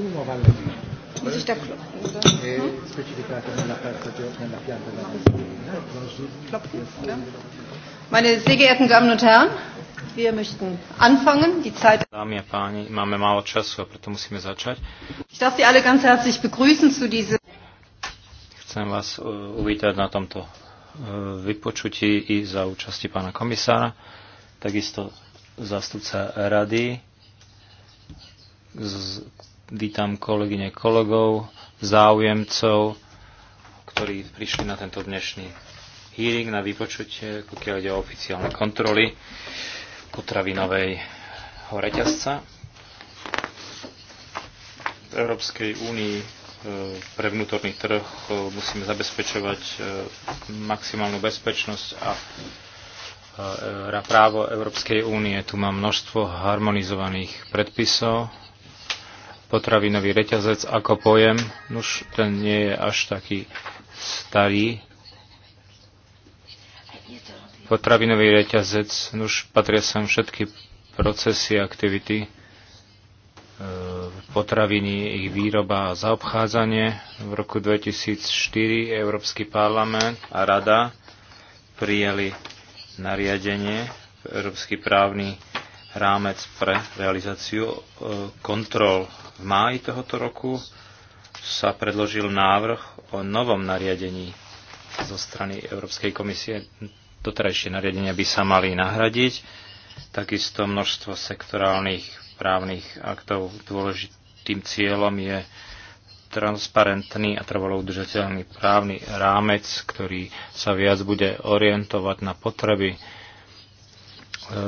uno vale così. Si Meine sehr geehrten Damen und Herren, wir möchten anfangen. Die Zeit Ich darf Sie alle ganz herzlich begrüßen zu diesem. Chcem vás e, uvítať na tomto e, vypočutí i za účasti pána komisára, takisto zástupca rady, vítam kolegyne kolegov, záujemcov, ktorí prišli na tento dnešný hearing, na vypočutie, pokiaľ ide o oficiálne kontroly potravinovej reťazca. V Európskej únii e, pre vnútorný trh e, musíme zabezpečovať e, maximálnu bezpečnosť a právo Európskej únie. Tu má množstvo harmonizovaných predpisov, potravinový reťazec ako pojem, už ten nie je až taký starý. Potravinový reťazec, už patria sem všetky procesy, aktivity, e, potraviny, ich výroba a zaobchádzanie. V roku 2004 Európsky parlament a Rada prijali nariadenie, Európsky právny rámec pre realizáciu e, kontrol. V máji tohoto roku sa predložil návrh o novom nariadení zo strany Európskej komisie. Doterajšie nariadenia by sa mali nahradiť. Takisto množstvo sektorálnych právnych aktov. Dôležitým cieľom je transparentný a trvalo udržateľný právny rámec, ktorý sa viac bude orientovať na potreby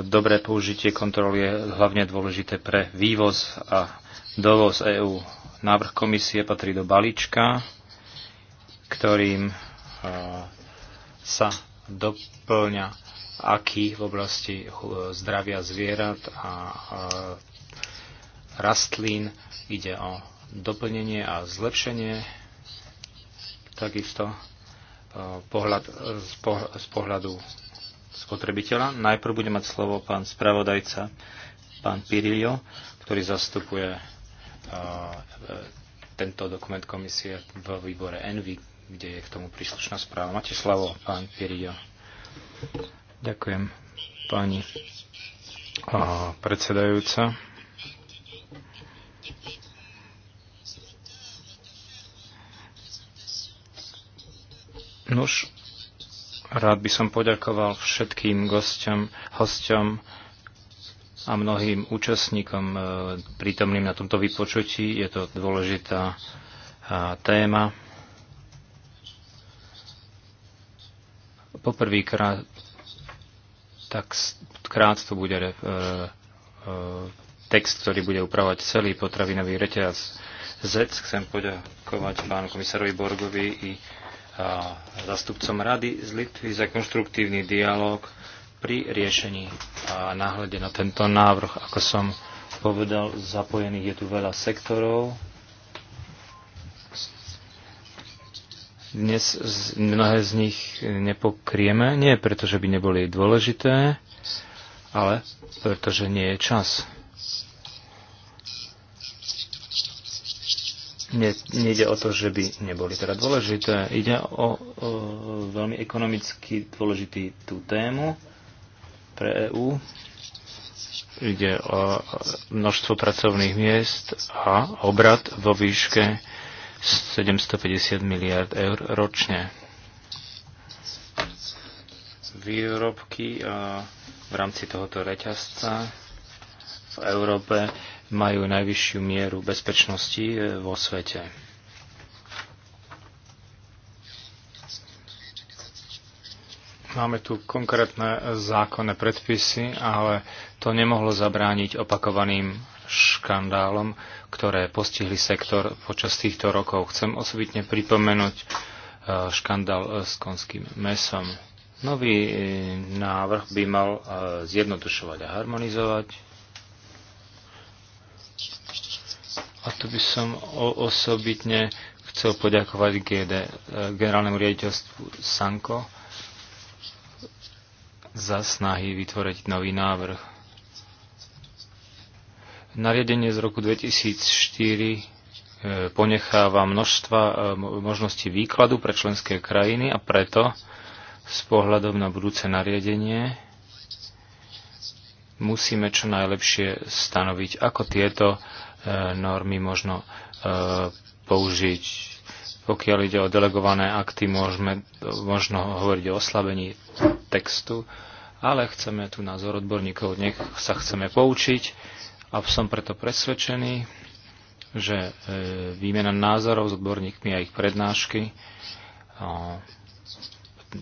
dobré použitie kontrol je hlavne dôležité pre vývoz a dovoz EÚ. Návrh komisie patrí do balíčka, ktorým e, sa doplňa aký v oblasti zdravia zvierat a e, rastlín. Ide o doplnenie a zlepšenie. Takisto e, pohľad, z pohľadu spotrebiteľa. Najprv bude mať slovo pán spravodajca, pán Pirillo, ktorý zastupuje a, uh, e, tento dokument komisie v výbore Envy, kde je k tomu príslušná správa. Máte slovo, pán Pirillo. Ďakujem, pani a, predsedajúca. Nož, Rád by som poďakoval všetkým gosťom, hosťom a mnohým účastníkom e, prítomným na tomto vypočutí. Je to dôležitá e, téma. Poprvýkrát tak krát to bude e, e, text, ktorý bude upravovať celý potravinový reťaz. Zec chcem poďakovať pánu komisárovi Borgovi i zastupcom Rady z Litvy za konštruktívny dialog pri riešení a náhľade na tento návrh. Ako som povedal, zapojených je tu veľa sektorov. Dnes mnohé z nich nepokrieme, nie preto, že by neboli dôležité, ale pretože nie je čas. ne, nejde o to, že by neboli teda dôležité. Ide o, o veľmi ekonomicky dôležitý tú tému pre EÚ. Ide o množstvo pracovných miest a obrad vo výške 750 miliard eur ročne. Výrobky v rámci tohoto reťazca v Európe majú najvyššiu mieru bezpečnosti e, vo svete. Máme tu konkrétne zákonné predpisy, ale to nemohlo zabrániť opakovaným škandálom, ktoré postihli sektor počas týchto rokov. Chcem osobitne pripomenúť e, škandál e, s konským mesom. Nový návrh by mal zjednodušovať a harmonizovať A tu by som osobitne chcel poďakovať GD, eh, generálnemu riaditeľstvu Sanko za snahy vytvoriť nový návrh. Nariadenie z roku 2004 eh, ponecháva množstva eh, možností výkladu pre členské krajiny a preto s pohľadom na budúce nariadenie musíme čo najlepšie stanoviť, ako tieto E, normy možno e, použiť. Pokiaľ ide o delegované akty, môžeme možno hovoriť o oslabení textu, ale chceme tu názor odborníkov, nech sa chceme poučiť a som preto presvedčený, že e, výmena názorov s odborníkmi a ich prednášky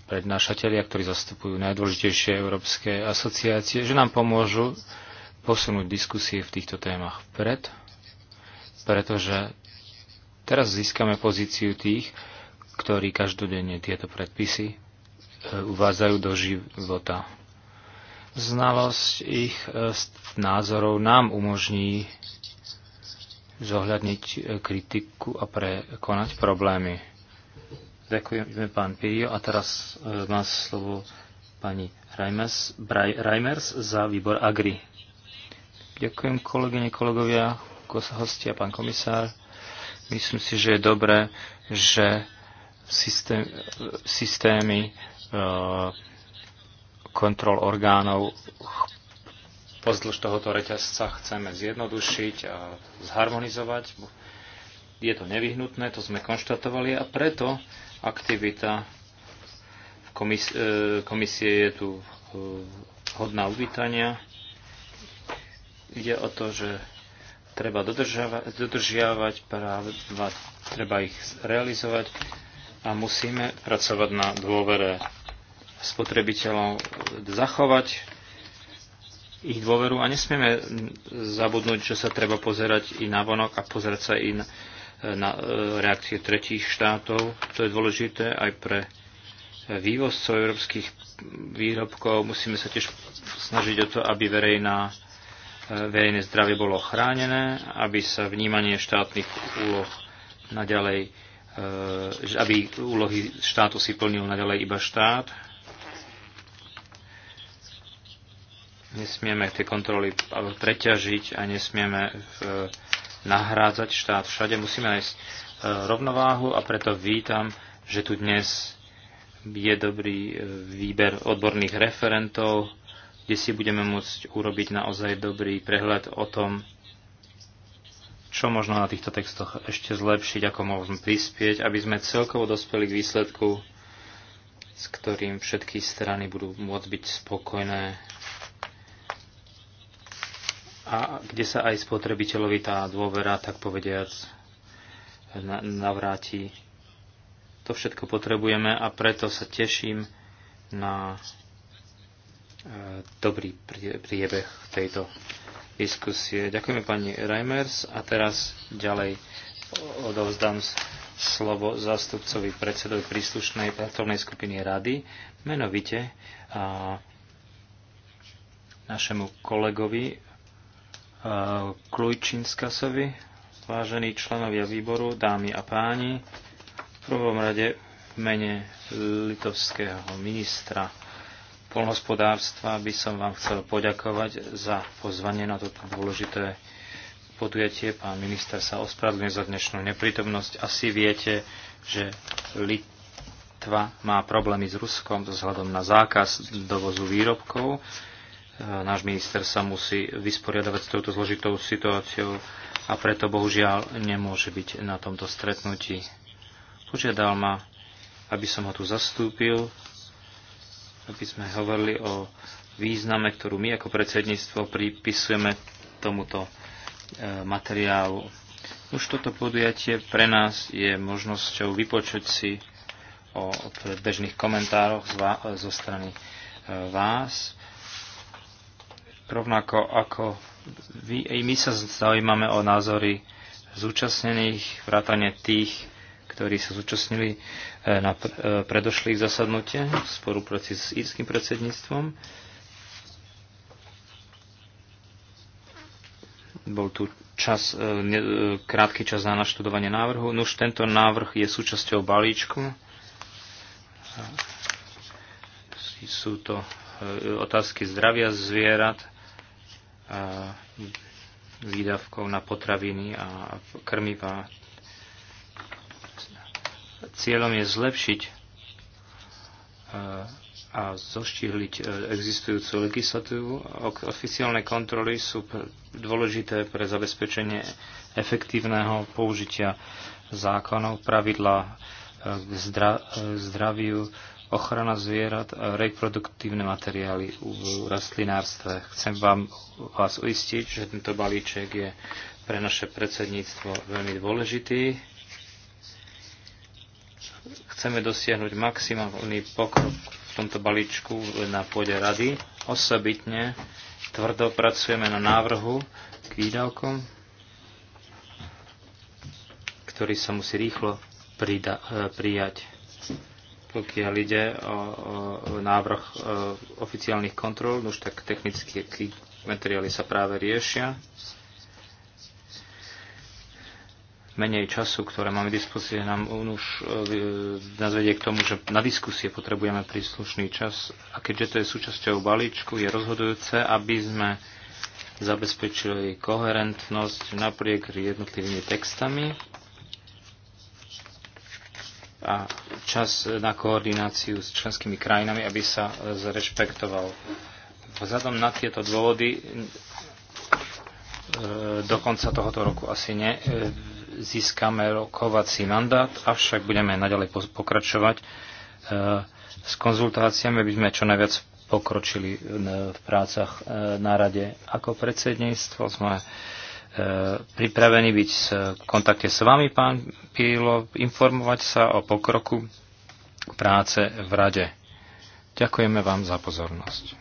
prednášatelia, ktorí zastupujú najdôležitejšie európske asociácie, že nám pomôžu posunúť diskusie v týchto témach vpred pretože teraz získame pozíciu tých, ktorí každodenne tieto predpisy e, uvádzajú do života. Znalosť ich e, názorov nám umožní zohľadniť e, kritiku a prekonať problémy. Ďakujeme pán Pirio a teraz má slovo pani Reimers, Reimers za výbor Agri. Ďakujem kolegyne, kolegovia hostia, pán komisár. Myslím si, že je dobré, že systém, systémy e, kontrol orgánov pozdĺž tohoto reťazca chceme zjednodušiť a zharmonizovať. Je to nevyhnutné, to sme konštatovali a preto aktivita v komis- e, komisie je tu e, hodná uvítania. Ide o to, že treba dodržiavať, práva, treba ich realizovať a musíme pracovať na dôvere spotrebiteľov, zachovať ich dôveru a nesmieme zabudnúť, že sa treba pozerať i na vonok a pozerať sa i na, na e, reakcie tretích štátov. To je dôležité aj pre vývozcov európskych výrobkov. Musíme sa tiež snažiť o to, aby verejná verejné zdravie bolo chránené, aby sa vnímanie štátnych úloh naďalej, e, aby úlohy štátu si plnil naďalej iba štát. Nesmieme tie kontroly preťažiť a nesmieme e, nahrádzať štát všade. Musíme nájsť e, rovnováhu a preto vítam, že tu dnes je dobrý výber odborných referentov, kde si budeme môcť urobiť naozaj dobrý prehľad o tom, čo možno na týchto textoch ešte zlepšiť, ako môžeme prispieť, aby sme celkovo dospeli k výsledku, s ktorým všetky strany budú môcť byť spokojné a kde sa aj spotrebiteľovi tá dôvera, tak povediac, navráti. To všetko potrebujeme a preto sa teším na dobrý priebeh tejto diskusie. Ďakujeme pani Reimers a teraz ďalej odovzdám slovo zástupcovi predsedovi príslušnej pracovnej skupiny rady, menovite a našemu kolegovi Klujčinskasovi, vážení členovia výboru, dámy a páni, v prvom rade v mene litovského ministra polnospodárstva by som vám chcel poďakovať za pozvanie na toto dôležité podujatie. Pán minister sa ospravedlňuje za dnešnú neprítomnosť. Asi viete, že Litva má problémy s Ruskom vzhľadom na zákaz dovozu výrobkov. Náš minister sa musí vysporiadavať s touto zložitou situáciou a preto bohužiaľ nemôže byť na tomto stretnutí. Požiadal ma, aby som ho tu zastúpil aby sme hovorili o význame, ktorú my ako predsedníctvo pripisujeme tomuto e, materiálu. Už toto podujatie pre nás je možnosťou vypočuť si o bežných komentároch zo strany e, vás. Rovnako ako vy, my sa zaujímame o názory zúčastnených, vrátane tých, ktorí sa zúčastnili e, na e, predošlých zasadnutia v spolupráci s írským predsedníctvom. Bol tu čas, e, krátky čas na naštudovanie návrhu. Nuž tento návrh je súčasťou balíčku. Sú to otázky zdravia zvierat, výdavkov na potraviny a krmiva Cieľom je zlepšiť e, a zoštihliť e, existujúcu legislatívu. Oficiálne kontroly sú dôležité pre zabezpečenie efektívneho použitia zákonov, pravidla e, k zdraviu, ochrana zvierat a reproduktívne materiály v rastlinárstve. Chcem vám, vás uistiť, že tento balíček je pre naše predsedníctvo veľmi dôležitý chceme dosiahnuť maximálny pokrok v tomto balíčku len na pôde rady. Osobitne tvrdo pracujeme na návrhu k výdavkom, ktorý sa musí rýchlo prida, e, prijať. Pokiaľ ide o, o návrh o, e, oficiálnych kontrol, no už tak technické materiály sa práve riešia menej času, ktoré máme v dispozícii, nám už e, nás vedie k tomu, že na diskusie potrebujeme príslušný čas. A keďže to je súčasťou balíčku, je rozhodujúce, aby sme zabezpečili koherentnosť napriek jednotlivými textami a čas na koordináciu s členskými krajinami, aby sa zrešpektoval. Vzhľadom na tieto dôvody e, do konca tohoto roku asi ne, e, získame rokovací mandát, avšak budeme naďalej pokračovať eh, s konzultáciami, aby sme čo najviac pokročili eh, v prácach eh, na rade. Ako predsedníctvo sme pripravení byť v kontakte s vami, pán Pílo, informovať sa o pokroku práce v rade. Ďakujeme vám za pozornosť.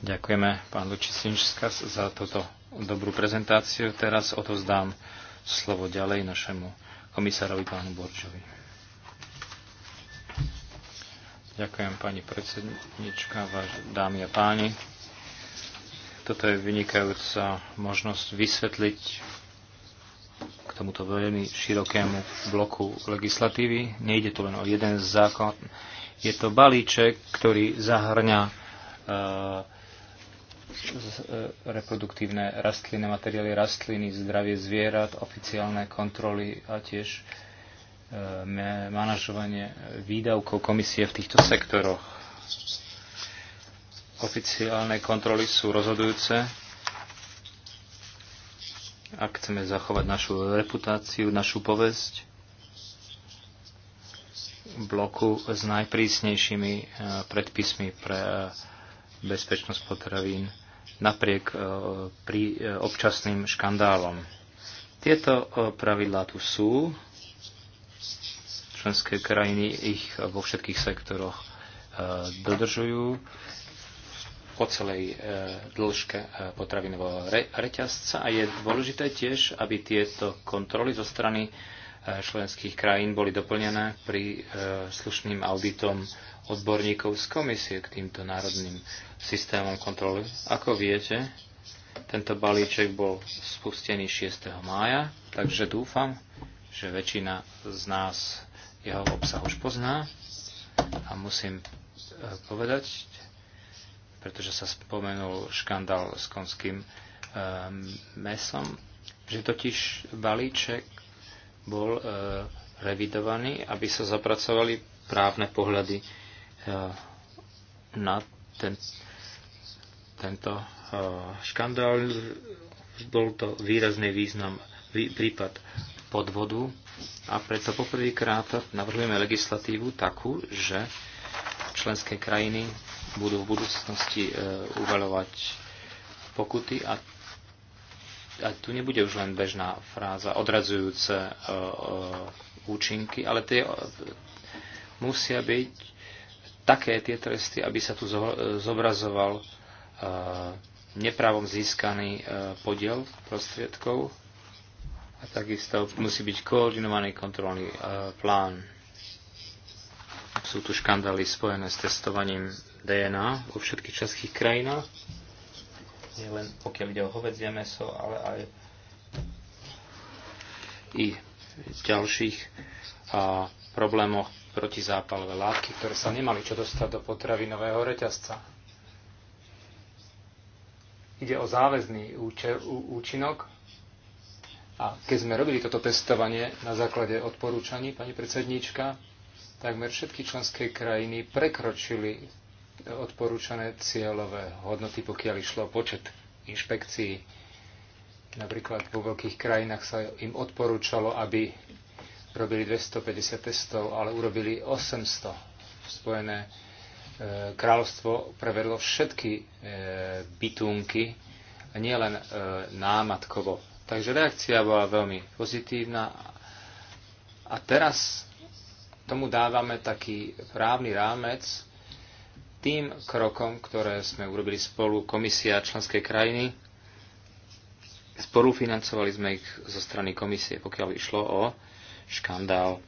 Ďakujeme, pán Lučišinskas, za toto dobrú prezentáciu. Teraz odozdám zdám slovo ďalej našemu komisárovi pánu Borčovi. Ďakujem pani predsednička, váš dámy a páni. Toto je vynikajúca možnosť vysvetliť k tomuto veľmi širokému bloku legislatívy. Nejde to len o jeden zákon. Je to balíček, ktorý zahrňa uh, E, reproduktívne rastlinné materiály, rastliny, zdravie zvierat, oficiálne kontroly a tiež e, manažovanie výdavkov komisie v týchto sektoroch. Oficiálne kontroly sú rozhodujúce, ak chceme zachovať našu reputáciu, našu povesť bloku s najprísnejšími e, predpismi pre bezpečnosť potravín napriek e, pri e, občasným škandálom. Tieto e, pravidlá tu sú. Členské krajiny ich vo všetkých sektoroch dodržujú po celej dĺžke potravinového reťazca a je dôležité tiež, aby tieto kontroly zo strany E, členských krajín boli doplnené pri e, slušným auditom odborníkov z komisie k týmto národným systémom kontroly. Ako viete, tento balíček bol spustený 6. mája, takže dúfam, že väčšina z nás jeho obsah už pozná. A musím e, povedať, pretože sa spomenul škandál s konským mesom, že totiž balíček bol e, revidovaný, aby sa zapracovali právne pohľady e, na ten, tento e, škandál. Bol to výrazný význam, prípad podvodu a preto poprvýkrát navrhujeme legislatívu takú, že členské krajiny budú v budúcnosti uvalovať pokuty a a tu nebude už len bežná fráza, odradzujúce uh, uh, účinky, ale tie e, musia byť také tie tresty, aby sa tu zobrazoval uh, nepravom získaný podiel prostriedkov a takisto musí byť koordinovaný kontrolný plán. Sú tu škandály spojené s testovaním DNA vo všetkých českých krajinách len pokiaľ ide o hovedzie meso, ale aj i ďalších a, problémoch protizápalové látky, ktoré sa nemali čo dostať do potravinového reťazca. Ide o záväzný úče, ú, účinok a keď sme robili toto testovanie na základe odporúčaní pani predsedníčka, takmer všetky členské krajiny prekročili odporúčané cieľové hodnoty, pokiaľ išlo počet inšpekcií. Napríklad vo veľkých krajinách sa im odporúčalo, aby robili 250 testov, ale urobili 800. Spojené e, kráľovstvo prevedlo všetky e, bytunky, nielen e, námatkovo. Takže reakcia bola veľmi pozitívna. A teraz tomu dávame taký právny rámec, tým krokom, ktoré sme urobili spolu komisia a členské krajiny, spolufinancovali sme ich zo strany komisie, pokiaľ išlo o škandál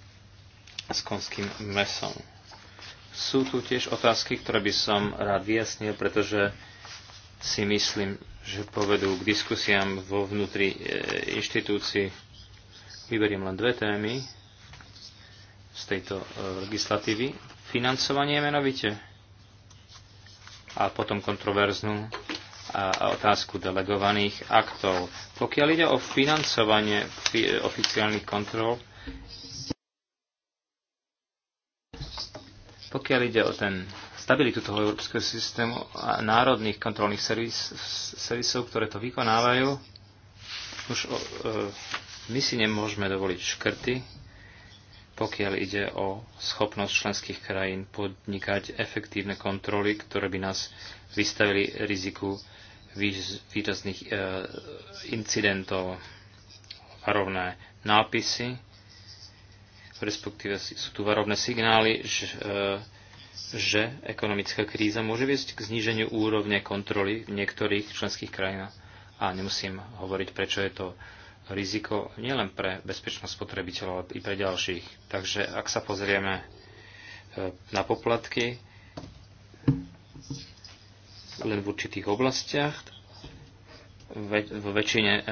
s konským mesom. Sú tu tiež otázky, ktoré by som rád vyjasnil, pretože si myslím, že povedú k diskusiám vo vnútri e, inštitúcií. Vyberiem len dve témy z tejto e, legislatívy. Financovanie menovite a potom kontroverznú a otázku delegovaných aktov. Pokiaľ ide o financovanie oficiálnych kontrol, pokiaľ ide o ten stabilitu toho európskeho systému a národných kontrolných servisov, ktoré to vykonávajú, už o, e, my si nemôžeme dovoliť škrty, pokiaľ ide o schopnosť členských krajín podnikať efektívne kontroly, ktoré by nás vystavili riziku výrazných e, incidentov. Varovné nápisy, respektíve sú tu varovné signály, že, e, že ekonomická kríza môže viesť k zníženiu úrovne kontroly v niektorých členských krajinách. A nemusím hovoriť, prečo je to riziko nielen pre bezpečnosť spotrebiteľov, ale i pre ďalších. Takže ak sa pozrieme e, na poplatky len v určitých oblastiach, vo väčšine e,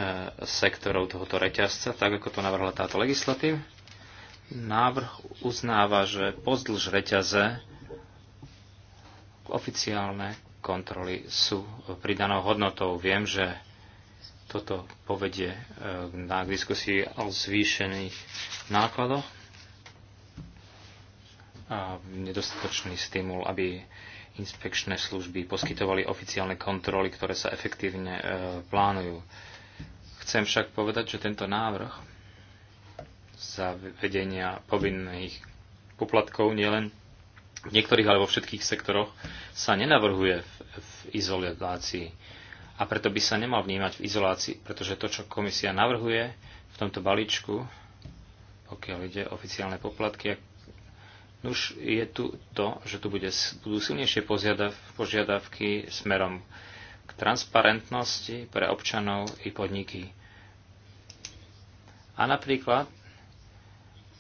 sektorov tohoto reťazca, tak ako to navrhla táto legislatív, návrh uznáva, že pozdĺž reťaze oficiálne kontroly sú pridanou hodnotou. Viem, že toto povedie e, na diskusii o zvýšených nákladoch a nedostatočný stimul, aby inspekčné služby poskytovali oficiálne kontroly, ktoré sa efektívne e, plánujú. Chcem však povedať, že tento návrh zavedenia povinných poplatkov nielen v niektorých, ale vo všetkých sektoroch sa nenavrhuje v, v izolácii a preto by sa nemal vnímať v izolácii, pretože to, čo komisia navrhuje v tomto balíčku, pokiaľ ide oficiálne poplatky, už je tu to, že tu bude, budú silnejšie požiadavky smerom k transparentnosti pre občanov i podniky. A napríklad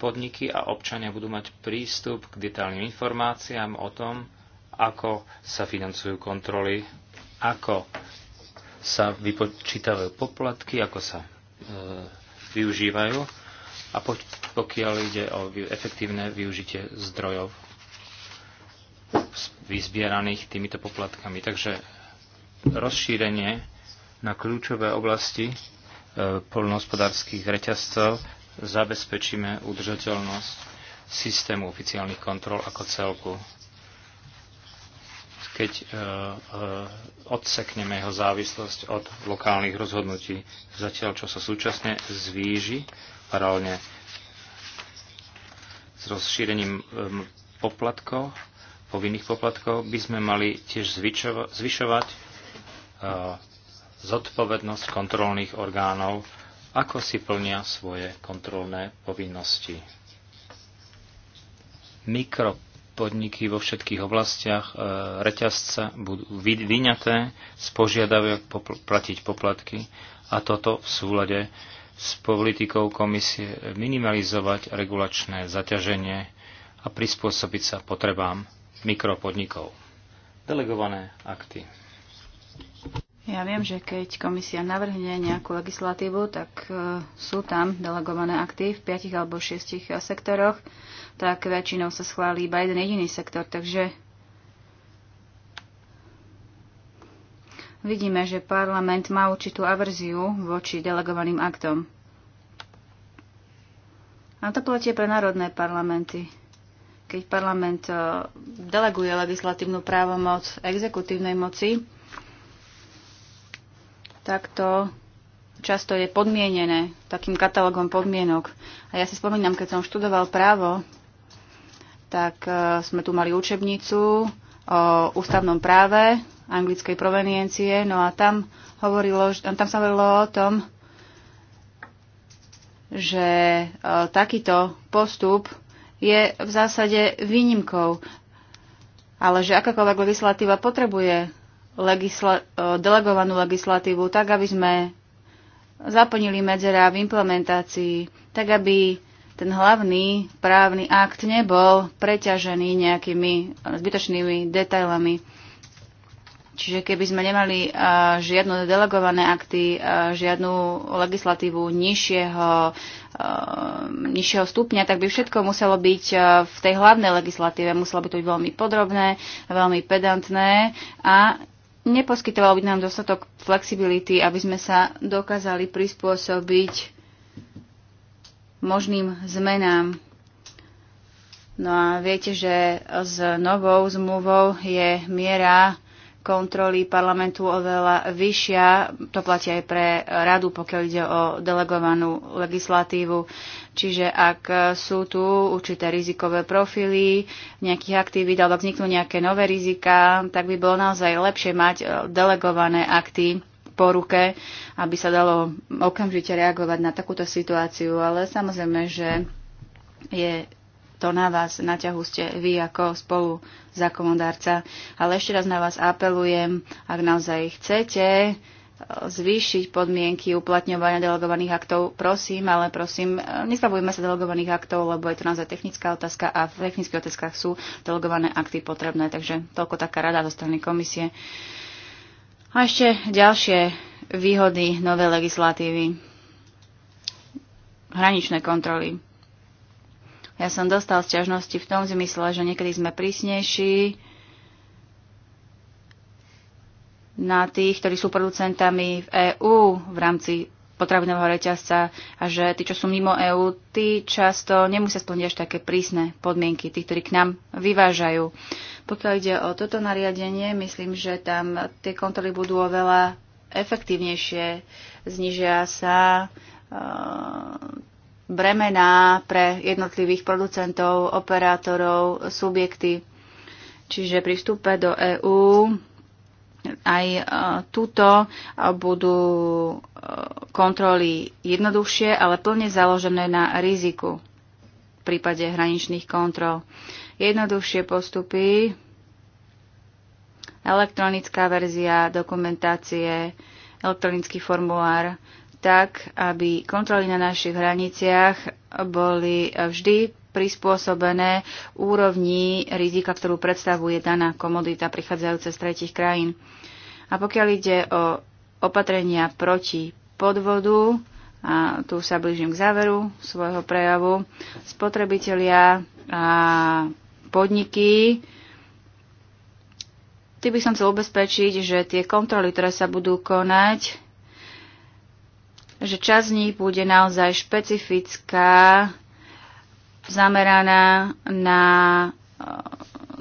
podniky a občania budú mať prístup k detailným informáciám o tom, ako sa financujú kontroly, ako sa vypočítavajú poplatky, ako sa e, využívajú a po, pokiaľ ide o efektívne využitie zdrojov vyzbieraných týmito poplatkami. Takže rozšírenie na kľúčové oblasti e, polnohospodárských reťazcov zabezpečíme udržateľnosť systému oficiálnych kontrol ako celku keď e, e, odsekneme jeho závislosť od lokálnych rozhodnutí, zatiaľ čo sa súčasne zvýži paralelne s rozšírením poplatkov, povinných poplatkov, by sme mali tiež zvyšovať e, zodpovednosť kontrolných orgánov, ako si plnia svoje kontrolné povinnosti. Mikro podniky vo všetkých oblastiach e, reťazca budú vyňaté z požiadaviek popl- platiť poplatky a toto v súlade s politikou komisie minimalizovať regulačné zaťaženie a prispôsobiť sa potrebám mikropodnikov. Delegované akty. Ja viem, že keď komisia navrhne nejakú legislatívu, tak e, sú tam delegované akty v 5 alebo 6 e, sektoroch, tak väčšinou sa schválí iba jeden jediný sektor, takže vidíme, že parlament má určitú averziu voči delegovaným aktom. A to platí pre národné parlamenty. Keď parlament e, deleguje legislatívnu právomoc exekutívnej moci, takto často je podmienené takým katalógom podmienok. A ja si spomínam, keď som študoval právo, tak e, sme tu mali učebnicu o ústavnom práve anglickej proveniencie, no a tam, hovorilo, tam sa hovorilo o tom, že e, takýto postup je v zásade výnimkou, ale že akákoľvek legislatíva potrebuje legisla- e, delegovanú legislatívu, tak aby sme zaplnili medzera v implementácii, tak aby ten hlavný právny akt nebol preťažený nejakými zbytočnými detailami. Čiže keby sme nemali e, žiadne delegované akty, e, žiadnu legislatívu nižšieho, nižšieho stupňa, tak by všetko muselo byť v tej hlavnej legislatíve. Muselo by to byť veľmi podrobné, veľmi pedantné a neposkytovalo by nám dostatok flexibility, aby sme sa dokázali prispôsobiť možným zmenám. No a viete, že s novou zmluvou je miera kontroly parlamentu oveľa vyššia. To platí aj pre radu, pokiaľ ide o delegovanú legislatívu. Čiže ak sú tu určité rizikové profily nejakých aktivít alebo vzniknú nejaké nové rizika, tak by bolo naozaj lepšie mať e, delegované akty po ruke, aby sa dalo okamžite reagovať na takúto situáciu. Ale samozrejme, že je to na vás, na ťahu ste vy ako spolu zákonodárca. Ale ešte raz na vás apelujem, ak naozaj chcete e, zvýšiť podmienky uplatňovania delegovaných aktov, prosím, ale prosím, e, nezbavujme sa delegovaných aktov, lebo je to naozaj technická otázka a v technických otázkach sú delegované akty potrebné, takže toľko taká rada zo strany komisie. A ešte ďalšie výhody novej legislatívy. Hraničné kontroly ja som dostal sťažnosti v tom zmysle, že niekedy sme prísnejší na tých, ktorí sú producentami v EÚ v rámci potravinového reťazca a že tí, čo sú mimo EÚ, tí často nemusia splniť až také prísne podmienky, tí, ktorí k nám vyvážajú. Pokiaľ ide o toto nariadenie, myslím, že tam tie kontroly budú oveľa efektívnejšie, znižia sa e, bremená pre jednotlivých producentov, operátorov, subjekty. Čiže pri vstupe do EÚ aj e, túto e, budú e, kontroly jednoduchšie, ale plne založené na riziku v prípade hraničných kontrol. Jednoduchšie postupy, elektronická verzia dokumentácie, elektronický formulár, tak, aby kontroly na našich hraniciach boli vždy prispôsobené úrovni rizika, ktorú predstavuje daná komodita prichádzajúca z tretich krajín. A pokiaľ ide o opatrenia proti podvodu, a tu sa blížim k záveru svojho prejavu, spotrebitelia a podniky, ty by som chcel ubezpečiť, že tie kontroly, ktoré sa budú konať, že čas z nich bude naozaj špecifická, zameraná na e,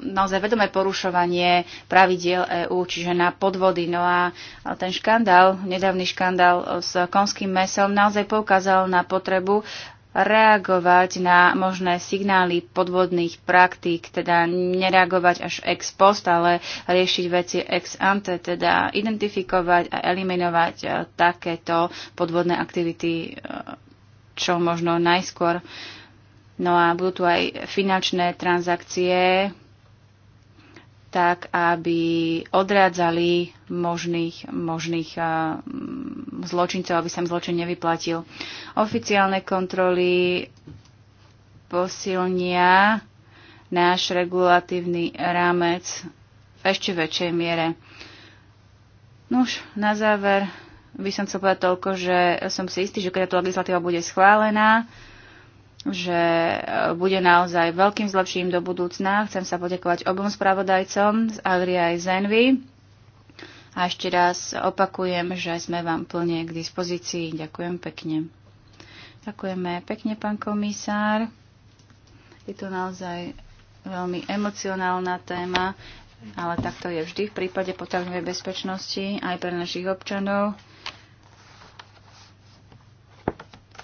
naozaj vedomé porušovanie pravidiel EÚ, čiže na podvody. No a ten škandál, nedávny škandál s konským mesom naozaj poukázal na potrebu reagovať na možné signály podvodných praktík, teda nereagovať až ex post, ale riešiť veci ex ante, teda identifikovať a eliminovať e, takéto podvodné aktivity e, čo možno najskôr. No a budú tu aj finančné transakcie, tak aby odrádzali možných, možných eh, mm, zločincov, aby sa im zločin nevyplatil. Oficiálne kontroly posilnia náš regulatívny rámec v ešte väčšej miere. Nuž, na záver by som chcel povedať toľko, že som si istý, že keď táto legislatíva bude schválená, že e, bude naozaj veľkým zlepším do budúcna. Chcem sa podekovať obom spravodajcom z Agria aj z Envy. A ešte raz opakujem, že sme vám plne k dispozícii. Ďakujem pekne. Ďakujeme pekne, pán komisár. Je to naozaj veľmi emocionálna téma, ale takto je vždy v prípade potravinovej bezpečnosti aj pre našich občanov.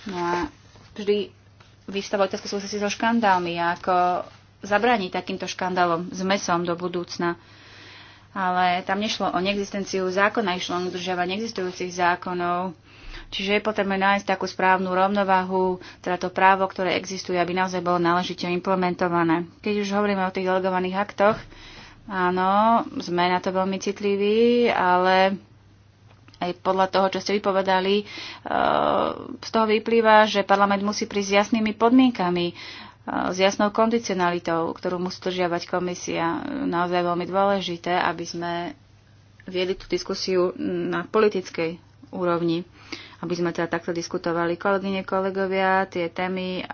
No a vždy vystáva otázka súvisí so škandálmi a ako zabrániť takýmto škandálom s mesom do budúcna. Ale tam nešlo o neexistenciu zákona, išlo o udržiavanie existujúcich zákonov. Čiže je potrebné nájsť takú správnu rovnovahu, teda to právo, ktoré existuje, aby naozaj bolo náležite implementované. Keď už hovoríme o tých delegovaných aktoch, áno, sme na to veľmi citliví, ale aj podľa toho, čo ste vypovedali, e, z toho vyplýva, že parlament musí prísť s jasnými podmienkami, e, s jasnou kondicionalitou, ktorú musí držiavať komisia. Naozaj veľmi dôležité, aby sme viedli tú diskusiu na politickej úrovni aby sme teda takto diskutovali. Kolegyne, kolegovia, tie témy eh,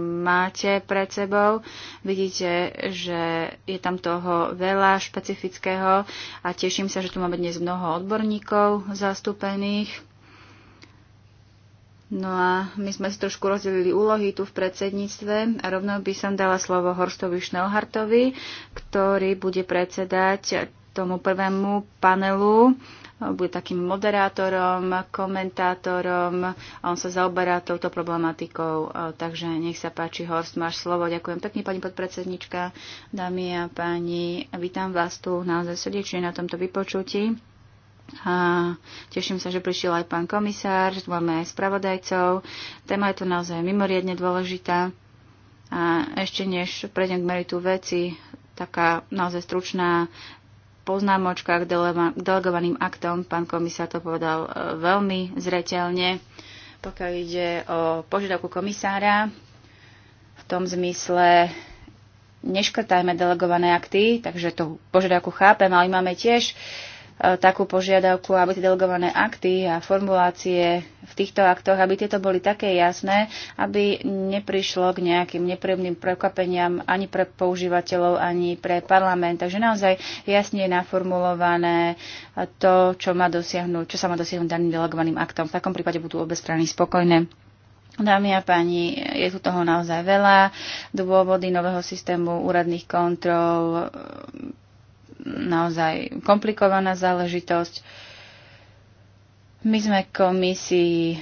máte pred sebou. Vidíte, že je tam toho veľa špecifického a teším sa, že tu máme dnes mnoho odborníkov zastúpených. No a my sme si trošku rozdelili úlohy tu v predsedníctve a rovno by som dala slovo Horstovi Schnellhartovi, ktorý bude predsedať tomu prvému panelu bude takým moderátorom, komentátorom a on sa zaoberá touto problematikou. E, takže nech sa páči, Horst, máš slovo. Ďakujem pekne, pani podpredsednička, dámy a páni. Vítam vás tu naozaj srdečne na tomto vypočutí. A teším sa, že prišiel aj pán komisár, že máme aj spravodajcov. Téma je to naozaj mimoriadne dôležitá. A ešte než prejdem k meritu veci, taká naozaj stručná poznámočkách delegovaným aktom. Pán komisár to povedal e, veľmi zreteľne, pokiaľ ide o požiadavku komisára v tom zmysle neškrtajme delegované akty, takže tú požiadavku chápem, ale máme tiež uh, E, takú požiadavku, aby tie delegované akty a formulácie v týchto aktoch, aby tieto boli také jasné, aby neprišlo k nejakým nepríjemným prekvapeniam ani pre používateľov, ani pre parlament. Takže naozaj jasne je naformulované to, čo, má dosiahnuť, čo sa má dosiahnuť daným delegovaným aktom. V takom prípade budú obe strany spokojné. Dámy a páni, je tu toho naozaj veľa. Dôvody nového systému úradných kontrol naozaj komplikovaná záležitosť. My sme komisii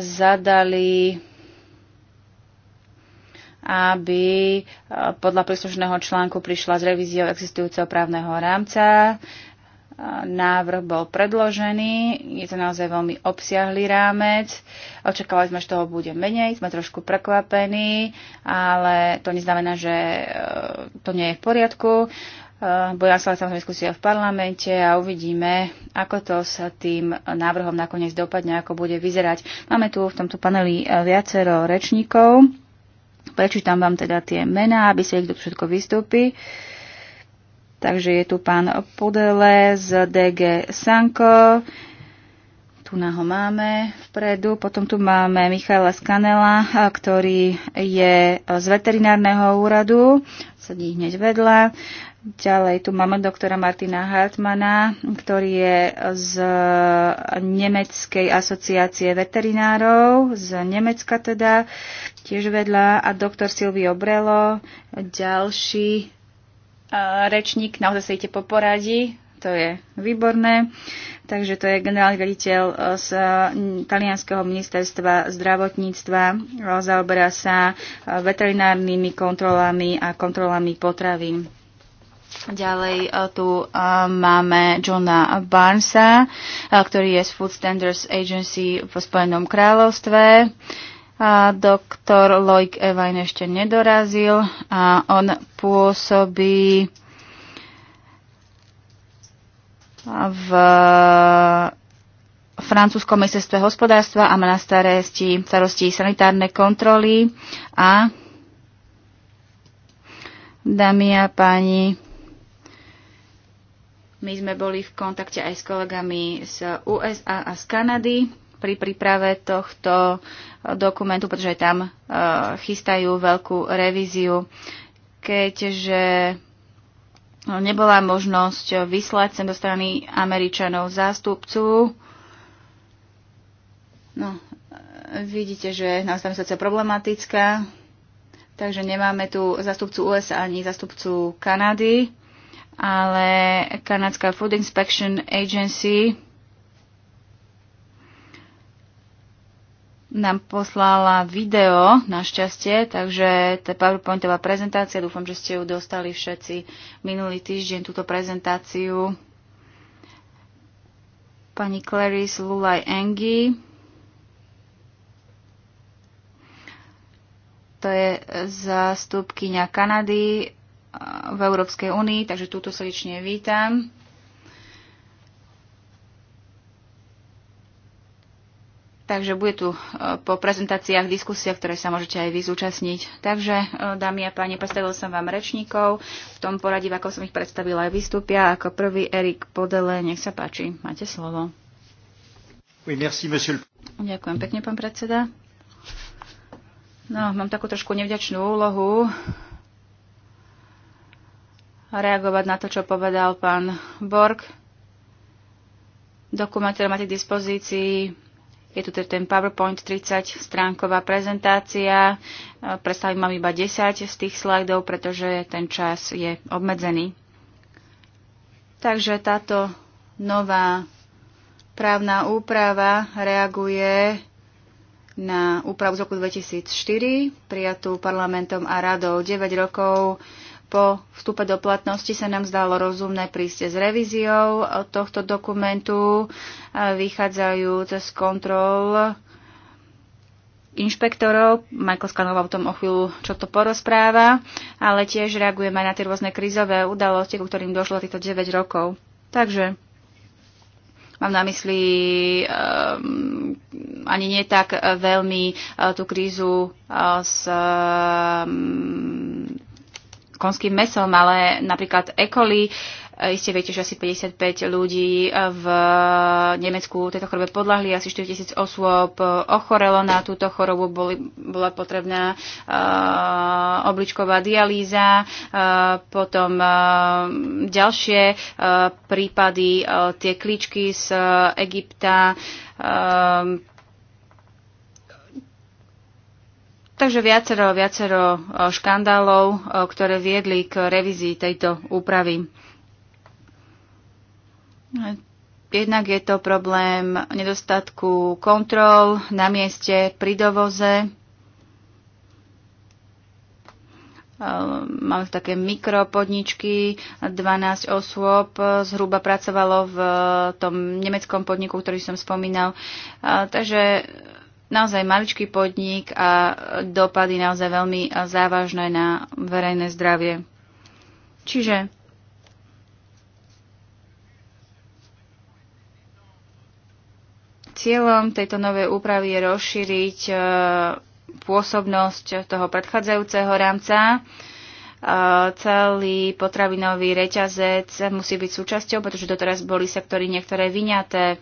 zadali aby eh, podľa príslušného článku prišla s revíziou existujúceho právneho rámca. Eh, návrh bol predložený, je to naozaj veľmi obsiahlý rámec. Očakávali sme, že toho bude menej, sme trošku prekvapení, ale to neznamená, že eh, to nie je v poriadku. Eh, bola sa tam diskusia v parlamente a uvidíme, ako to s tým návrhom nakoniec dopadne, ako bude vyzerať. Máme tu v tomto paneli eh, viacero rečníkov. Prečítam vám teda tie mená, aby si kto všetko vystúpi. Takže je tu pán Podele z DG Sanko. Tu na ho máme vpredu. Potom tu máme Michaela Skanela, eh, ktorý je z veterinárneho úradu. Sedí hneď vedľa. Ďalej tu máme doktora Martina Hartmana, ktorý je z Nemeckej asociácie veterinárov, z Nemecka teda, tiež vedľa, a doktor Silvio Brelo, ďalší rečník, naozaj sa idete po poradí, to je výborné. Takže to je generálny riaditeľ e, z Talianského ministerstva zdravotníctva. E, zaoberá sa e, veterinárnymi kontrolami a kontrolami potravín. Ďalej e, tu e, máme Johna Barnesa, e, ktorý je z Food Standards Agency v Spojenom kráľovstve. A doktor Loik Evain ešte nedorazil a on pôsobí v francúzskom ministerstve hospodárstva a má na starosti, starosti sanitárne kontroly a dámy a páni, my sme boli v kontakte aj s kolegami z USA a z Kanady pri príprave tohto dokumentu, pretože aj tam eh, chystajú veľkú revíziu. Keďže eh, nebola možnosť vyslať sem do strany Američanov zástupcu. No, eh, vidíte, že nás tam situácia problematická, takže nemáme tu zástupcu USA ani zástupcu Kanady ale kanadská Food Inspection Agency nám poslala video, našťastie, takže tá PowerPointová prezentácia, dúfam, že ste ju dostali všetci minulý týždeň, túto prezentáciu pani Clarice Lulaj Engi. To je zástupkynia Kanady v Európskej únii, takže túto srdečne vítam. Takže bude tu e, po prezentáciách, diskusia, ktoré sa môžete aj vy zúčastniť. Takže, e, dámy a páni, predstavil som vám rečníkov. V tom poradí, ako som ich predstavila, aj vystúpia. Ako prvý Erik Podele, nech sa páči, máte slovo. Oui, merci, monsieur. Ďakujem pekne, pán predseda. No, mám takú trošku nevďačnú úlohu reagovať na to, čo povedal pán Borg. Dokument, ktorý máte k dispozícii, je tu ten PowerPoint 30 stránková prezentácia. Predstavím vám iba 10 z tých slajdov, pretože ten čas je obmedzený. Takže táto nová právna úprava reaguje na úpravu z roku 2004, prijatú parlamentom a radou 9 rokov po vstupe do platnosti sa nám zdalo rozumné prísť s revíziou tohto dokumentu, vychádzajúc z kontrol inšpektorov. Michael Skanova o tom o chvíľu čo to porozpráva, ale tiež reagujeme aj na tie rôzne krízové udalosti, ku ktorým došlo týchto 9 rokov. Takže mám na mysli um, ani nie tak veľmi uh, tú krízu uh, s um, konským mesom, ale napríklad E. coli, iste viete, že asi 55 ľudí e, v Nemecku tejto chorobe podľahli, asi 4000 osôb ochorelo na túto chorobu, boli, bola potrebná uh, obličková dialýza, uh, potom uh, ďalšie uh, prípady, uh, tie kličky z uh, Egypta, uh, Takže viacero, viacero e, škandálov, e, ktoré viedli k revízii tejto úpravy. Jednak je to problém nedostatku kontrol na mieste pri dovoze. E, máme také mikropodničky, 12 osôb zhruba pracovalo v tom nemeckom podniku, ktorý som spomínal. Takže naozaj maličký podnik a dopady naozaj veľmi závažné na verejné zdravie. Čiže cieľom tejto novej úpravy je rozšíriť eh, pôsobnosť toho predchádzajúceho rámca celý potravinový reťazec musí byť súčasťou, pretože doteraz boli sektory niektoré vyňaté,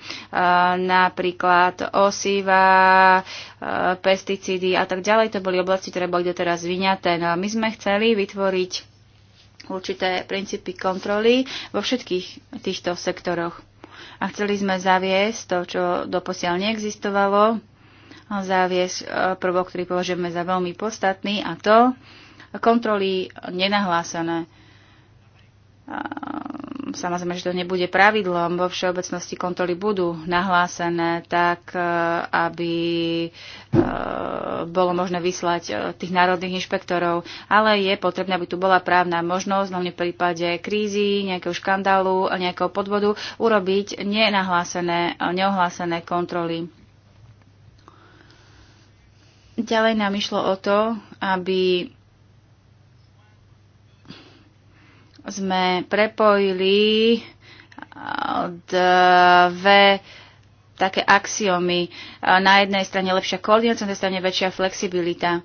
napríklad osiva, pesticídy a tak ďalej. To boli oblasti, ktoré boli doteraz vyňaté. No a my sme chceli vytvoriť určité princípy kontroly vo všetkých týchto sektoroch. A chceli sme zaviesť to, čo doposiaľ neexistovalo, zaviesť e, prvok, ktorý považujeme za veľmi podstatný a to, kontroly nenahlásané. Samozrejme, že to nebude pravidlom, vo všeobecnosti kontroly budú nahlásené tak, e, aby e, bolo možné vyslať e, tých národných inšpektorov, ale je potrebné, aby tu bola právna možnosť, hlavne v prípade krízy, nejakého škandálu, nejakého podvodu, urobiť nenahlásené, neohlásené kontroly. Ďalej nám išlo o to, aby sme prepojili dve také axiomy. Na jednej strane lepšia koordinácia, na strane väčšia flexibilita.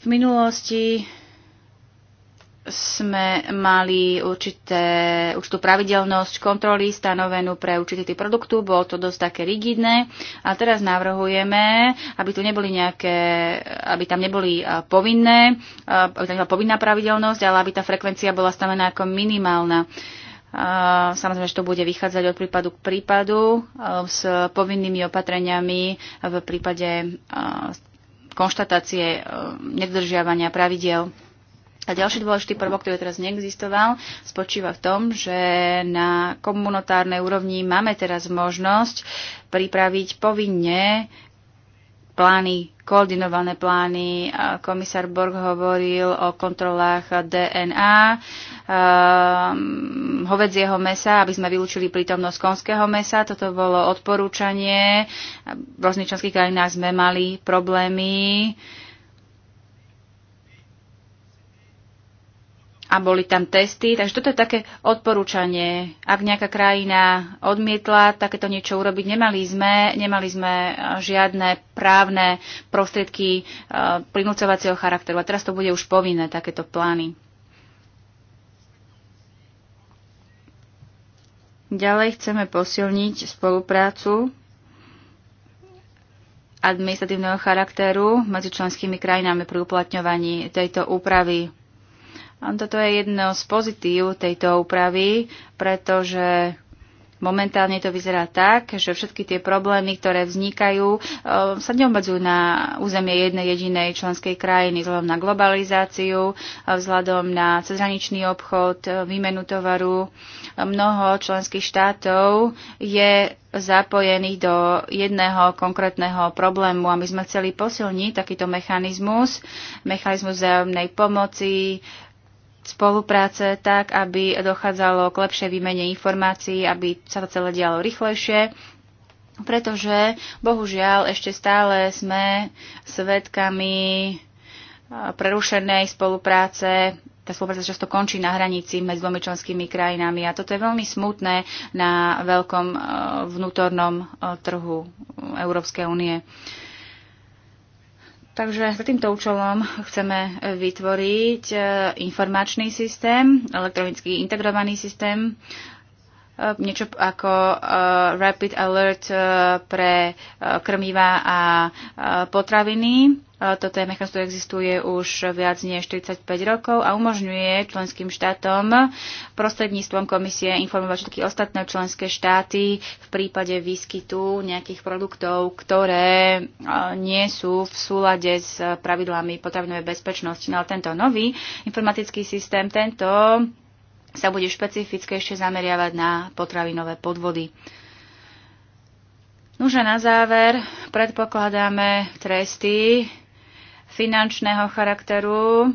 V minulosti sme mali určité, určitú pravidelnosť kontroly stanovenú pre určitý typ produktu, bolo to dosť také rigidné a teraz navrhujeme, aby tu neboli nejaké, aby tam neboli povinné, aby tam povinná pravidelnosť, ale aby tá frekvencia bola stanovená ako minimálna. Samozrejme, že to bude vychádzať od prípadu k prípadu s povinnými opatreniami v prípade konštatácie nedržiavania pravidel. A ďalší dôležitý prvok, ktorý teraz neexistoval, spočíva v tom, že na komunitárnej úrovni máme teraz možnosť pripraviť povinne plány, koordinované plány. Komisár Borg hovoril o kontrolách DNA, um, ehm, hovedzieho mesa, aby sme vylúčili prítomnosť konského mesa. Toto bolo odporúčanie. V rôznych členských krajinách sme mali problémy. Uh, a boli tam testy. Takže toto je také odporúčanie. Ak nejaká krajina odmietla takéto niečo urobiť, nemali sme, nemali sme e, žiadne právne prostriedky uh, prinúcovacieho charakteru. A teraz to bude už povinné, takéto plány. Ďalej chceme posilniť spoluprácu administratívneho charakteru medzi členskými krajinami pri uplatňovaní tejto úpravy toto je jedno z pozitív tejto úpravy, pretože momentálne to vyzerá tak, že všetky tie problémy, ktoré vznikajú, eh, sa neobadzujú na územie jednej jedinej členskej krajiny vzhľadom na globalizáciu, eh, vzhľadom na cezhraničný obchod, eh, výmenu tovaru. Mnoho členských štátov je zapojených do jedného konkrétneho problému a my sme chceli posilniť takýto mechanizmus, mechanizmus vzájomnej pomoci, spolupráce tak, aby dochádzalo k lepšej výmene informácií, aby sa to celé dialo rýchlejšie, pretože bohužiaľ ešte stále sme svedkami prerušenej spolupráce tá spolupráca často končí na hranici medzi dvomi členskými krajinami a toto je veľmi smutné na veľkom vnútornom trhu Európskej únie. Takže za týmto účelom chceme vytvoriť eh, informačný systém, elektronicky integrovaný systém, Eh, niečo ako eh, Rapid Alert eh, pre krmiva a potraviny. Toto je mechanizmus, ktorý existuje už viac než 45 rokov a umožňuje členským štátom prostredníctvom komisie informovať všetky ostatné členské štáty v prípade výskytu nejakých produktov, ktoré nie sú v súlade s pravidlami potravinovej bezpečnosti. No ale tento nový informatický systém, tento sa bude špecificky ešte zameriavať na potravinové podvody. Nože na záver predpokladáme tresty finančného charakteru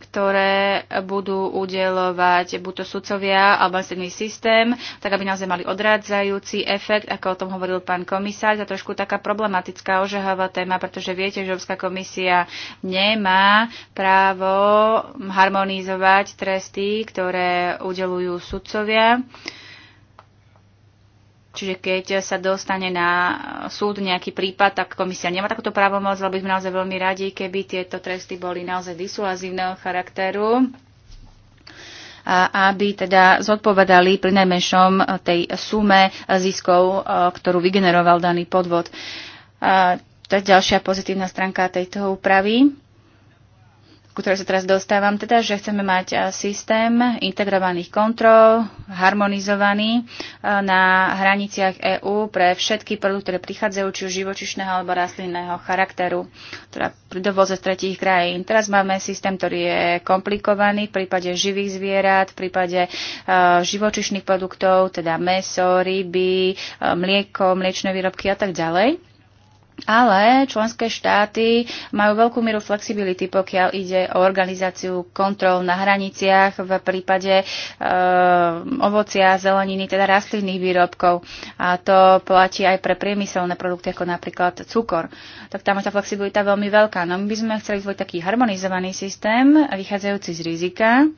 ktoré budú udelovať buď to sudcovia alebo administratívny systém, tak aby naozaj mali odrádzajúci efekt, ako o tom hovoril pán komisár. To trošku taká problematická ožehová téma, pretože viete, že Európska komisia nemá právo harmonizovať tresty, ktoré udelujú sudcovia. Uh, Čiže keď sa dostane na súd nejaký prípad, tak komisia nemá takúto právomoc, lebo by sme naozaj veľmi radi, keby tieto tresty boli naozaj disuazívneho charakteru a aby teda zodpovedali pri najmenšom tej sume ziskov, eh, ktorú vygeneroval daný podvod. To je ďalšia pozitívna stránka tejto úpravy ku ktorej sa teraz dostávam, teda, že chceme mať systém integrovaných kontrol, harmonizovaný na hraniciach EÚ pre všetky produkty, ktoré prichádzajú či už živočišného alebo rastlinného charakteru, teda pri dovoze z tretích krajín. Teraz máme systém, ktorý je komplikovaný v prípade živých zvierat, v prípade živočišných produktov, teda meso, ryby, mlieko, mliečne výrobky a tak ďalej. Ale členské štáty majú veľkú mieru flexibility, pokiaľ ide o organizáciu kontrol na hraniciach v prípade e, ovocia, zeleniny, teda rastlinných výrobkov. A to platí aj pre priemyselné produkty, ako napríklad cukor. Tak tam je tá flexibilita veľmi veľká. No my by sme chceli zvoliť taký harmonizovaný systém, vychádzajúci z rizika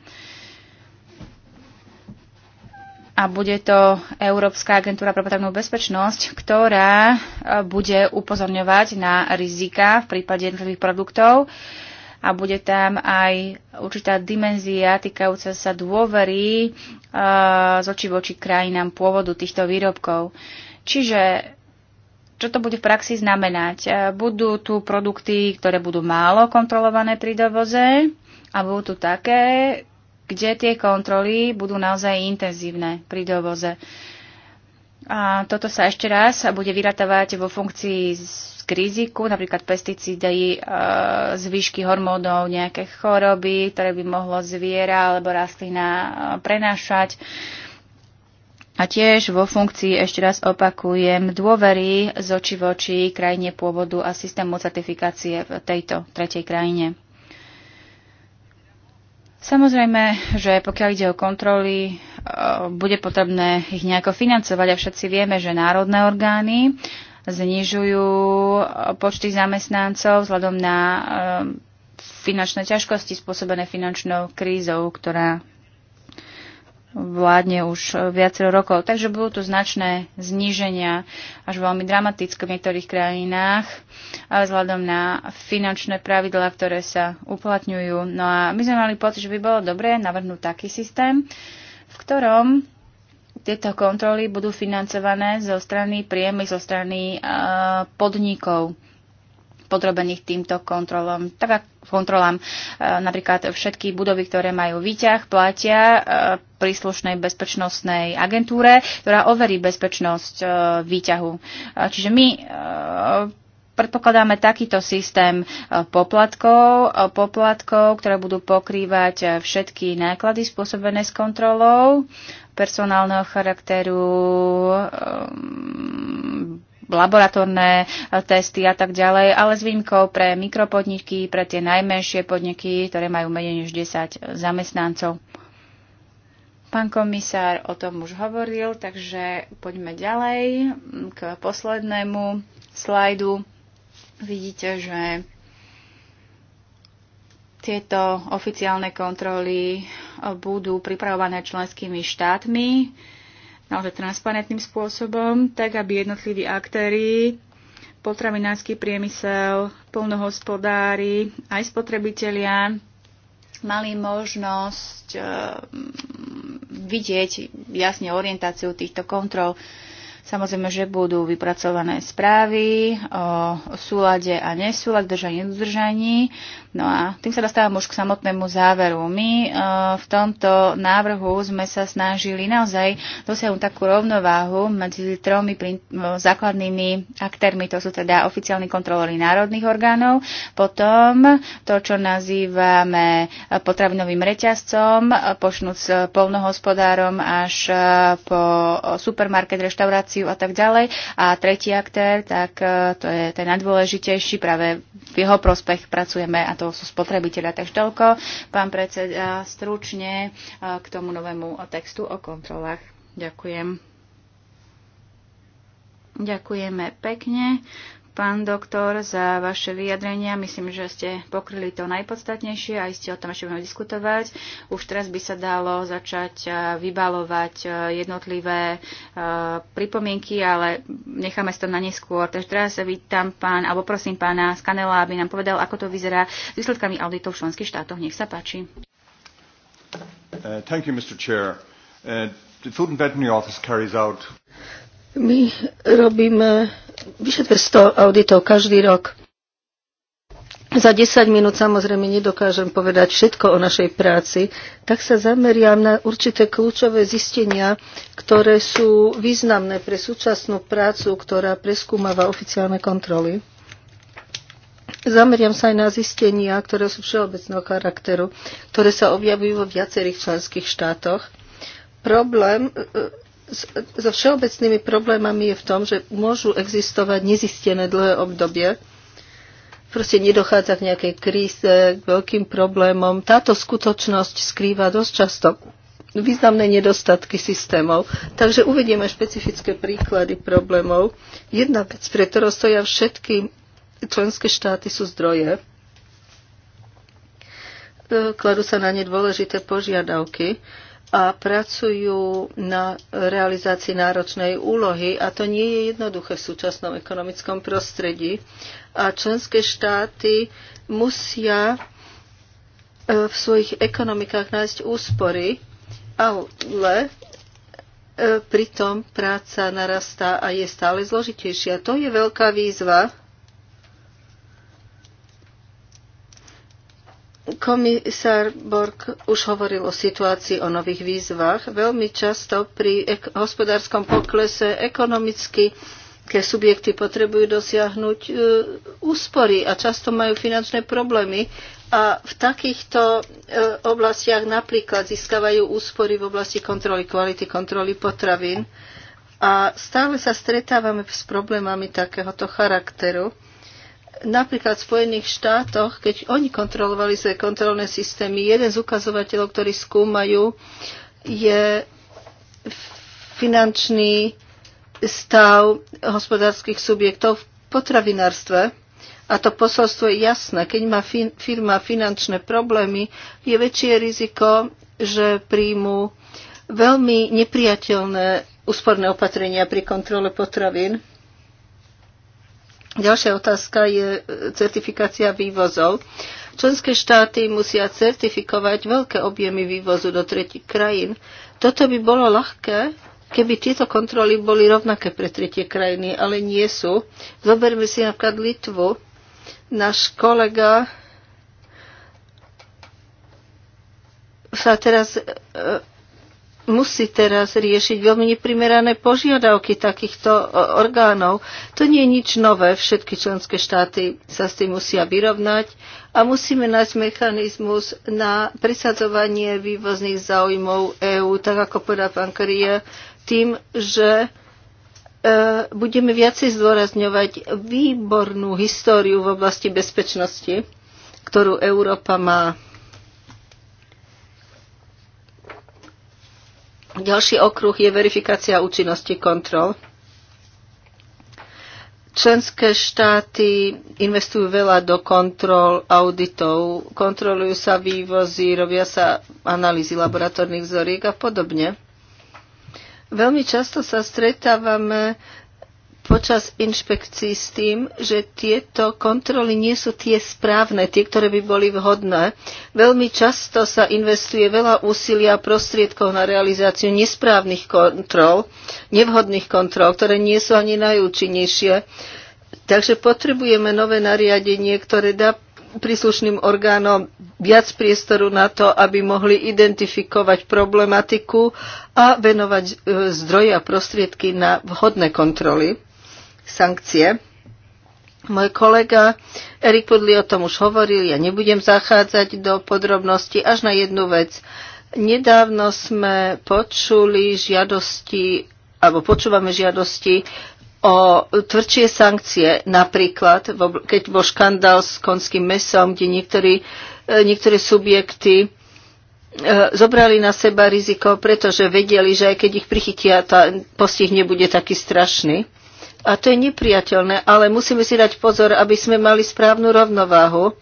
a bude to Európska agentúra pre potravnú bezpečnosť, ktorá e, bude upozorňovať na rizika v prípade jednotlivých produktov a bude tam aj určitá dimenzia týkajúca sa dôvery e, z očí voči krajinám pôvodu týchto výrobkov. Čiže čo to bude v praxi znamenať? E, budú tu produkty, ktoré budú málo kontrolované pri dovoze a budú tu také, kde tie kontroly budú naozaj intenzívne pri dovoze. A toto sa ešte raz bude vyratávať vo funkcii z riziku, napríklad pesticídy, e, zvyšky hormónov, nejaké choroby, ktoré by mohlo zviera alebo rastlina e, prenášať. A tiež vo funkcii, ešte raz opakujem, dôvery z oči v oči krajine pôvodu a systému certifikácie v tejto tretej krajine. Samozrejme, že pokiaľ ide o kontroly, e, bude potrebné ich nejako financovať a všetci vieme, že národné orgány znižujú e, počty zamestnancov vzhľadom na e, finančné ťažkosti spôsobené finančnou krízou, ktorá vládne už viacero rokov. Takže budú tu značné zníženia, až veľmi dramatické v niektorých krajinách, ale vzhľadom na finančné pravidlá, ktoré sa uplatňujú. No a my sme mali pocit, že by bolo dobré navrhnúť taký systém, v ktorom tieto kontroly budú financované zo strany priemy, zo strany eh, podnikov podrobených týmto kontrolom. Tak kontrolám e, napríklad všetky budovy, ktoré majú výťah, platia e, príslušnej bezpečnostnej agentúre, ktorá overí bezpečnosť e, výťahu. Čiže my predpokladáme takýto systém poplatkov, poplatkov, ktoré budú pokrývať všetky náklady spôsobené s kontrolou personálneho charakteru, laboratórne e, testy a tak ďalej, ale s výnimkou pre mikropodniky, pre tie najmenšie podniky, ktoré majú menej než 10 zamestnancov. Pán komisár o tom už hovoril, takže poďme ďalej k poslednému slajdu. Vidíte, že tieto oficiálne kontroly e, budú pripravované členskými štátmi naozaj transparentným spôsobom, tak aby jednotliví aktéry, potravinársky priemysel, polnohospodári, aj spotrebitelia mali možnosť eh, vidieť jasne orientáciu týchto kontrol. Samozrejme, že budú vypracované správy o súlade a nesúlade, držaní a nedržaní. No a tým sa dostávam už k samotnému záveru. My e, v tomto návrhu sme sa snažili naozaj dosiahnuť takú rovnováhu medzi tromi e, základnými aktérmi, to sú teda oficiálni kontrolory národných orgánov, potom to, čo nazývame e, potravinovým reťazcom, počnúť s polnohospodárom až po supermarket, reštauráciu a tak ďalej. A tretí aktér, tak to je ten najdôležitejší, práve v jeho prospech pracujeme a to to sú spotrebitelia. Takže toľko, pán predseda, stručne e, k tomu novému textu o kontrolách. Ďakujem. Ďakujeme pekne pán doktor, za vaše vyjadrenia. Myslím, že ste pokryli to najpodstatnejšie a ste o tom ešte budeme diskutovať. Už teraz by sa dalo začať vybalovať jednotlivé pripomienky, ale necháme sa to na neskôr. Takže teraz sa vítam pán, alebo prosím pána Skanela, aby nám povedal, ako to vyzerá s výsledkami auditov v členských štátoch. Nech sa páči. Uh, thank you, Mr. Chair. Uh, the Food and Veterinary Office carries out my robíme vyše 200 auditov každý rok. Za 10 minút samozrejme nedokážem povedať všetko o našej práci, tak sa zameriam na určité kľúčové zistenia, ktoré sú významné pre súčasnú prácu, ktorá preskúmava oficiálne kontroly. Zameriam sa aj na zistenia, ktoré sú všeobecného charakteru, ktoré sa objavujú vo viacerých členských štátoch. Problém e, e, so všeobecnými problémami je v tom, že môžu existovať nezistené dlhé obdobie. Proste nedochádza k nejakej kríze, k veľkým problémom. Táto skutočnosť skrýva dosť často významné nedostatky systémov. Takže uvedieme špecifické príklady problémov. Jedna vec, pre ktorú stoja všetky členské štáty, sú zdroje. E, kladú sa na ne dôležité požiadavky a pracujú na realizácii náročnej úlohy a to nie je jednoduché v súčasnom ekonomickom prostredí. A členské štáty musia e, v svojich ekonomikách nájsť úspory, ale e, pritom práca narastá a je stále zložitejšia. To je veľká výzva Komisár Borg už hovoril o situácii, o nových výzvach. Veľmi často pri ek- hospodárskom poklese ekonomicky ke subjekty potrebujú dosiahnuť e, úspory a často majú finančné problémy a v takýchto e, oblastiach napríklad získavajú úspory v oblasti kontroly kvality, kontroly potravín a stále sa stretávame s problémami takéhoto charakteru napríklad v Spojených štátoch, keď oni kontrolovali svoje kontrolné systémy, jeden z ukazovateľov, ktorý skúmajú, je finančný stav hospodárskych subjektov v potravinárstve. A to posolstvo je jasné. Keď má firma finančné problémy, je väčšie riziko, že príjmu veľmi nepriateľné úsporné opatrenia pri kontrole potravín Ďalšia otázka je e, certifikácia vývozov. Členské štáty musia certifikovať veľké objemy vývozu do tretich krajín. Toto by bolo ľahké, keby tieto kontroly boli rovnaké pre tretie krajiny, ale nie sú. Zoberme si napríklad Litvu. Náš kolega sa teraz e, musí teraz riešiť veľmi neprimerané požiadavky takýchto e, orgánov. To nie je nič nové, všetky členské štáty sa s tým musia vyrovnať a musíme nájsť mechanizmus na presadzovanie vývozných záujmov EÚ, tak ako povedal pán Krie, tým, že e, budeme viacej zdôrazňovať výbornú históriu v oblasti bezpečnosti, ktorú Európa má. Ďalší okruh je verifikácia účinnosti kontrol. Členské štáty investujú veľa do kontrol auditov, kontrolujú sa vývozy, robia sa analýzy laboratórnych vzoriek a podobne. Veľmi často sa stretávame počas inšpekcií s tým, že tieto kontroly nie sú tie správne, tie, ktoré by boli vhodné. Veľmi často sa investuje veľa úsilia a prostriedkov na realizáciu nesprávnych kontrol, nevhodných kontrol, ktoré nie sú ani najúčinnejšie. Takže potrebujeme nové nariadenie, ktoré dá príslušným orgánom viac priestoru na to, aby mohli identifikovať problematiku a venovať e, zdroje a prostriedky na vhodné kontroly sankcie. Môj kolega Erik Pudli o tom už hovoril, ja nebudem zachádzať do podrobností až na jednu vec. Nedávno sme počuli žiadosti, alebo počúvame žiadosti o tvrdšie sankcie, napríklad, keď bol škandál s konským mesom, kde niektorí, e, niektoré subjekty e, zobrali na seba riziko, pretože vedeli, že aj keď ich prichytia, tá postih nebude taký strašný. A to je nepriateľné, ale musíme si dať pozor, aby sme mali správnu rovnováhu.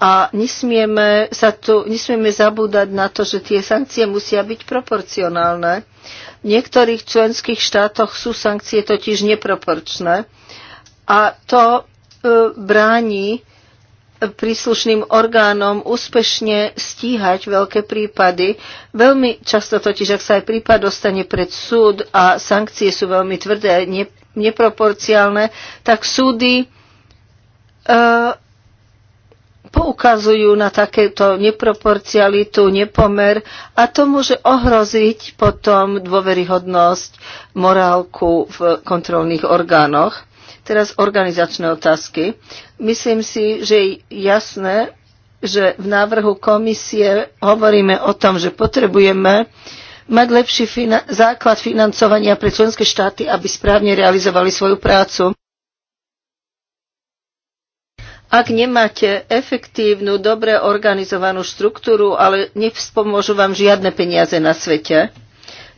A nesmieme, sa tu, nesmieme zabúdať na to, že tie sankcie musia byť proporcionálne. V niektorých členských štátoch sú sankcie totiž neproporčné. A to e, bráni príslušným orgánom úspešne stíhať veľké prípady. Veľmi často totiž, ak sa aj prípad dostane pred súd a sankcie sú veľmi tvrdé, ne, neproporciálne, tak súdy e, poukazujú na takéto neproporcialitu, nepomer a to môže ohroziť potom dôveryhodnosť, morálku v kontrolných orgánoch. Teraz organizačné otázky. Myslím si, že je jasné, že v návrhu komisie hovoríme o tom, že potrebujeme uh, mať lepší fina- základ financovania pre členské štáty, aby správne realizovali svoju prácu. Ak nemáte efektívnu, dobre organizovanú štruktúru, ale nevspomôžu vám žiadne peniaze na svete,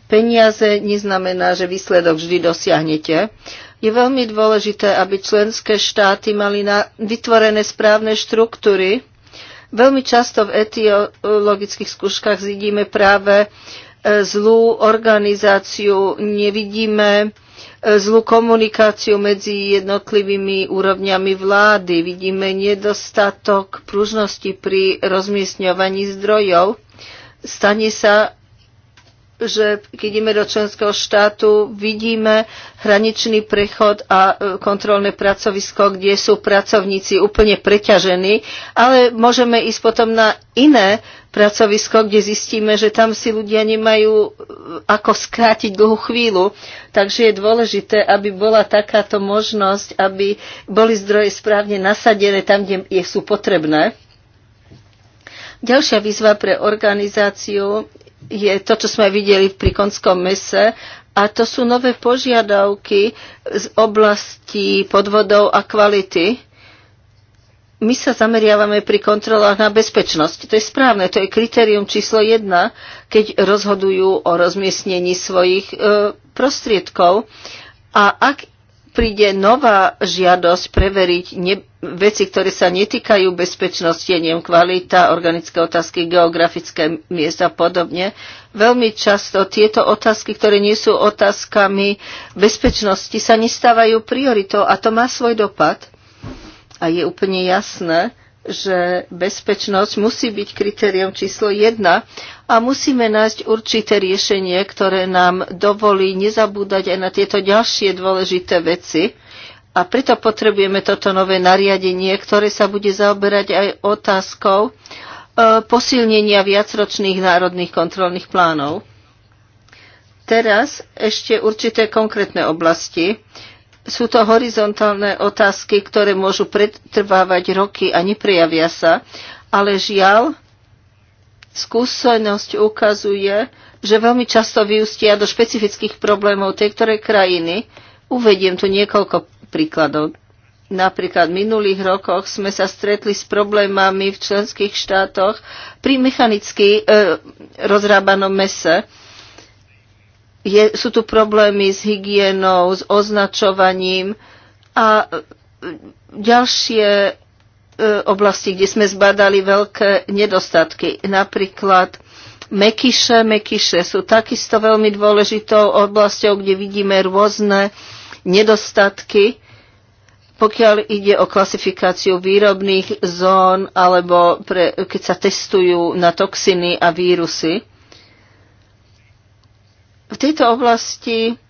peniaze neznamená, že výsledok vždy dosiahnete. Je veľmi dôležité, aby členské štáty mali na vytvorené správne štruktúry. Veľmi často v etiologických skúškach zidíme práve zlú organizáciu, nevidíme e, zlú komunikáciu medzi jednotlivými úrovňami vlády, vidíme nedostatok pružnosti pri rozmiestňovaní zdrojov. Stane sa, že keď ideme do členského štátu, vidíme hraničný prechod a e, kontrolné pracovisko, kde sú pracovníci úplne preťažení, ale môžeme ísť potom na iné pracovisko, kde zistíme, že tam si ľudia nemajú e, ako skrátiť dlhú chvíľu. Takže je dôležité, aby bola takáto možnosť, aby boli zdroje správne nasadené tam, kde sú potrebné. Ďalšia výzva pre organizáciu je to, čo sme videli pri konskom mese, a to sú nové požiadavky z oblasti podvodov a kvality my sa zameriavame pri kontrolách na bezpečnosť. To je správne, to je kritérium číslo jedna, keď rozhodujú o rozmiestnení svojich e, prostriedkov. A ak príde nová žiadosť preveriť ne, veci, ktoré sa netýkajú bezpečnosti, neviem, kvalita, organické otázky, geografické miesta a podobne, veľmi často tieto otázky, ktoré nie sú otázkami bezpečnosti, sa nestávajú prioritou a to má svoj dopad a je úplne jasné, že bezpečnosť musí byť kritériom číslo jedna a musíme nájsť určité riešenie, ktoré nám dovolí nezabúdať aj na tieto ďalšie dôležité veci. A preto potrebujeme toto nové nariadenie, ktoré sa bude zaoberať aj otázkou e, posilnenia viacročných národných kontrolných plánov. Teraz ešte určité konkrétne oblasti. Sú to horizontálne otázky, ktoré môžu pretrvávať roky a neprejavia sa, ale žiaľ, skúsenosť ukazuje, že veľmi často vyústia do špecifických problémov tej ktorej krajiny. Uvediem tu niekoľko príkladov. Napríklad v minulých rokoch sme sa stretli s problémami v členských štátoch pri mechanicky e, rozrábanom mese je, sú tu problémy s hygienou, s označovaním a e, ďalšie e, oblasti, kde sme zbadali veľké nedostatky. Napríklad mekyše. Mekyše sú takisto veľmi dôležitou oblasťou, kde vidíme rôzne nedostatky, pokiaľ ide o klasifikáciu výrobných zón alebo pre, keď sa testujú na toxiny a vírusy. V tejto oblasti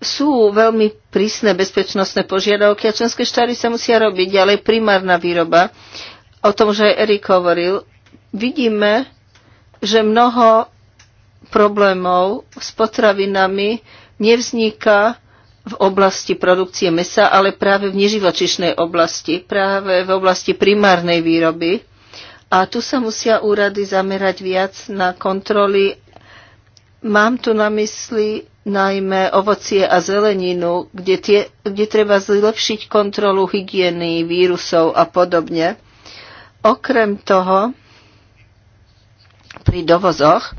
sú veľmi prísne bezpečnostné požiadavky a členské štáty sa musia robiť ďalej primárna výroba. O tom, že aj Erik hovoril, vidíme, že mnoho problémov s potravinami nevzniká v oblasti produkcie mesa, ale práve v neživočišnej oblasti, práve v oblasti primárnej výroby. A tu sa musia úrady zamerať viac na kontroly Mám tu na mysli najmä ovocie a zeleninu, kde, tie, kde treba zlepšiť kontrolu hygieny, vírusov a podobne. Okrem toho, pri dovozoch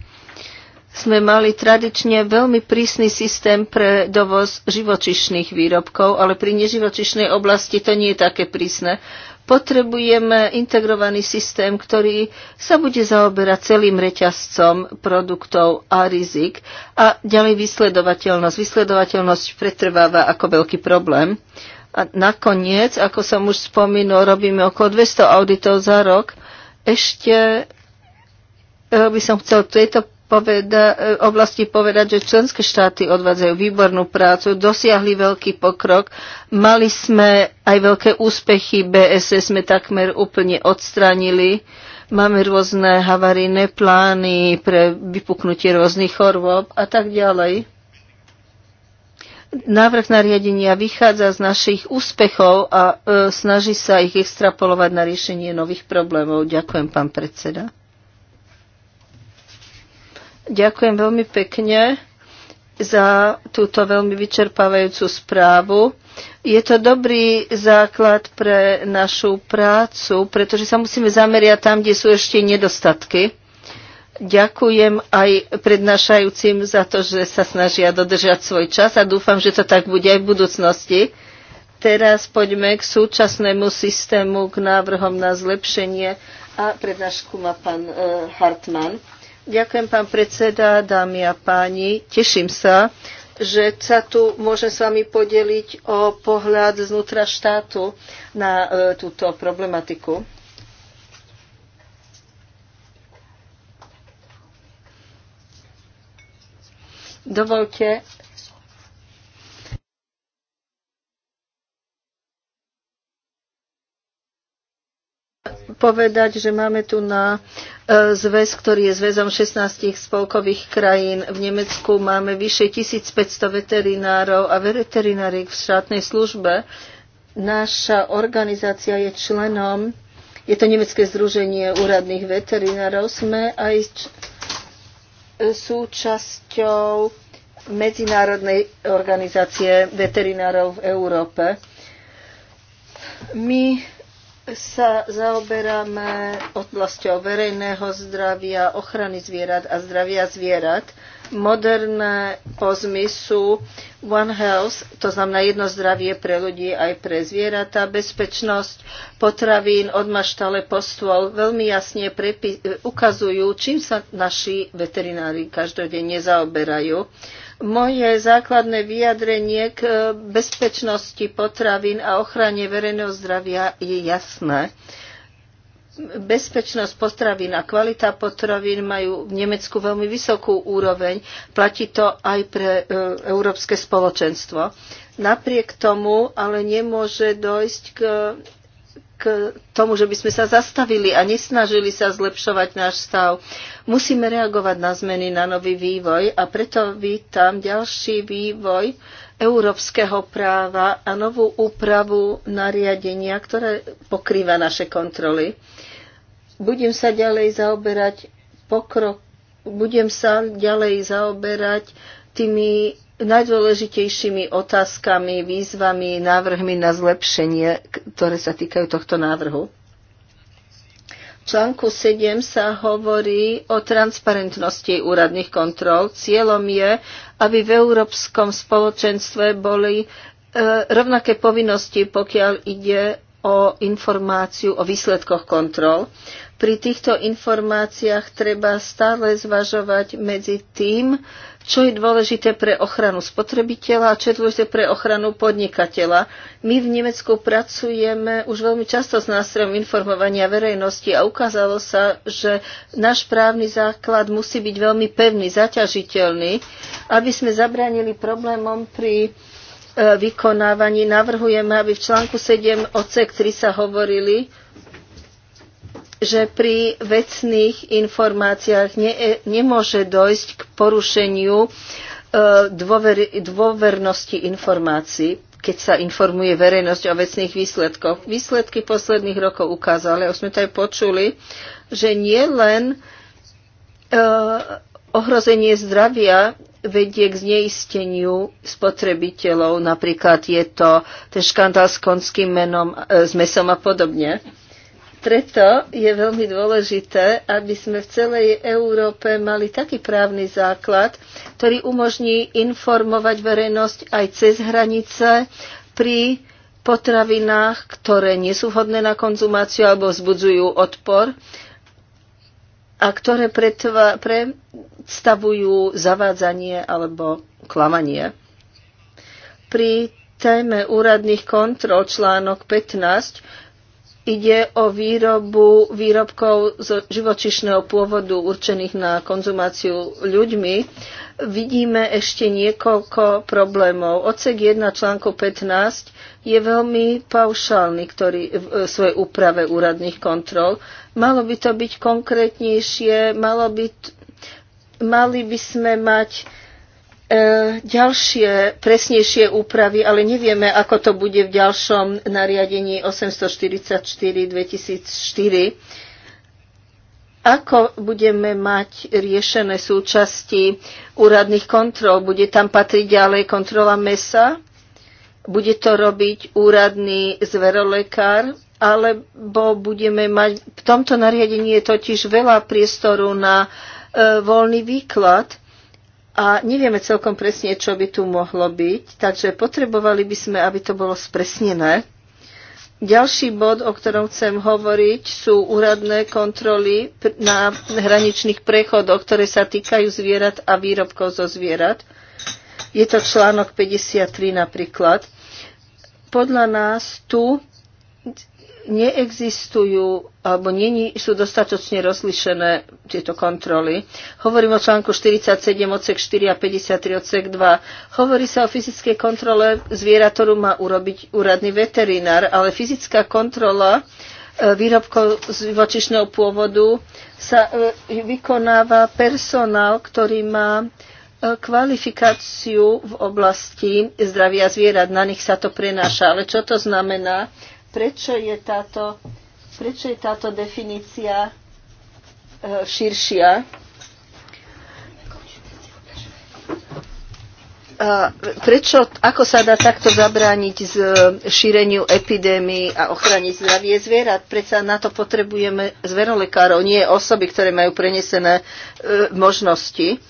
sme mali tradične veľmi prísny systém pre dovoz živočišných výrobkov, ale pri neživočišnej oblasti to nie je také prísne. Potrebujeme integrovaný systém, ktorý sa bude zaoberať celým reťazcom produktov a rizik a ďalej vysledovateľnosť. Vysledovateľnosť pretrváva ako veľký problém. A nakoniec, ako som už spomínal, robíme okolo 200 auditov za rok. Ešte eh, by som chcel v tejto poveda, e, oblasti povedať, že členské štáty odvádzajú výbornú prácu, dosiahli veľký pokrok, mali sme aj veľké úspechy, BSS sme takmer úplne odstránili, máme rôzne havarijné plány pre vypuknutie rôznych chorôb a tak ďalej. Návrh nariadenia vychádza z našich úspechov a e, snaží sa ich extrapolovať na riešenie nových problémov. Ďakujem, pán predseda. Ďakujem veľmi pekne za túto veľmi vyčerpávajúcu správu. Je to dobrý základ pre našu prácu, pretože sa musíme zameriať tam, kde sú ešte nedostatky. Ďakujem aj prednášajúcim za to, že sa snažia dodržať svoj čas a dúfam, že to tak bude aj v budúcnosti. Teraz poďme k súčasnému systému, k návrhom na zlepšenie a prednášku má pán eh, Hartmann. Ďakujem, pán predseda, dámy a páni. Teším sa, že sa tu môžem s vami podeliť o pohľad znútra štátu na e, túto problematiku. Dovolte, povedať, že máme tu na e, zväz, ktorý je zväzom 16 spolkových krajín. V Nemecku máme vyše 1500 veterinárov a veterinárik v štátnej službe. Naša organizácia je členom, je to Nemecké združenie úradných veterinárov, sme aj súčasťou Medzinárodnej organizácie veterinárov v Európe. My sa zaoberáme oblasťou verejného zdravia, ochrany zvierat a zdravia zvierat. Moderné pozmy sú One Health, to znamená jedno zdravie pre ľudí aj pre zvieratá, bezpečnosť potravín od maštale po stôl veľmi jasne ukazujú, čím sa naši veterinári každodenne zaoberajú. Moje základné vyjadrenie k bezpečnosti potravín a ochrane verejného zdravia je jasné bezpečnosť potravín a kvalita potravín majú v Nemecku veľmi vysokú úroveň. Platí to aj pre e, európske spoločenstvo. Napriek tomu ale nemôže dojsť k, k tomu, že by sme sa zastavili a nesnažili sa zlepšovať náš stav. Musíme reagovať na zmeny, na nový vývoj a preto vítam ďalší vývoj európskeho práva a novú úpravu nariadenia, ktoré pokrýva naše kontroly budem sa ďalej zaoberať pokrok, budem sa ďalej zaoberať tými najdôležitejšími otázkami, výzvami, návrhmi na zlepšenie, ktoré sa týkajú tohto návrhu. V článku 7 sa hovorí o transparentnosti úradných kontrol. Cieľom je, aby v Európskom spoločenstve boli e, rovnaké povinnosti, pokiaľ ide o informáciu o výsledkoch kontrol. Pri týchto informáciách treba stále zvažovať medzi tým, čo je dôležité pre ochranu spotrebiteľa a čo je dôležité pre ochranu podnikateľa. My v Nemecku pracujeme už veľmi často s nástrojom informovania verejnosti a ukázalo sa, že náš právny základ musí byť veľmi pevný, zaťažiteľný, aby sme zabránili problémom pri e, vykonávaní. Navrhujeme, aby v článku 7 odsek 3 sa hovorili, že pri vecných informáciách ne, e, nemôže dojsť k porušeniu e, dôver, dôvernosti informácií, keď sa informuje verejnosť o vecných výsledkoch. Výsledky posledných rokov ukázali, už sme to aj počuli, že nie len e, ohrozenie zdravia vedie k zneisteniu spotrebiteľov, napríklad je to ten škandál s konským menom, s mesom a podobne preto je veľmi dôležité, aby sme v celej Európe mali taký právny základ, ktorý umožní informovať verejnosť aj cez hranice pri potravinách, ktoré nie sú vhodné na konzumáciu alebo vzbudzujú odpor a ktoré predstavujú zavádzanie alebo klamanie. Pri téme úradných kontrol článok 15 Ide o výrobu výrobkov zo živočišného pôvodu určených na konzumáciu ľuďmi. Vidíme ešte niekoľko problémov. Ocek 1 článku 15 je veľmi paušálny ktorý, v e, svojej úprave úradných kontrol. Malo by to byť konkrétnejšie, malo by, mali by sme mať E, ďalšie presnejšie úpravy, ale nevieme, ako to bude v ďalšom nariadení 844-2004. Ako budeme mať riešené súčasti úradných kontrol? Bude tam patriť ďalej kontrola mesa? Bude to robiť úradný zverolekár? Alebo budeme mať... V tomto nariadení je totiž veľa priestoru na e, voľný výklad a nevieme celkom presne, čo by tu mohlo byť, takže potrebovali by sme, aby to bolo spresnené. Ďalší bod, o ktorom chcem hovoriť, sú úradné kontroly na hraničných prechodoch, ktoré sa týkajú zvierat a výrobkov zo zvierat. Je to článok 53 napríklad. Podľa nás tu neexistujú alebo nie sú dostatočne rozlišené tieto kontroly. Hovorím o článku 47 odsek 4 a 53 odsek 2. Hovorí sa o fyzickej kontrole zviera, ktorú má urobiť úradný veterinár, ale fyzická kontrola e, výrobkov z vočišného pôvodu sa e, vykonáva personál, ktorý má e, kvalifikáciu v oblasti zdravia zvierat. Na nich sa to prenáša. Ale čo to znamená? prečo je táto, prečo je táto definícia e, širšia. E, prečo, ako sa dá takto zabrániť z šíreniu epidémii a ochraniť zdravie zvierat? Prečo na to potrebujeme zverolekárov, nie osoby, ktoré majú prenesené e, možnosti.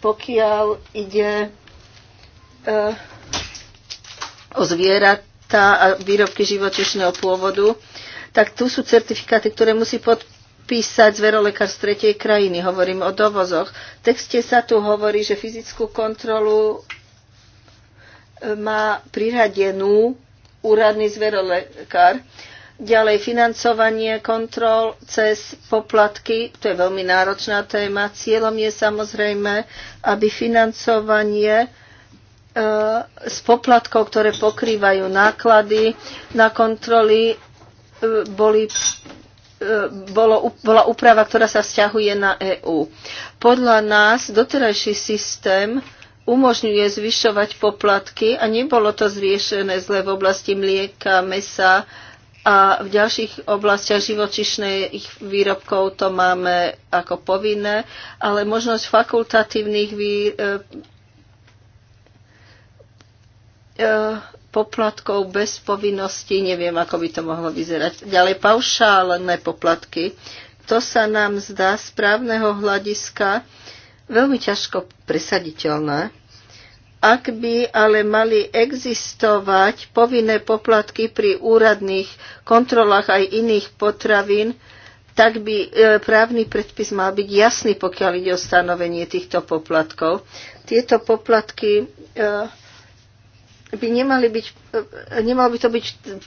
Pokiaľ ide o zvierat, mesta a výrobky živočišného pôvodu, tak tu sú certifikáty, ktoré musí podpísať zverolekár z tretej krajiny. Hovorím o dovozoch. V texte sa tu hovorí, že fyzickú kontrolu e, má priradenú úradný zverolekár. Ďalej financovanie kontrol cez poplatky, to je veľmi náročná téma. Cieľom je samozrejme, aby financovanie z poplatkov, ktoré pokrývajú náklady na kontroly, e, boli, e, bolo, bola úprava, ktorá sa vzťahuje na EÚ. Podľa nás doterajší systém umožňuje zvyšovať poplatky a nebolo to zriešené zle v oblasti mlieka, mesa a v ďalších oblastiach živočišných výrobkov to máme ako povinné, ale možnosť fakultatívnych e, E, poplatkov bez povinnosti, neviem, ako by to mohlo vyzerať. Ďalej paušálne poplatky. To sa nám zdá z právneho hľadiska veľmi ťažko presaditeľné. Ak by ale mali existovať povinné poplatky pri úradných kontrolách aj iných potravín, tak by e, právny predpis mal byť jasný, pokiaľ ide o stanovenie týchto poplatkov. Tieto poplatky e, by nemali byť, nemalo by to byť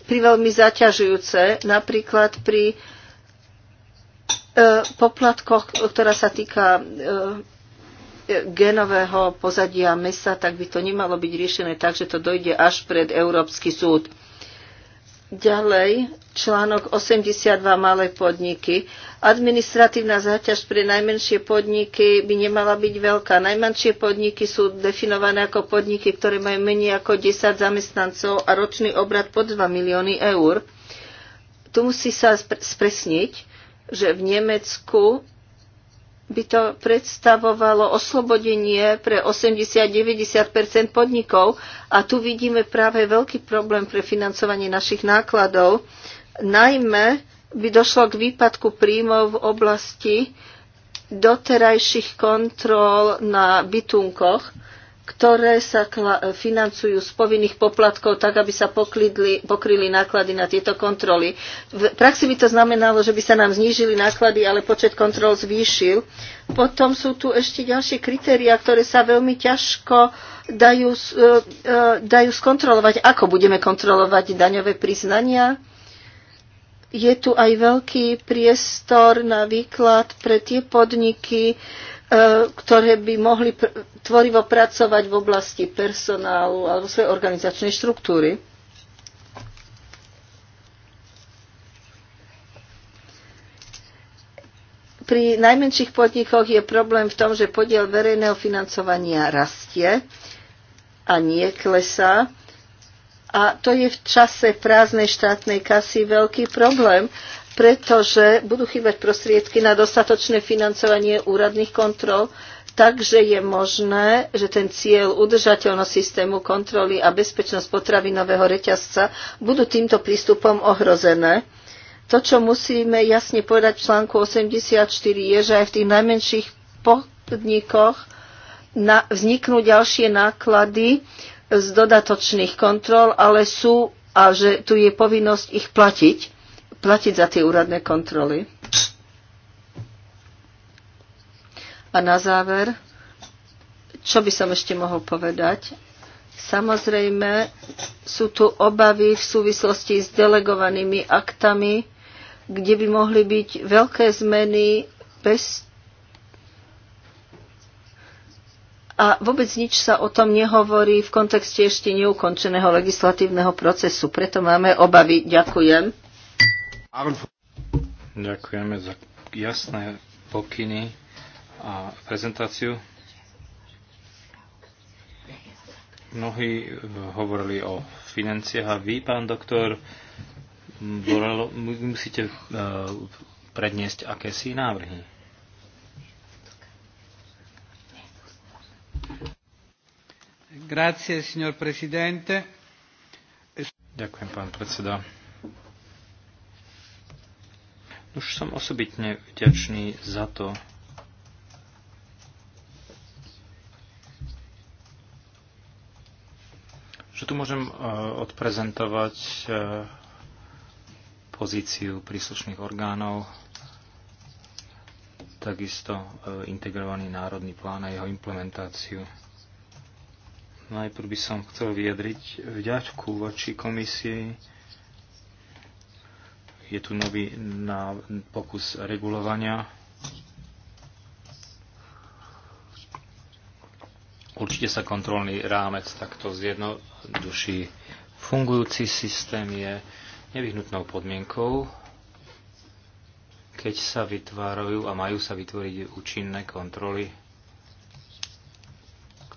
veľmi zaťažujúce, napríklad pri e, poplatkoch, ktorá sa týka e, genového pozadia mesa, tak by to nemalo byť riešené tak, že to dojde až pred Európsky súd. Ďalej, článok 82 malé podniky. Administratívna záťaž pre najmenšie podniky by nemala byť veľká. Najmenšie podniky sú definované ako podniky, ktoré majú menej ako 10 zamestnancov a ročný obrad pod 2 milióny eur. Tu musí sa spresniť, že v Nemecku by to predstavovalo oslobodenie pre 80-90 podnikov a tu vidíme práve veľký problém pre financovanie našich nákladov. Najmä by došlo k výpadku príjmov v oblasti doterajších kontrol na bytunkoch ktoré sa e, financujú z povinných poplatkov tak, aby sa poklidli, pokryli náklady na tieto kontroly. V praxi by to znamenalo, že by sa nám znížili náklady, ale počet kontrol zvýšil. Potom sú tu ešte ďalšie kritéria, ktoré sa veľmi ťažko dajú, e, e, dajú skontrolovať. Ako budeme kontrolovať daňové priznania? Je tu aj veľký priestor na výklad pre tie podniky, E, ktoré by mohli tvorivo pracovať v oblasti personálu alebo svojej organizačnej štruktúry. Pri najmenších podnikoch je problém v tom, že podiel verejného financovania rastie a nie klesá. A to je v čase prázdnej štátnej kasy veľký problém, pretože budú chýbať prostriedky na dostatočné financovanie úradných kontrol, takže je možné, že ten cieľ udržateľnosť systému kontroly a bezpečnosť potravinového reťazca budú týmto prístupom ohrozené. To, čo musíme jasne povedať v článku 84, je, že aj v tých najmenších podnikoch na, vzniknú ďalšie náklady z dodatočných kontrol, ale sú a že tu je povinnosť ich platiť platiť za tie úradné kontroly. A na záver, čo by som ešte mohol povedať? Samozrejme, sú tu obavy v súvislosti s delegovanými aktami, kde by mohli byť veľké zmeny bez a vôbec nič sa o tom nehovorí v kontexte ešte neukončeného legislatívneho procesu. Preto máme obavy. Ďakujem. Ďakujeme za jasné pokyny a prezentáciu. Mnohí eh, hovorili o financiách a vy, pán doktor, Borelo, musíte uh, predniesť akési návrhy. Grazie, signor Presidente. Ďakujem, pán predseda. Už som osobitne vďačný za to, že tu môžem e, odprezentovať e, pozíciu príslušných orgánov, takisto e, integrovaný národný plán a jeho implementáciu. Najprv by som chcel vyjadriť vďačku voči komisii, je tu nový na pokus regulovania. Určite sa kontrolný rámec takto zjednoduší. Fungujúci systém je nevyhnutnou podmienkou, keď sa vytvárajú a majú sa vytvoriť účinné kontroly,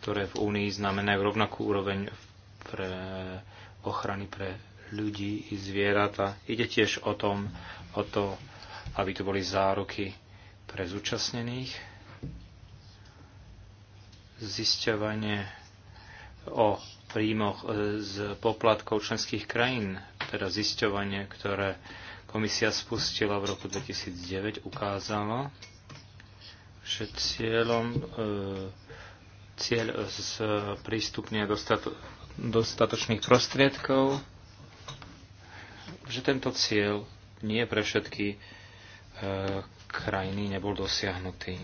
ktoré v Únii znamenajú rovnakú úroveň pre ochrany pre ľudí i zvieratá. Ide tiež o, tom, o to, aby tu boli záruky pre zúčastnených, zisťovanie o príjmoch e, z poplatkov členských krajín, teda zisťovanie, ktoré komisia spustila v roku 2009, ukázalo, že cieľom, e, cieľ z prístupne dostatočných prostriedkov že tento cieľ nie pre všetky e, krajiny nebol dosiahnutý.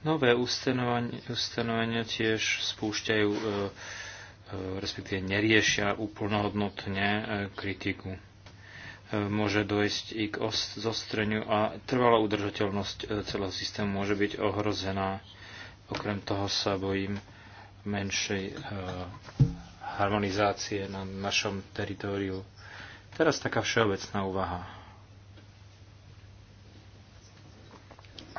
Nové ustanovenia tiež spúšťajú, e, e, respektíve neriešia úplnohodnotne e, kritiku. E, môže dojsť i k ost- zostreniu a trvalá udržateľnosť e, celého systému môže byť ohrozená. Okrem toho sa bojím menšej e, harmonizácie na našom teritoriu. Teraz taká všeobecná úvaha.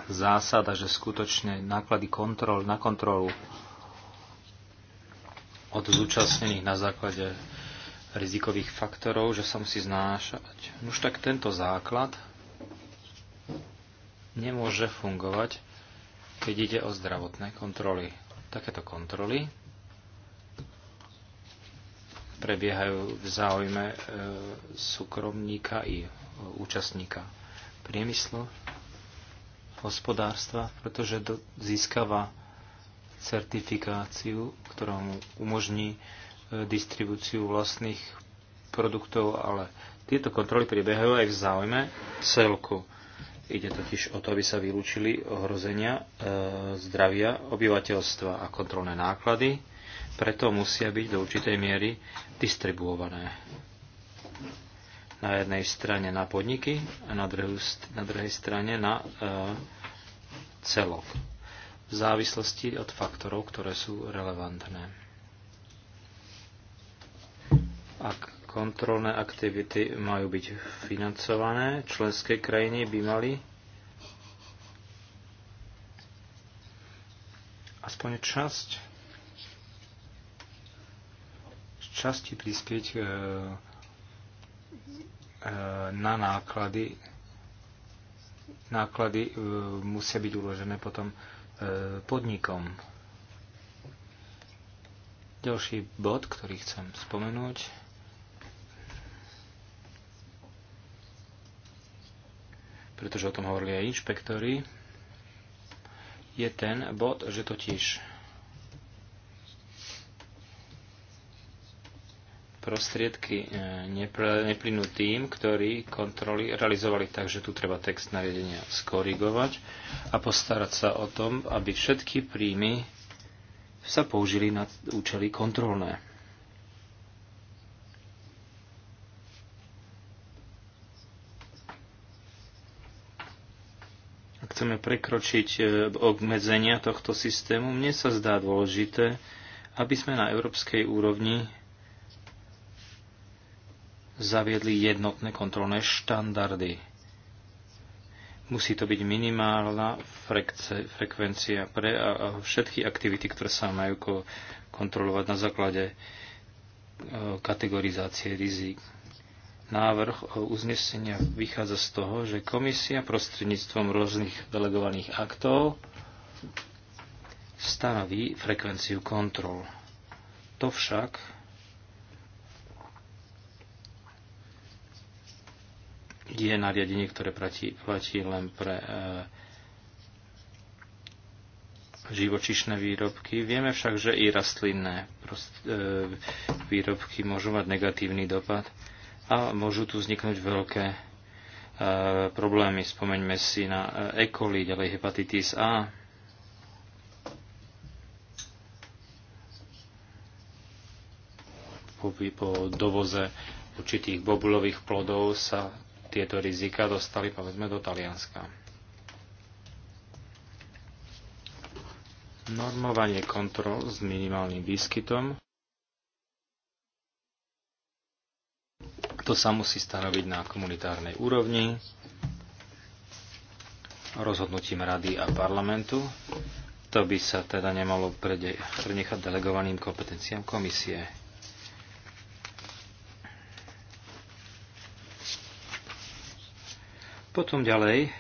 Zásada, že skutočne náklady kontrol, na kontrolu od zúčastnených na základe rizikových faktorov, že sa musí znášať. Už tak tento základ nemôže fungovať, keď ide o zdravotné kontroly. Takéto kontroly prebiehajú v záujme e, súkromníka i e, účastníka priemyslu, hospodárstva, pretože do, získava certifikáciu, ktorá mu umožní e, distribúciu vlastných produktov, ale tieto kontroly prebiehajú aj v záujme celku. Ide totiž o to, aby sa vylúčili ohrozenia e, zdravia obyvateľstva a kontrolné náklady preto musia byť do určitej miery distribuované. Na jednej strane na podniky a na, druhú, na druhej strane na e, celok. V závislosti od faktorov, ktoré sú relevantné. Ak kontrolné aktivity majú byť financované, členské krajiny by mali aspoň časť časti prispieť e, e, na náklady. Náklady e, musia byť uložené potom podnikom. Ďalší bod, ktorý chcem spomenúť, pretože o tom hovorili aj inšpektori, je ten bod, že totiž prostriedky e, neplynú tým, ktorí kontroly realizovali tak, že tu treba text nariadenia skorigovať a postarať sa o tom, aby všetky príjmy sa použili na účely kontrolné. Ak chceme prekročiť e, obmedzenia tohto systému, mne sa zdá dôležité, aby sme na európskej úrovni zaviedli jednotné kontrolné štandardy. Musí to byť minimálna frekvencia pre všetky aktivity, ktoré sa majú kontrolovať na základe e, kategorizácie rizik. Návrh o uznesenia vychádza z toho, že komisia prostredníctvom rôznych delegovaných aktov stanoví frekvenciu kontrol. To však je nariadenie, ktoré platí, platí len pre e, živočišné výrobky. Vieme však, že i rastlinné prost, e, výrobky môžu mať negatívny dopad a môžu tu vzniknúť veľké e, problémy. Spomeňme si na E. e. coli, ďalej hepatitis A. Po, po dovoze určitých bobulových plodov sa tieto rizika dostali povedzme do Talianska. Normovanie kontrol s minimálnym výskytom. To sa musí stanoviť na komunitárnej úrovni rozhodnutím Rady a parlamentu. To by sa teda nemalo prenechať delegovaným kompetenciám komisie. Potom ďalej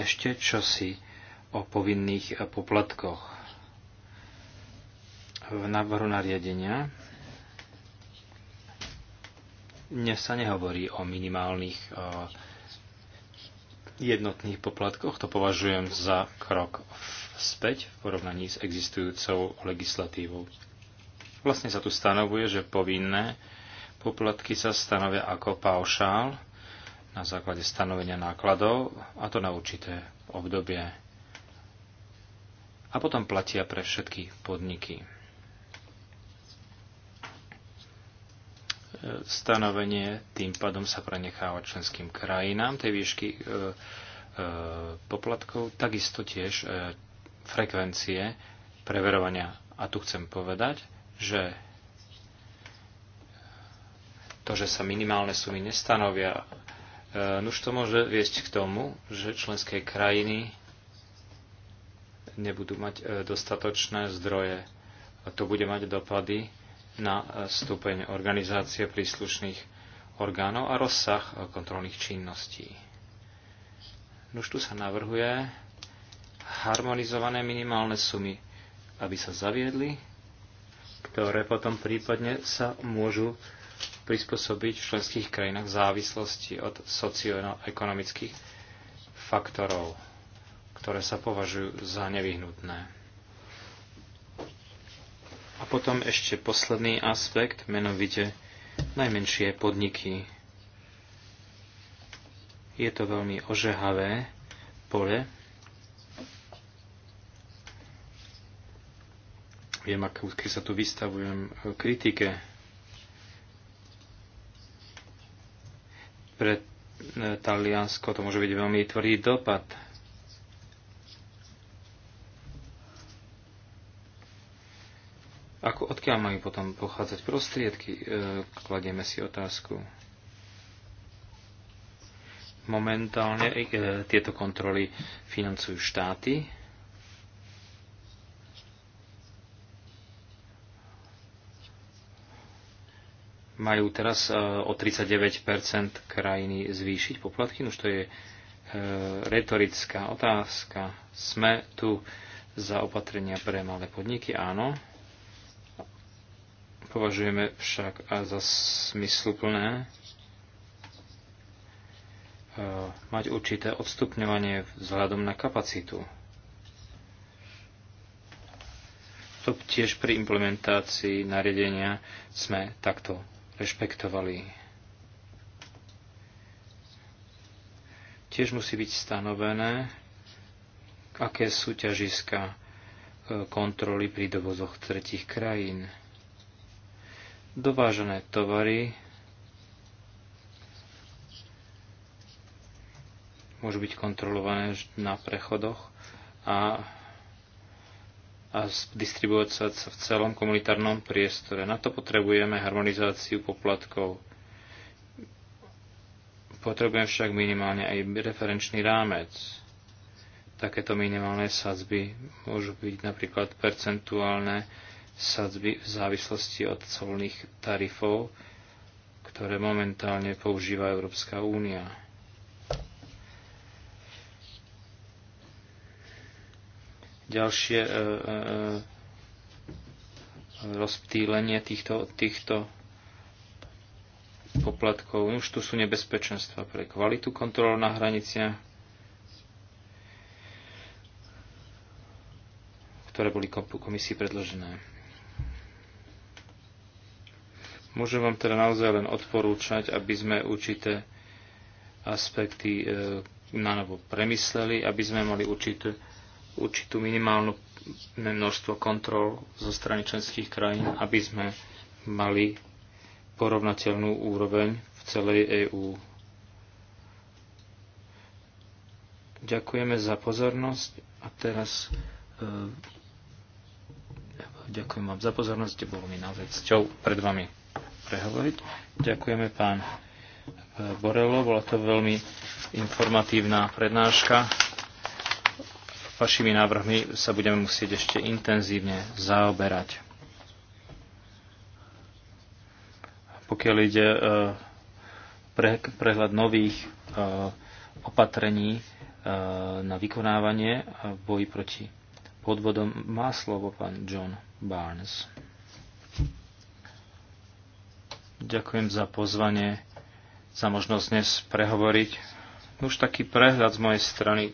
ešte čosi o povinných poplatkoch. V návrhu nariadenia dnes sa nehovorí o minimálnych jednotných poplatkoch. To považujem za krok späť v porovnaní s existujúcou legislatívou. Vlastne sa tu stanovuje, že povinné Poplatky sa stanovia ako paušál na základe stanovenia nákladov, a to na určité obdobie. A potom platia pre všetky podniky. E, stanovenie tým pádom sa prenecháva členským krajinám tej výšky e, e, poplatkov, takisto tiež e, frekvencie preverovania. A tu chcem povedať, že to, že sa minimálne sumy nestanovia, e, nuž to môže viesť k tomu, že členské krajiny nebudú mať e, dostatočné zdroje. A to bude mať dopady na e, stupeň organizácie príslušných orgánov a rozsah kontrolných činností. Nuž tu sa navrhuje harmonizované minimálne sumy, aby sa zaviedli, ktoré potom prípadne sa môžu prispôsobiť v členských krajinách v závislosti od socioekonomických faktorov, ktoré sa považujú za nevyhnutné. A potom ešte posledný aspekt, menovite najmenšie podniky. Je to veľmi ožehavé pole. Viem, aké sa tu vystavujem kritike Pre e, Taliansko to môže byť veľmi tvrdý dopad. Ako, odkiaľ majú potom pochádzať prostriedky? E, kladieme si otázku. Momentálne e, e tieto kontroly financujú štáty. majú teraz e, o 39 krajiny zvýšiť poplatky. Už to je e, retorická otázka. Sme tu za opatrenia pre malé podniky? Áno. Považujeme však a za smysluplné e, mať určité odstupňovanie vzhľadom na kapacitu. To tiež pri implementácii nariadenia sme takto rešpektovali. Tiež musí byť stanovené, aké sú ťažiska e, kontroly pri dovozoch tretich krajín. Dovážené tovary môžu byť kontrolované na prechodoch a a distribuovať sa v celom komunitárnom priestore. Na to potrebujeme harmonizáciu poplatkov. Potrebujeme však minimálne aj referenčný rámec. Takéto minimálne sadzby môžu byť napríklad percentuálne sadzby v závislosti od colných tarifov, ktoré momentálne používa Európska únia. ďalšie e, e, e, rozptýlenie týchto, týchto poplatkov. Už tu sú nebezpečenstva pre kvalitu kontrol na hraniciach, ktoré boli komisii predložené. Môžem vám teda naozaj len odporúčať, aby sme určité aspekty e, na novo premysleli, aby sme mali určité určitú minimálnu množstvo kontrol zo strany členských krajín, aby sme mali porovnateľnú úroveň v celej EÚ. Ďakujeme za pozornosť a teraz e, ďakujem vám za pozornosť, bolo mi vec cťou pred vami prehovoriť. Ďakujeme pán e, Borelo, bola to veľmi informatívna prednáška vašimi návrhmi sa budeme musieť ešte intenzívne zaoberať. Pokiaľ ide e, pre, prehľad nových e, opatrení e, na vykonávanie a boji proti podvodom, má slovo pán John Barnes. Ďakujem za pozvanie, za možnosť dnes prehovoriť. Už taký prehľad z mojej strany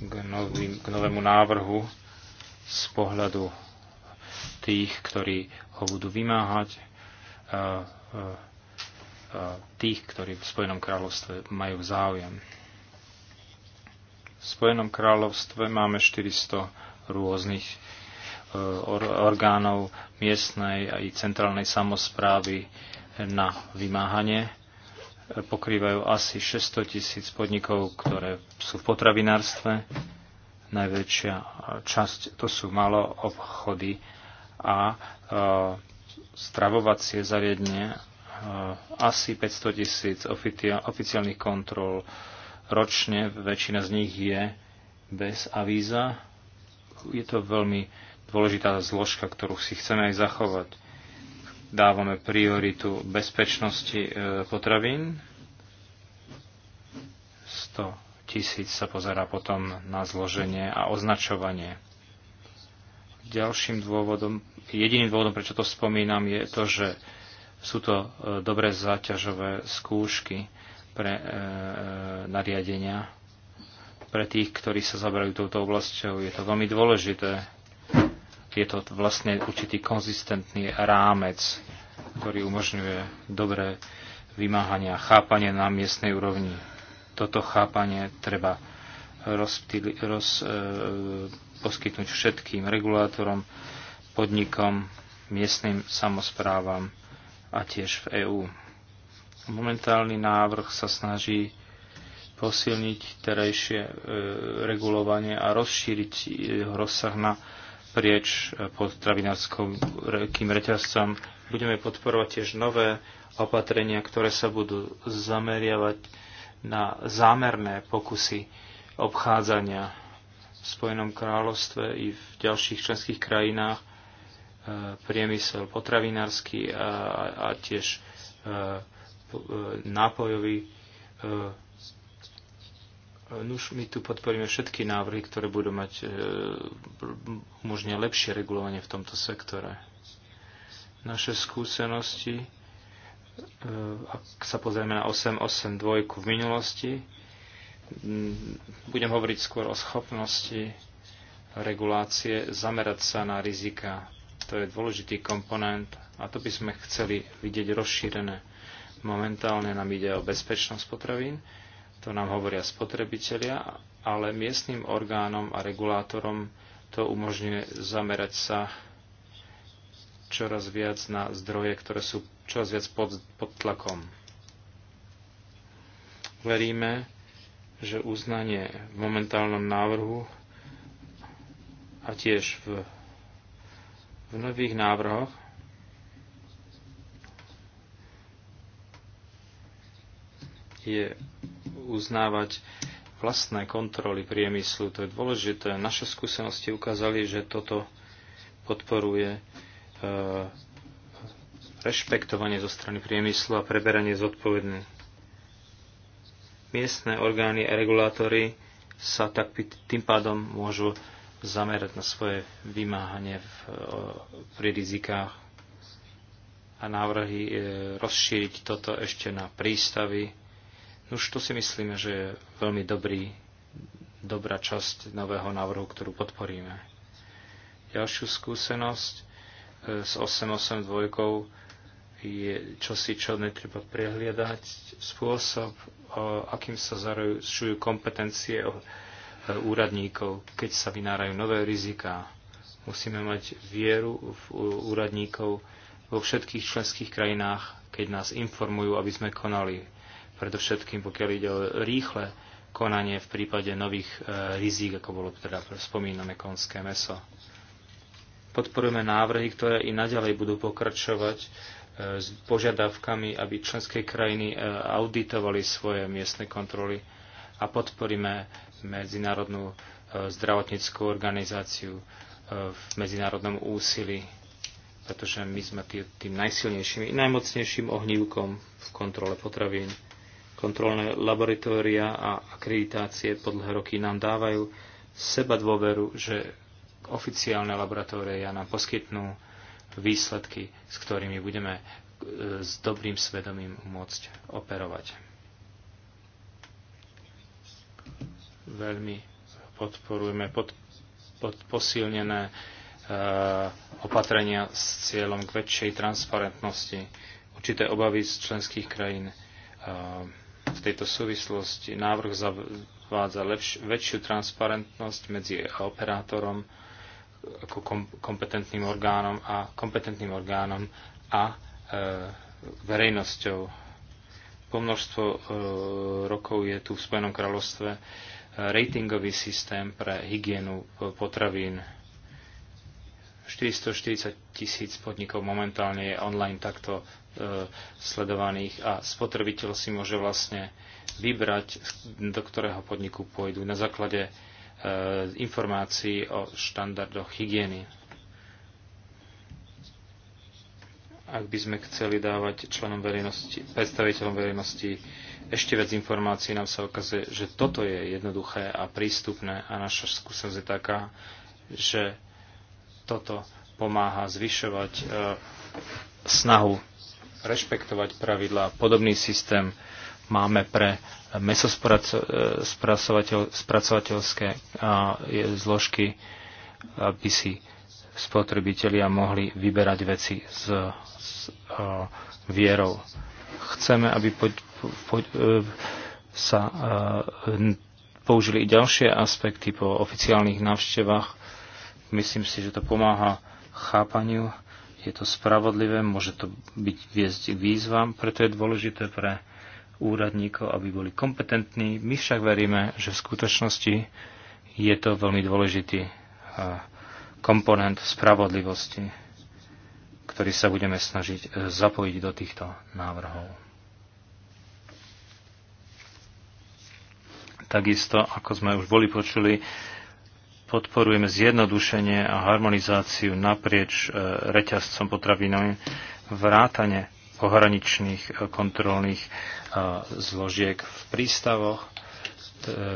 k, novým, k novému návrhu z pohľadu tých, ktorí ho budú vymáhať, tých, ktorí v Spojenom kráľovstve majú záujem. V Spojenom kráľovstve máme 400 rôznych e, orgánov miestnej i centrálnej samozprávy na vymáhanie pokrývajú asi 600 tisíc podnikov, ktoré sú v potravinárstve. Najväčšia časť to sú malo obchody a e, stravovacie zariadenie. E, asi 500 tisíc oficiálnych kontrol ročne, väčšina z nich je bez avíza. Je to veľmi dôležitá zložka, ktorú si chceme aj zachovať dávame prioritu bezpečnosti e, potravín. 100 tisíc sa pozerá potom na zloženie a označovanie. Ďalším dôvodom, jediným dôvodom, prečo to spomínam, je to, že sú to e, dobré záťažové skúšky pre e, e, nariadenia. Pre tých, ktorí sa zaberajú touto oblasťou, je to veľmi dôležité je to vlastne určitý konzistentný rámec, ktorý umožňuje dobré vymáhania, chápanie na miestnej úrovni. Toto chápanie treba rozptýli, roz, e, poskytnúť všetkým regulátorom, podnikom, miestnym samozprávam a tiež v EÚ. Momentálny návrh sa snaží posilniť terajšie e, regulovanie a rozšíriť jeho rozsah na naprieč potravinárským reťazcom. Budeme podporovať tiež nové opatrenia, ktoré sa budú zameriavať na zámerné pokusy obchádzania v Spojenom kráľovstve i v ďalších členských krajinách e, priemysel potravinársky a, a tiež e, e, nápojový Nuž, my tu podporíme všetky návrhy, ktoré budú mať e, lepšie regulovanie v tomto sektore. Naše skúsenosti, e, ak sa pozrieme na 882 v minulosti, budem hovoriť skôr o schopnosti regulácie zamerať sa na rizika. To je dôležitý komponent a to by sme chceli vidieť rozšírené. Momentálne nám ide o bezpečnosť potravín, to nám hovoria spotrebitelia, ale miestnym orgánom a regulátorom to umožňuje zamerať sa čoraz viac na zdroje, ktoré sú čoraz viac pod, pod tlakom. Veríme, že uznanie v momentálnom návrhu a tiež v, v nových návrhoch je uznávať vlastné kontroly priemyslu. To je dôležité. Naše skúsenosti ukázali, že toto podporuje eh, rešpektovanie zo strany priemyslu a preberanie zodpovedné. Miestne orgány a regulátory sa tak tým pádom môžu zamerať na svoje vymáhanie v, eh, pri rizikách a návrhy eh, rozšíriť toto ešte na prístavy, už to si myslíme, že je veľmi dobrý, dobrá časť nového návrhu, ktorú podporíme. Ďalšiu skúsenosť e, s 882 je čosi, čo netreba prehliadať. Spôsob, akým sa zaručujú kompetencie e, úradníkov, keď sa vynárajú nové riziká. Musíme mať vieru v úradníkov vo všetkých členských krajinách, keď nás informujú, aby sme konali predovšetkým pokiaľ ide o rýchle konanie v prípade nových e, rizík, ako bolo teda spomínané konské meso. Podporujeme návrhy, ktoré i naďalej budú pokračovať e, s požiadavkami, aby členské krajiny e, auditovali svoje miestne kontroly a podporíme Medzinárodnú zdravotníckú organizáciu v medzinárodnom úsilí, pretože my sme tým najsilnejším i najmocnejším ohnívkom v kontrole potravín. Kontrolné laboratória a akreditácie po dlhé roky nám dávajú seba dôveru, že oficiálne laboratória nám poskytnú výsledky, s ktorými budeme e, s dobrým svedomím môcť operovať. Veľmi podporujeme pod, pod posilnené e, opatrenia s cieľom k väčšej transparentnosti, určité obavy z členských krajín e, v tejto súvislosti návrh zavádza lepš- väčšiu transparentnosť medzi operátorom ako kom- kompetentným orgánom a kompetentným orgánom a e, verejnosťou. Po množstvo e, rokov je tu v Spojenom kráľovstve e, ratingový systém pre hygienu potravín. 440 tisíc podnikov momentálne je online takto E, sledovaných a spotrebiteľ si môže vlastne vybrať, do ktorého podniku pôjdu na základe e, informácií o štandardoch hygieny. Ak by sme chceli dávať členom verejnosti, predstaviteľom verejnosti ešte viac informácií, nám sa ukazuje, že toto je jednoduché a prístupné a naša skúsenosť je taká, že toto pomáha zvyšovať e, snahu rešpektovať pravidlá. Podobný systém máme pre mesospracovateľské zložky, aby si spotrebitelia mohli vyberať veci s, s vierou. Chceme, aby po, po, e, sa e, použili i ďalšie aspekty po oficiálnych návštevách. Myslím si, že to pomáha chápaniu je to spravodlivé, môže to byť viesť k výzvam, preto je dôležité pre úradníkov, aby boli kompetentní. My však veríme, že v skutočnosti je to veľmi dôležitý eh, komponent spravodlivosti, ktorý sa budeme snažiť eh, zapojiť do týchto návrhov. Takisto, ako sme už boli počuli, podporujeme zjednodušenie a harmonizáciu naprieč e, reťazcom potravinami vrátane pohraničných e, kontrolných e, zložiek v prístavoch,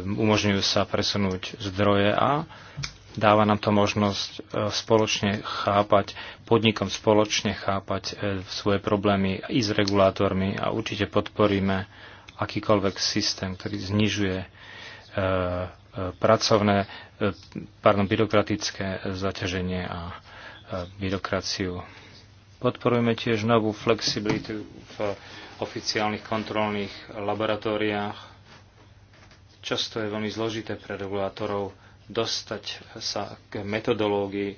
umožňujú sa presunúť zdroje a dáva nám to možnosť spoločne chápať, podnikom spoločne chápať svoje problémy i s regulátormi a určite podporíme akýkoľvek systém, ktorý znižuje pracovné, e, pardon, byrokratické zaťaženie a e, byrokraciu. Podporujeme tiež novú flexibilitu v oficiálnych kontrolných laboratóriách. Často je veľmi zložité pre regulátorov dostať sa k metodológii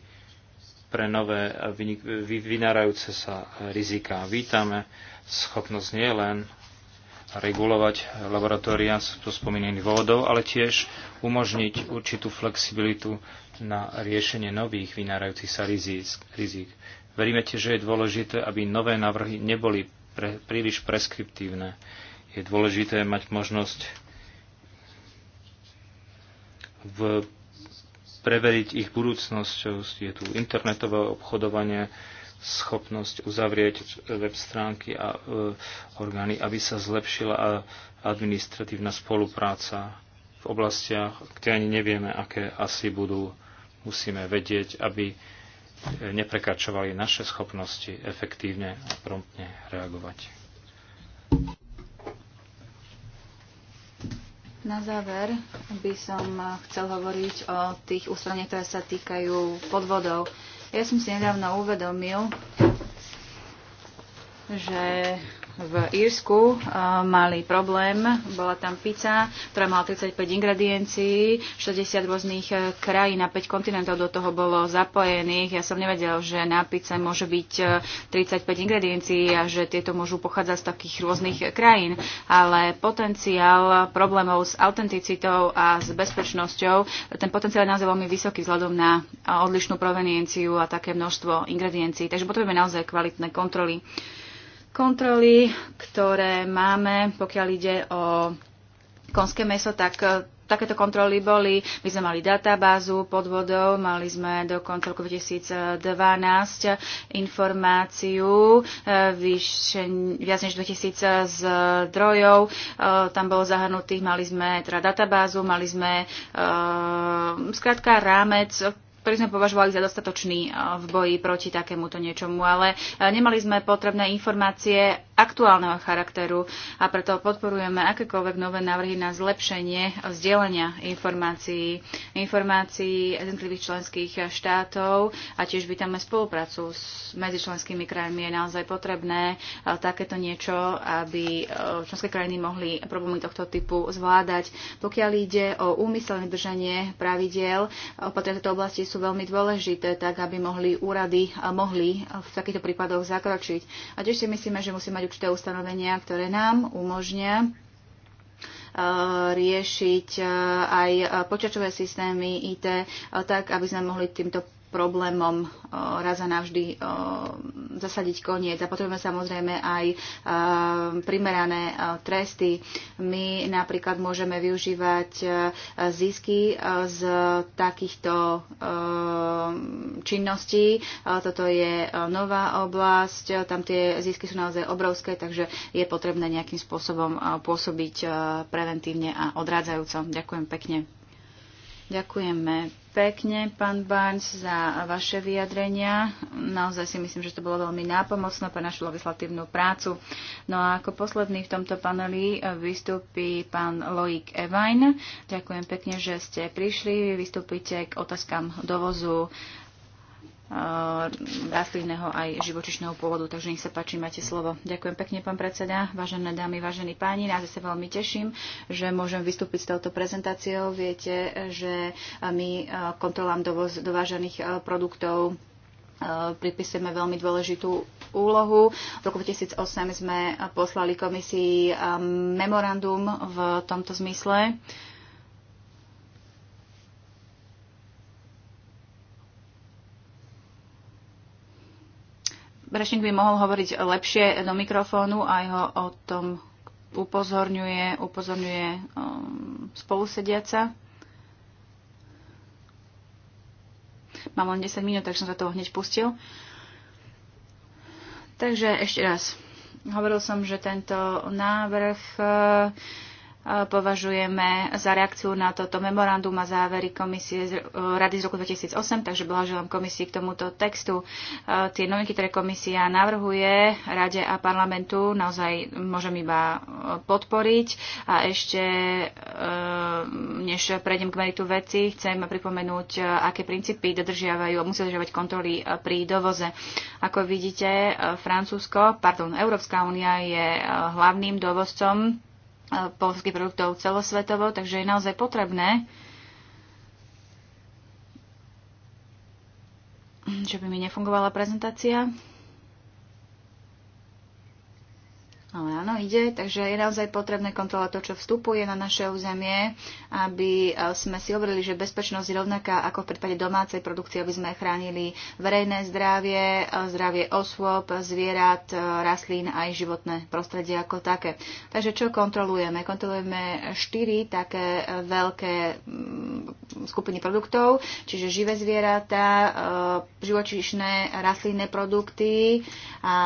pre nové vynárajúce sa riziká. Vítame schopnosť nielen regulovať laboratória so spomínaných dôvodov, ale tiež umožniť určitú flexibilitu na riešenie nových vynárajúcich sa rizík. Veríme tiež, že je dôležité, aby nové návrhy neboli pre, príliš preskriptívne. Je dôležité mať možnosť v, preveriť ich budúcnosť. Je tu internetové obchodovanie, schopnosť uzavrieť web stránky a e, orgány, aby sa zlepšila administratívna spolupráca v oblastiach, kde ani nevieme, aké asi budú. Musíme vedieť, aby e, neprekračovali naše schopnosti efektívne a promptne reagovať. Na záver by som e, chcel hovoriť o tých ústraniach, ktoré sa týkajú podvodov. Ja som si nedávno uvedomil, že v Írsku eh, mali problém. Bola tam pizza, ktorá mala 35 ingrediencií, 60 rôznych eh, krajín a 5 kontinentov do toho bolo zapojených. Ja som nevedel, že na pizza môže byť 35 eh, ingrediencií a že tieto môžu pochádzať z takých rôznych krajín. Ale potenciál problémov s autenticitou a s bezpečnosťou, ten potenciál je naozaj veľmi vysoký vzhľadom na odlišnú provenienciu a také množstvo ingrediencií. Takže potrebujeme naozaj kvalitné kontroly. Uh, Kontroly, ktoré máme, pokiaľ ide o konské meso, tak eh, takéto kontroly boli. My sme mali databázu podvodov, mali sme do konca roku 2012 informáciu eh, vyššie, viac než 2000 eh, zdrojov. Tam bolo zahrnutých, mali sme teda databázu, mali sme skrátka rámec ktorý sme považovali za dostatočný eh, v boji proti takémuto niečomu, ale eh, nemali sme potrebné informácie aktuálneho charakteru a preto podporujeme akékoľvek nové návrhy na zlepšenie vzdielania informácií, informácií jednotlivých členských štátov a tiež vítame spoluprácu s medzi členskými krajmi. Je naozaj potrebné eh, takéto niečo, aby členské krajiny mohli problémy tohto typu zvládať. Pokiaľ ide o úmyselné držanie pravidiel, opatrenia tejto oblasti sú veľmi dôležité, tak aby mohli úrady mohli v takýchto prípadoch zakročiť. A tiež si myslíme, že musí mať určité ustanovenia, ktoré nám umožnia e, riešiť e, aj e, počačové systémy IT, tak aby sme mohli týmto problémom eh, raz a navždy eh, zasadiť koniec. A potrebujeme samozrejme aj eh, primerané tresty. My napríklad môžeme využívať zisky z takýchto činností. Toto je nová oblasť, tam tie zisky sú naozaj obrovské, takže je potrebné nejakým spôsobom pôsobiť preventívne a odrádzajúco. Ďakujem pekne. Ďakujeme pekne, pán Barnes, za vaše vyjadrenia. Naozaj si myslím, že to bolo veľmi nápomocné pre našu legislatívnu prácu. No a ako posledný v tomto paneli vystúpi pán Loik Evain. Ďakujem pekne, že ste prišli. Vystúpite k otázkam dovozu rastlinného e, aj živočišného pôvodu. Takže nech sa páči, máte slovo. Ďakujem pekne, pán predseda, vážené dámy, vážení páni. Naozaj sa veľmi teším, že môžem vystúpiť s touto prezentáciou. Viete, že my e, kontrolám dovoz dovážených e, produktov pripisujeme veľmi dôležitú úlohu. V roku 2008 sme poslali komisii memorandum v tomto zmysle. Brešník by mohol hovoriť lepšie do mikrofónu a ho o tom upozorňuje, upozorňuje um, spolusediaca. Mám len 10 minút, tak som sa toho hneď pustil. Takže ešte raz. Hovoril som, že tento návrh uh, považujeme za reakciu na toto memorandum a závery komisie z, eh, rady z roku 2008, takže blahoželám komisii k tomuto textu. Eh, tie novinky, ktoré komisia navrhuje rade a parlamentu, naozaj môžem iba eh, podporiť. A ešte, než prejdem k meritu veci, chcem pripomenúť, aké princípy dodržiavajú a musia dodržiavať kontroly pri dovoze. Ako vidíte, Francúzsko, pardon, Európska únia je hlavným dovozcom E, polských produktov celosvetovo, takže je naozaj potrebné, že by mi nefungovala prezentácia. Ale áno, ide, takže je naozaj potrebné kontrolovať to, čo vstupuje na naše územie, aby e, sme si overili, že bezpečnosť je rovnaká ako v prípade domácej produkcie, aby sme chránili verejné zdravie, e, zdravie osôb, zvierat, e, rastlín a aj životné prostredie ako také. Takže čo kontrolujeme? Kontrolujeme štyri také veľké mm, skupiny produktov, čiže živé zvieratá, živočíšne rastlinné produkty a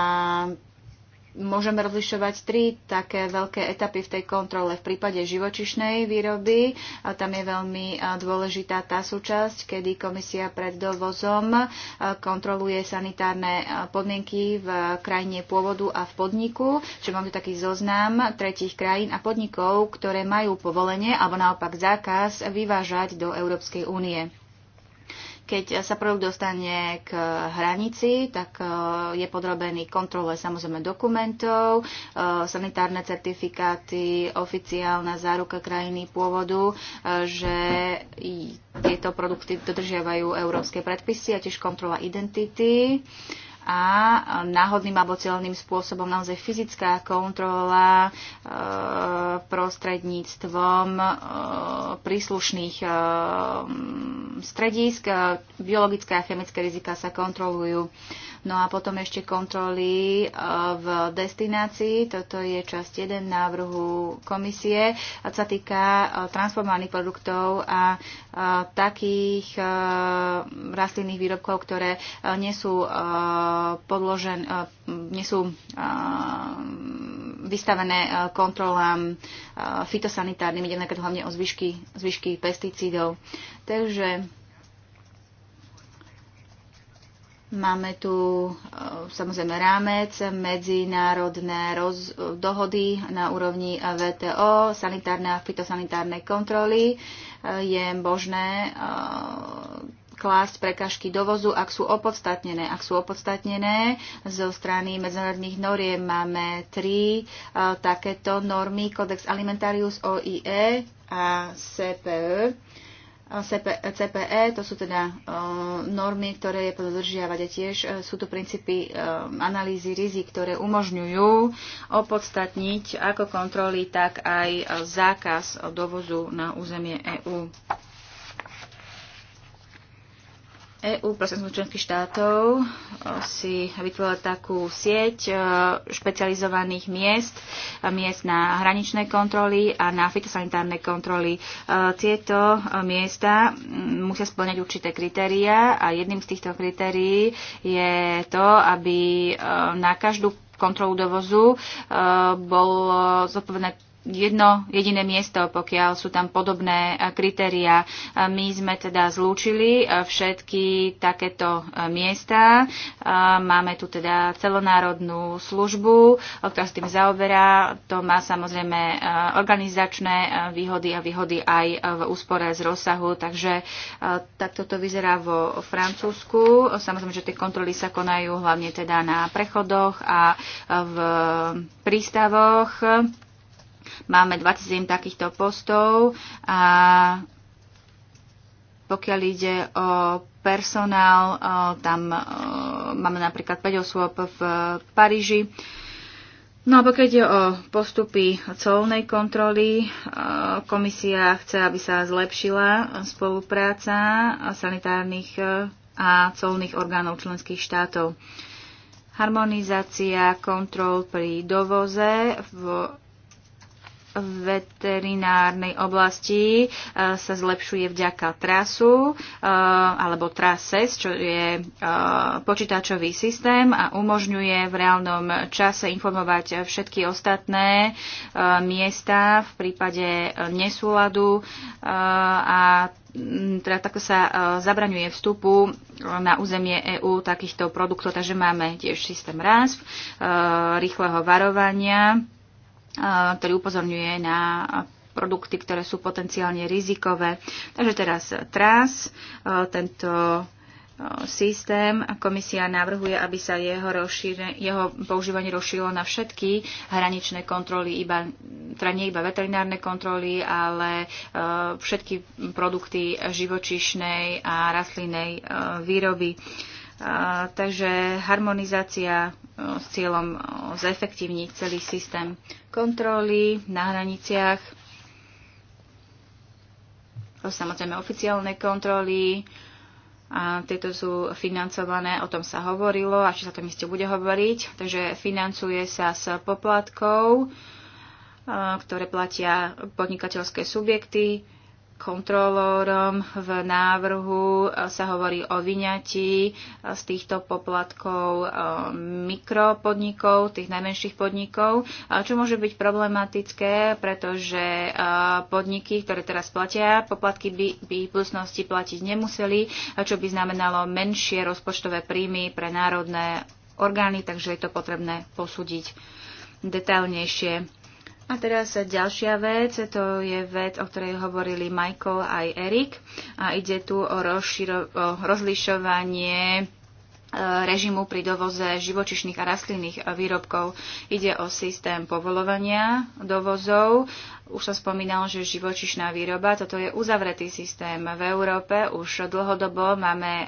môžeme rozlišovať tri také veľké etapy v tej kontrole. V prípade živočišnej výroby, a tam je veľmi dôležitá tá súčasť, kedy komisia pred dovozom kontroluje sanitárne podmienky v krajine pôvodu a v podniku, čiže máme taký zoznam tretich krajín a podnikov, ktoré majú povolenie alebo naopak zákaz vyvážať do Európskej únie. Keď sa produkt dostane k hranici, tak e, je podrobený kontrole samozrejme dokumentov, e, sanitárne certifikáty, oficiálna záruka krajiny pôvodu, e, že tieto produkty dodržiavajú európske predpisy a tiež kontrola identity a náhodným alebo cieľným spôsobom naozaj fyzická kontrola e, prostredníctvom e, príslušných e, stredísk. E, biologické a chemické rizika sa kontrolujú. No a potom ešte kontroly e, v destinácii. Toto je časť 1 návrhu komisie. A sa týka e, transformovaných produktov a takých e, rastlinných výrobkov, ktoré e, nie sú, e, podložen, nie sú vystavené kontrolám fitosanitárnym, ide napríklad hlavne o zvyšky, zvyšky pesticídov. Takže Máme tu e, samozrejme rámec, medzinárodné roz, e, dohody na úrovni VTO, sanitárne a fitosanitárne kontroly. E, je možné klásť prekažky dovozu, ak sú opodstatnené. Ak sú opodstatnené, zo strany medzinárodných noriem máme tri takéto normy, Codex Alimentarius OIE a CPE CPE, to sú teda e, normy, ktoré je podržiavať a tiež e, sú tu princípy e, analýzy rizik, ktoré umožňujú opodstatniť ako kontroly, tak aj zákaz dovozu na územie EÚ. EU prosím členských štátov e, si vytvorila takú sieť e, špecializovaných miest, e, miest na hraničné kontroly a na fitosanitárne kontroly. Tieto miesta musia splňať určité kritéria a jedným z týchto kritérií je to, aby na každú kontrolu dovozu bolo zodpovedné jedno jediné miesto, pokiaľ sú tam podobné eh, kritéria. Eh, my sme teda zlúčili eh, všetky takéto miesta. Máme tu teda celonárodnú službu, ktorá s tým zaoberá. To má samozrejme organizačné výhody a výhody aj v úspore z rozsahu, takže takto to vyzerá vo Francúzsku. Samozrejme, že tie kontroly sa konajú hlavne teda na prechodoch a v prístavoch. Máme 27 takýchto postov a pokiaľ ide o personál, tam máme napríklad 5 osôb v Paríži. No a pokiaľ ide o postupy colnej kontroly, komisia chce, aby sa zlepšila spolupráca sanitárnych a colných orgánov členských štátov. Harmonizácia kontrol pri dovoze v veterinárnej oblasti e, sa zlepšuje vďaka trasu e, alebo trases, čo je e, počítačový systém a umožňuje v reálnom čase informovať všetky ostatné miesta v prípade nesúladu a teda takto sa zabraňuje vstupu na územie EÚ takýchto produktov, takže máme tiež systém RASP, rýchleho varovania, ktorý upozorňuje na produkty, ktoré sú potenciálne rizikové. Takže teraz TRAS, tento systém. Komisia navrhuje, aby sa jeho, rozšíre, jeho používanie rozšírilo na všetky hraničné kontroly, iba, teda nie iba veterinárne kontroly, ale všetky produkty živočišnej a rastlinnej výroby takže harmonizácia e, s cieľom e, zefektívniť celý systém kontroly na hraniciach, samozrejme oficiálne kontroly, a tieto sú financované, o tom sa hovorilo a či sa tom iste bude hovoriť. Takže financuje sa s poplatkov, e, ktoré platia podnikateľské subjekty kontrolórom v návrhu e, sa hovorí o vyňatí e, z týchto poplatkov e, mikropodnikov, tých najmenších podnikov, čo môže byť problematické, pretože podniky, ktoré teraz platia, poplatky by, by v budúcnosti platiť nemuseli, čo by znamenalo menšie rozpočtové príjmy pre národné orgány, takže je to potrebné posúdiť detailnejšie. A teraz ďalšia vec, to je vec, o ktorej hovorili Michael aj Erik. A ide tu o, rozširo- o rozlišovanie e, režimu pri dovoze živočišných a rastlinných výrobkov. Ide o systém povolovania dovozov. Už som spomínal, že živočišná výroba, toto je uzavretý systém v Európe. Už dlhodobo máme e,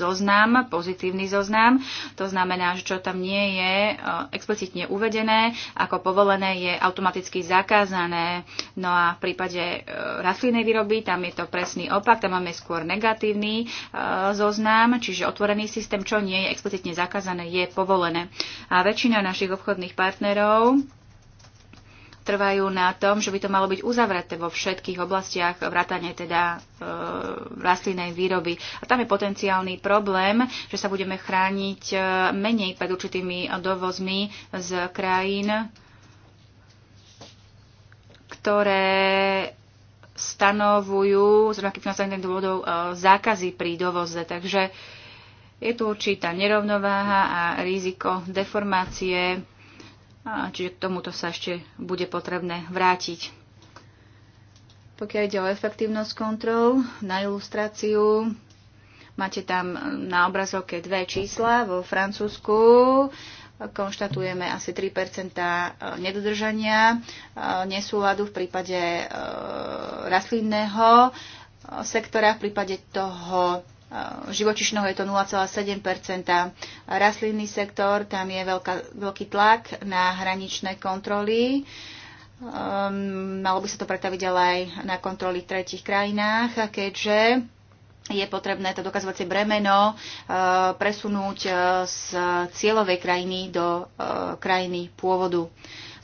zoznam, pozitívny zoznam. To znamená, že čo tam nie je e, explicitne uvedené, ako povolené je automaticky zakázané. No a v prípade e, rastlinnej výroby tam je to presný opak, tam máme skôr negatívny e, zoznam, čiže otvorený systém, čo nie je explicitne zakázané, je povolené. A väčšina našich obchodných partnerov trvajú na tom, že by to malo byť uzavreté vo všetkých oblastiach, vrátane teda e, rastlinnej výroby. A tam je potenciálny problém, že sa budeme chrániť e, menej pred určitými dovozmi z krajín, ktoré stanovujú z rovnakých finančných dôvodov e, zákazy pri dovoze. Takže je tu určitá nerovnováha a riziko deformácie čiže k tomuto sa ešte bude potrebné vrátiť. Pokiaľ ide o efektívnosť kontrol na ilustráciu, máte tam na obrazovke dve čísla. Vo Francúzsku konštatujeme asi 3 e, nedodržania e, nesúladu v prípade e, rastlinného sektora, v prípade toho Eh, živočišného je to 0,7 Rastlinný sektor, tam je veľká, veľký tlak na hraničné kontroly. Um, malo by sa to pretaviť aj na kontroly v tretich krajinách, keďže je potrebné to dokazovacie bremeno uh, presunúť eh, z cieľovej krajiny do uh, krajiny pôvodu. Uh,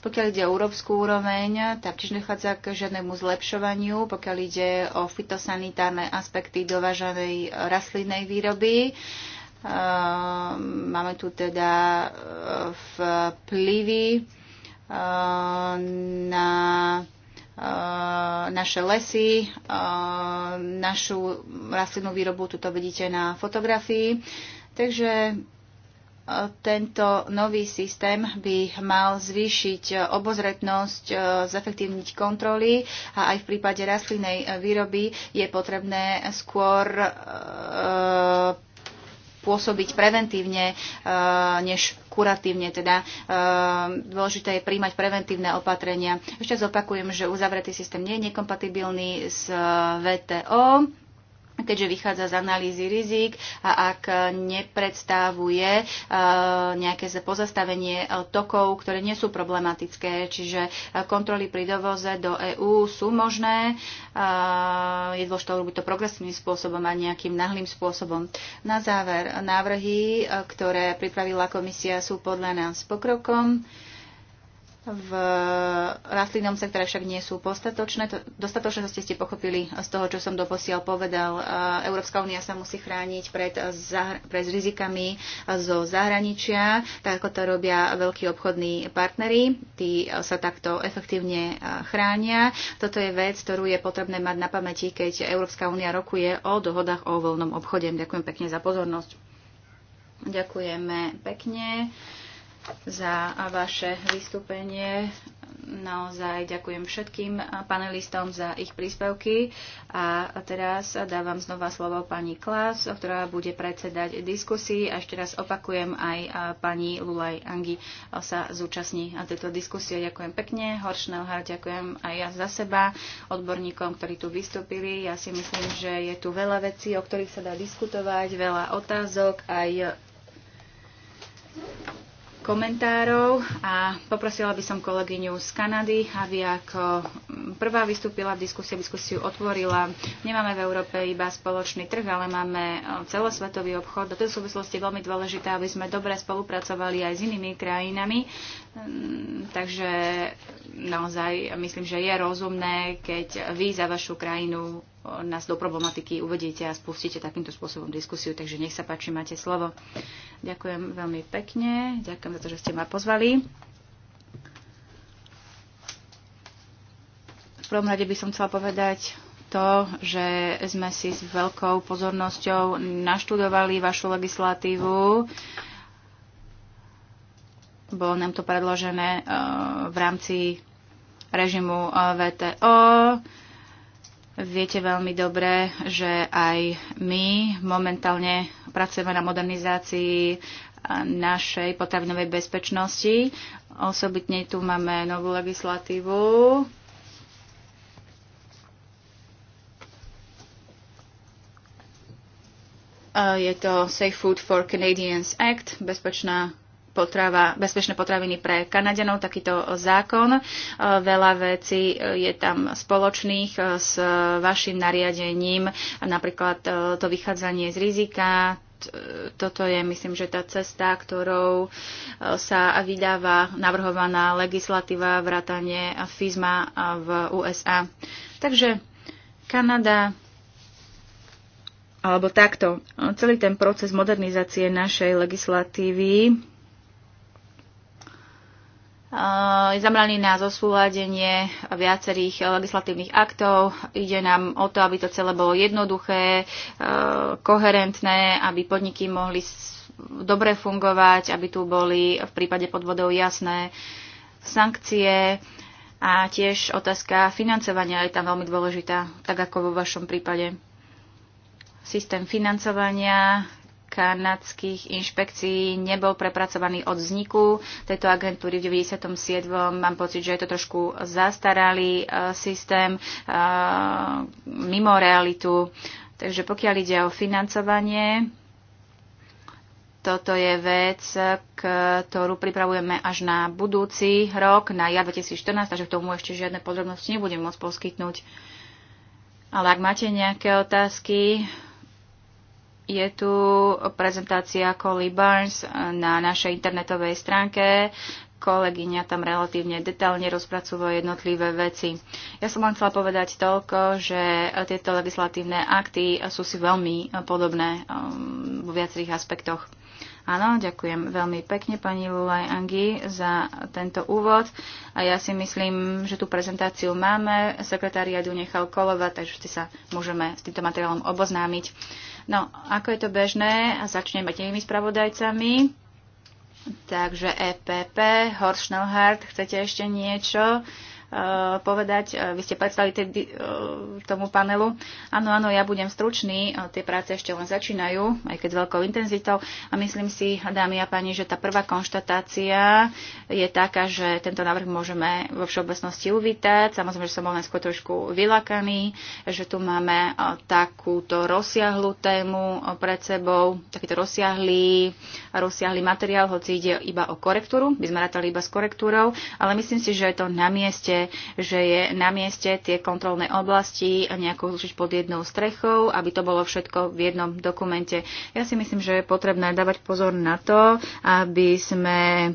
pokiaľ ide o európsku úroveň, tak tiež nechádza k žiadnemu zlepšovaniu, pokiaľ ide o fitosanitárne aspekty dovážanej rastlinnej výroby. Ehm, máme tu teda eh, vplyvy eh, na eh, naše lesy, našu rastlinnú výrobu, tuto vidíte na fotografii. Takže tento nový systém by mal zvýšiť e, obozretnosť, e, zefektívniť kontroly a aj v prípade rastlinnej e, výroby je potrebné skôr pôsobiť preventívne než kuratívne, teda dôležité je príjmať preventívne opatrenia. Ešte zopakujem, že uzavretý systém nie je nekompatibilný s VTO keďže vychádza z analýzy rizik a ak nepredstavuje eh, nejaké pozastavenie eh, tokov, ktoré nie sú problematické. Čiže eh, kontroly pri dovoze do EÚ sú možné. Je dôležité urobiť to progresívnym spôsobom a nejakým nahlým spôsobom. Na záver, návrhy, ktoré pripravila komisia, sú podľa nás pokrokom v rastlinnom sektore však nie sú postatočné. Dostatočne ste ste pochopili z toho, čo som doposiaľ povedal. Európska únia sa musí chrániť pred, pred rizikami zo zahraničia, tak ako to robia veľkí obchodní partnery. Tí e, sa takto efektívne e, chránia. Toto je vec, ktorú je potrebné mať na pamäti, keď Európska únia rokuje o dohodách o voľnom obchode. Ďakujem pekne za pozornosť. Ďakujeme pekne za vaše vystúpenie. Naozaj ďakujem všetkým panelistom za ich príspevky. A teraz dávam znova slovo pani Klas, ktorá bude predsedať diskusii. A ešte raz opakujem, aj pani Lulaj Angi sa zúčastní na tejto diskusie. Ďakujem pekne. Horšnelha, ďakujem aj ja za seba, odborníkom, ktorí tu vystúpili. Ja si myslím, že je tu veľa vecí, o ktorých sa dá diskutovať, veľa otázok, aj komentárov a poprosila by som kolegyňu z Kanady, aby ako prvá vystúpila v diskusii, diskusiu otvorila. Nemáme v Európe iba spoločný trh, ale máme e, celosvetový obchod. Do tej súvislosti je veľmi dôležité, aby sme dobre spolupracovali aj s inými krajinami. Mm, takže naozaj myslím, že je rozumné, keď vy za vašu krajinu nás do problematiky uvediete a spustíte takýmto spôsobom diskusiu. Takže nech sa páči, máte slovo. Ďakujem veľmi pekne. Ďakujem za to, že ste ma pozvali. V prvom rade by som chcela povedať to, že sme si s veľkou pozornosťou naštudovali vašu legislatívu. Bolo nám to predložené eh, v rámci režimu eh, VTO. Viete veľmi dobre, že aj my momentálne pracujeme na modernizácii našej potravinovej bezpečnosti. Osobitne tu máme novú legislatívu. Je to Safe Food for Canadians Act, bezpečná potrava, bezpečné potraviny pre Kanaďanov, takýto zákon. E, veľa vecí e, je tam spoločných e, s vašim nariadením, napríklad to vychádzanie z rizika, toto je, myslím, že tá cesta, ktorou sa vydáva navrhovaná legislatíva vrátanie FISMA v USA. Takže Kanada, alebo takto, celý ten proces modernizácie našej legislatívy je eh, zamraný na zosúladenie viacerých legislatívnych aktov. Ide nám o to, aby to celé bolo jednoduché, eh, koherentné, aby podniky mohli dobre fungovať, aby tu boli v prípade podvodov jasné sankcie a tiež otázka financovania je tam veľmi dôležitá, tak ako vo vašom prípade. Systém financovania kanadských inšpekcií nebol prepracovaný od vzniku tejto agentúry v 97. Mám pocit, že je to trošku zastaralý e, systém e, mimo realitu. Takže pokiaľ ide o financovanie, toto je vec, ktorú pripravujeme až na budúci rok, na jar 2014, takže k tomu ešte žiadne podrobnosti nebudem môcť poskytnúť. Ale ak máte nejaké otázky, je tu prezentácia Collie Barnes na našej internetovej stránke. Kolegyňa tam relatívne detailne rozpracúva jednotlivé veci. Ja som len chcela povedať toľko, že tieto legislatívne akty sú si veľmi podobné um, vo viacerých aspektoch. Áno, ďakujem veľmi pekne pani Lulaj Angi za tento úvod. A ja si myslím, že tú prezentáciu máme. Sekretariat nechal kolovať, takže si sa môžeme s týmto materiálom oboznámiť. No, ako je to bežné, začneme tými spravodajcami. Takže EPP, Horst Schnellhardt, chcete ešte niečo? Uh, Eh, povedať. Eh, vy ste predstali tedy, eh, tomu panelu. Áno, áno, ja budem stručný. Tie práce ešte len začínajú, aj keď s veľkou intenzitou. A myslím si, dámy a páni, že tá prvá konštatácia je taká, že tento návrh môžeme vo všeobecnosti uvítať. Samozrejme, že som bol najskôr trošku vylakaný, že tu máme takúto rozsiahlu tému pred sebou, takýto rozsiahlý, rozsiahlý materiál, hoci ide iba o korektúru. by sme rátali iba s korektúrou, ale myslím si, že je to na mieste že je na mieste tie kontrolné oblasti nejako zložiť pod jednou strechou, aby to bolo všetko v jednom dokumente. Ja si myslím, že je potrebné dávať pozor na to, aby sme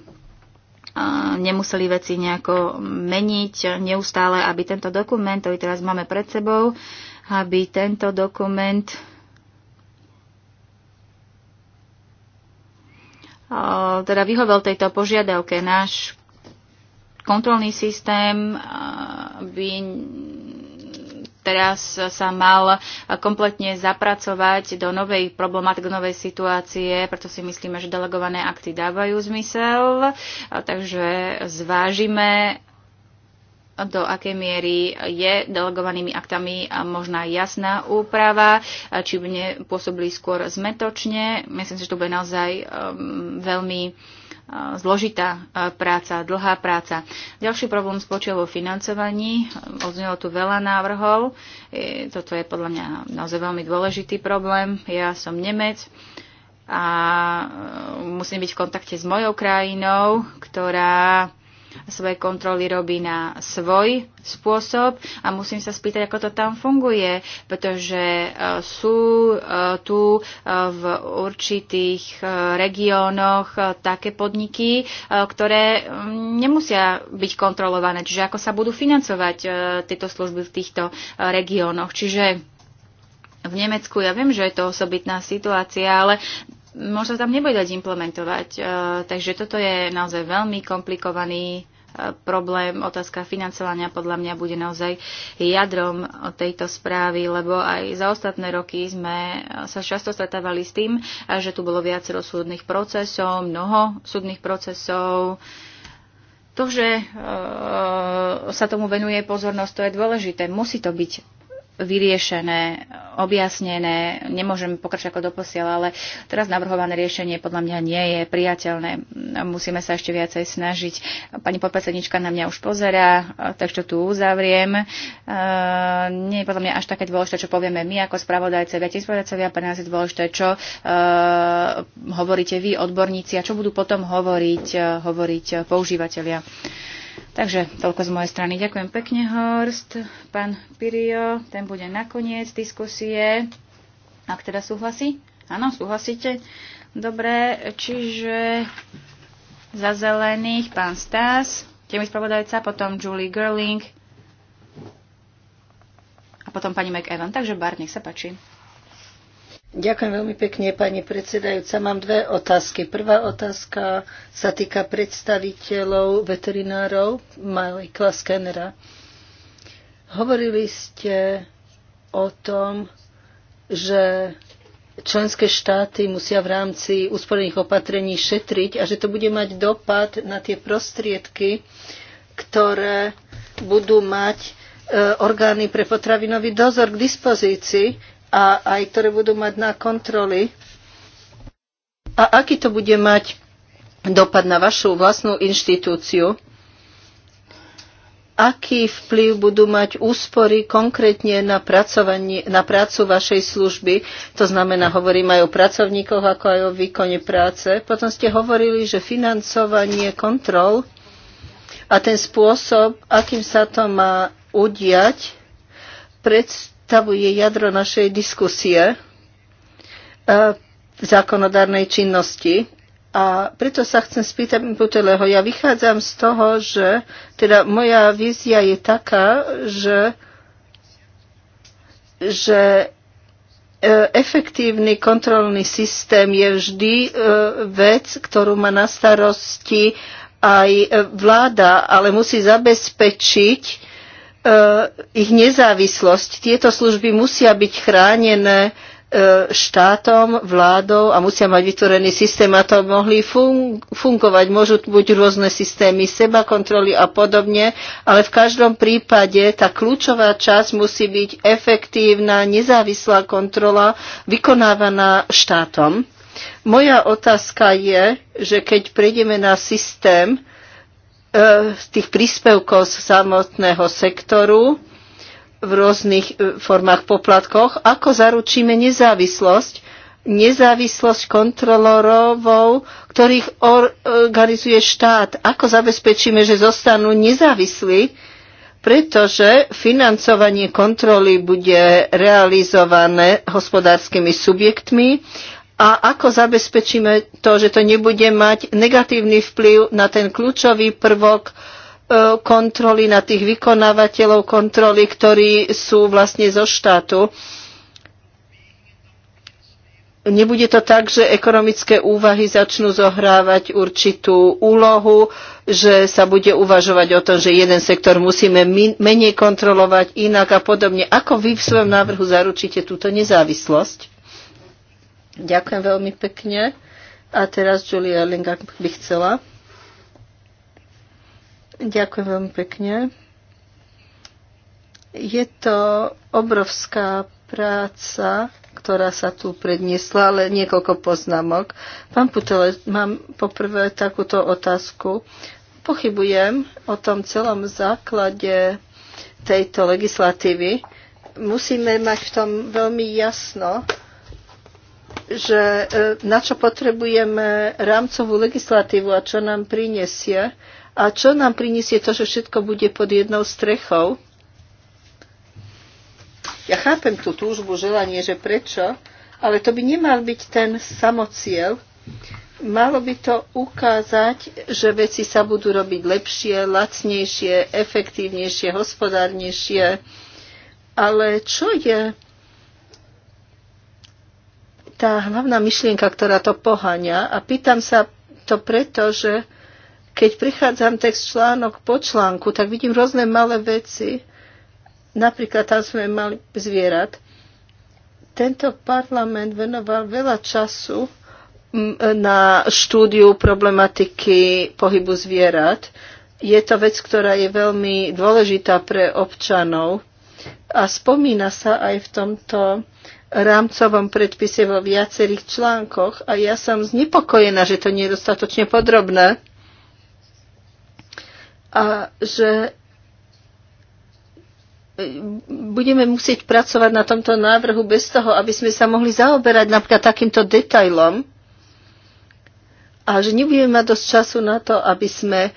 nemuseli veci nejako meniť neustále, aby tento dokument, ktorý teraz máme pred sebou, aby tento dokument teda vyhovel tejto požiadavke. Náš kontrolný systém by teraz sa mal kompletne zapracovať do novej problematiky, do novej situácie, preto si myslíme, že delegované akty dávajú zmysel, takže zvážime do akej miery je delegovanými aktami možná jasná úprava, či by nepôsobili skôr zmetočne. Myslím si, že to bude naozaj um, veľmi zložitá práca, dlhá práca. Ďalší problém spočíva vo financovaní. Odznelo tu veľa návrhov. E, toto je podľa mňa naozaj veľmi dôležitý problém. Ja som Nemec a e, musím byť v kontakte s mojou krajinou, ktorá svoje kontroly robí na svoj spôsob a musím sa spýtať, ako to tam funguje, pretože e, sú e, tu e, v určitých regiónoch také podniky, ktoré nemusia byť kontrolované, čiže ako sa budú financovať tieto služby v týchto regiónoch. Čiže v Nemecku, ja viem, že je to osobitná situácia, ale možno tam nebude dať implementovať. E, takže toto je naozaj veľmi komplikovaný e, problém. Otázka financovania podľa mňa bude naozaj jadrom tejto správy, lebo aj za ostatné roky sme e, sa často stretávali s tým, že tu bolo viacero súdnych procesov, mnoho súdnych procesov. To, že sa tomu venuje pozornosť, to je dôležité. Musí to byť vyriešené, objasnené, nemôžeme pokračovať ako doposiaľ, ale teraz navrhované riešenie podľa mňa nie je priateľné. Musíme sa ešte viacej snažiť. Pani podpredsednička na mňa už pozerá, takže tu uzavriem. E, nie je podľa mňa až také dôležité, čo povieme my ako spravodajce, tie spravodajcovia, pre nás je dôležité, čo e, hovoríte vy, odborníci, a čo budú potom hovoriť, e, hovoriť používateľia. Takže toľko z mojej strany. Ďakujem pekne, Horst. Pán Pirio, ten bude nakoniec diskusie. Ak teda súhlasí? Áno, súhlasíte? Dobre, čiže za zelených pán Stas, temi spravodajca, potom Julie Gerling a potom pani McEvan. Takže Bart, nech sa páči. Ďakujem veľmi pekne, pani predsedajúca. Mám dve otázky. Prvá otázka sa týka predstaviteľov veterinárov Michaela Skennera. Hovorili ste o tom, že členské štáty musia v rámci úsporných opatrení šetriť a že to bude mať dopad na tie prostriedky, ktoré budú mať e, orgány pre potravinový dozor k dispozícii a aj ktoré budú mať na kontroly. A aký to bude mať dopad na vašu vlastnú inštitúciu? Aký vplyv budú mať úspory konkrétne na, na prácu vašej služby? To znamená, hovorím aj o pracovníkoch, ako aj o výkone práce. Potom ste hovorili, že financovanie kontrol a ten spôsob, akým sa to má udiať, predstavuje predstavuje jadro našej diskusie v e, zákonodárnej činnosti. A preto sa chcem spýtať Buteleho. Ja vychádzam z toho, že teda moja vízia je taká, že, že e, efektívny kontrolný systém je vždy e, vec, ktorú má na starosti aj vláda, ale musí zabezpečiť E, ich nezávislosť. Tieto služby musia byť chránené e, štátom, vládou a musia mať vytvorený systém, a to mohli fun- fungovať. Môžu buď rôzne systémy seba kontroly a podobne, ale v každom prípade tá kľúčová časť musí byť efektívna, nezávislá kontrola vykonávaná štátom. Moja otázka je, že keď prejdeme na systém, E, z tých príspevkov z samotného sektoru v rôznych e, formách poplatkoch, ako zaručíme nezávislosť, nezávislosť kontrolorovou, ktorých organizuje štát, ako zabezpečíme, že zostanú nezávislí, pretože financovanie kontroly bude realizované hospodárskymi subjektmi a ako zabezpečíme to, že to nebude mať negatívny vplyv na ten kľúčový prvok e, kontroly, na tých vykonávateľov kontroly, ktorí sú vlastne zo štátu. Nebude to tak, že ekonomické úvahy začnú zohrávať určitú úlohu, že sa bude uvažovať o tom, že jeden sektor musíme menej kontrolovať inak a podobne. Ako vy v svojom návrhu zaručíte túto nezávislosť? Ďakujem veľmi pekne. A teraz Julia Linga by chcela. Ďakujem veľmi pekne. Je to obrovská práca, ktorá sa tu predniesla, ale niekoľko poznámok. Pán Putele, mám poprvé takúto otázku. Pochybujem o tom celom základe tejto legislatívy. Musíme mať v tom veľmi jasno, že e, na čo potrebujeme rámcovú legislatívu a čo nám prinesie. A čo nám prinesie to, že všetko bude pod jednou strechou. Ja chápem tú túžbu, želanie, že prečo, ale to by nemal byť ten samocieľ. Malo by to ukázať, že veci sa budú robiť lepšie, lacnejšie, efektívnejšie, hospodárnejšie. Ale čo je tá hlavná myšlienka, ktorá to poháňa. A pýtam sa to preto, že keď prichádzam text článok po článku, tak vidím rôzne malé veci. Napríklad tam sme mali zvierat. Tento parlament venoval veľa času na štúdiu problematiky pohybu zvierat. Je to vec, ktorá je veľmi dôležitá pre občanov a spomína sa aj v tomto rámcovom predpise vo viacerých článkoch a ja som znepokojená, že to nie je dostatočne podrobné a že e, budeme musieť pracovať na tomto návrhu bez toho, aby sme sa mohli zaoberať napríklad takýmto detailom a že nebudeme mať dosť času na to, aby sme uh,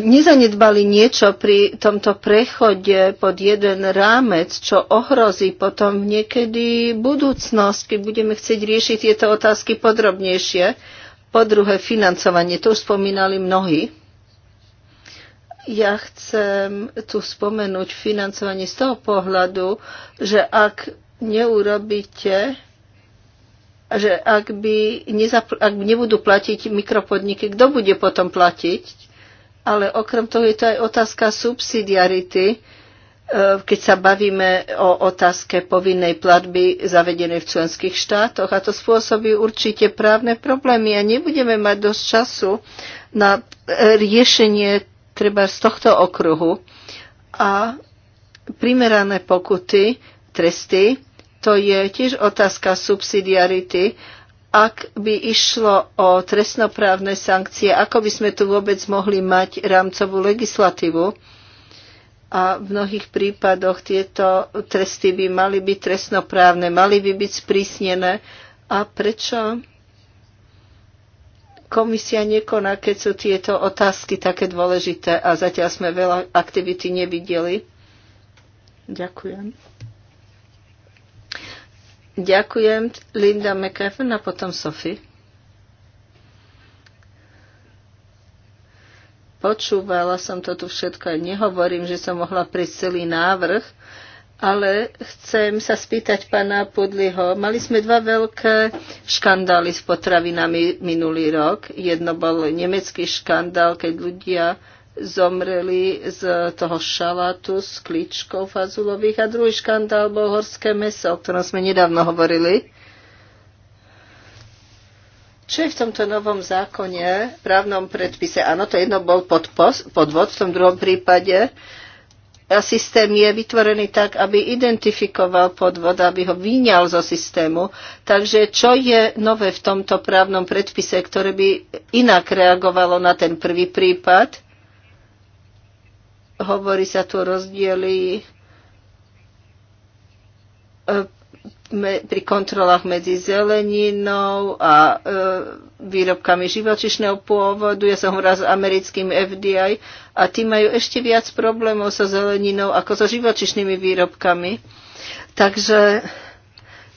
nezanedbali niečo pri tomto prechode pod jeden rámec, čo ohrozí potom niekedy budúcnosť, keď budeme chcieť riešiť tieto otázky podrobnejšie. Po druhé, financovanie, to už spomínali mnohí. Ja chcem tu spomenúť financovanie z toho pohľadu, že ak neurobíte, že ak, by nezapl- ak nebudú platiť mikropodniky, kto bude potom platiť? ale okrem toho je to aj otázka subsidiarity, e, keď sa bavíme o otázke povinnej platby zavedenej v členských štátoch. A to spôsobí určite právne problémy a nebudeme mať dosť času na e, riešenie treba z tohto okruhu. A primerané pokuty, tresty, to je tiež otázka subsidiarity ak by išlo o trestnoprávne sankcie, ako by sme tu vôbec mohli mať rámcovú legislatívu. A v mnohých prípadoch tieto tresty by mali byť trestnoprávne, mali by byť sprísnené. A prečo komisia nekoná, keď sú tieto otázky také dôležité a zatiaľ sme veľa aktivity nevideli? Ďakujem. Ďakujem Linda McEwen a potom Sophie. Počúvala som to tu všetko. Nehovorím, že som mohla prísť celý návrh, ale chcem sa spýtať pána Pudliho. Mali sme dva veľké škandály s potravinami minulý rok. Jedno bol nemecký škandál, keď ľudia zomreli z toho šalatu s kličkou fazulových a druhý škandál bol horské meso, o ktorom sme nedávno hovorili. Čo je v tomto novom zákone, právnom predpise? Áno, to jedno bol pod post, podvod, v tom druhom prípade. A systém je vytvorený tak, aby identifikoval podvod, aby ho vyňal zo systému. Takže čo je nové v tomto právnom predpise, ktoré by inak reagovalo na ten prvý prípad? Hovorí sa tu rozdiely e, pri kontrolách medzi zeleninou a e, výrobkami živočišného pôvodu. Ja som hovorila s americkým FDI a tí majú ešte viac problémov so zeleninou ako so živočišnými výrobkami. Takže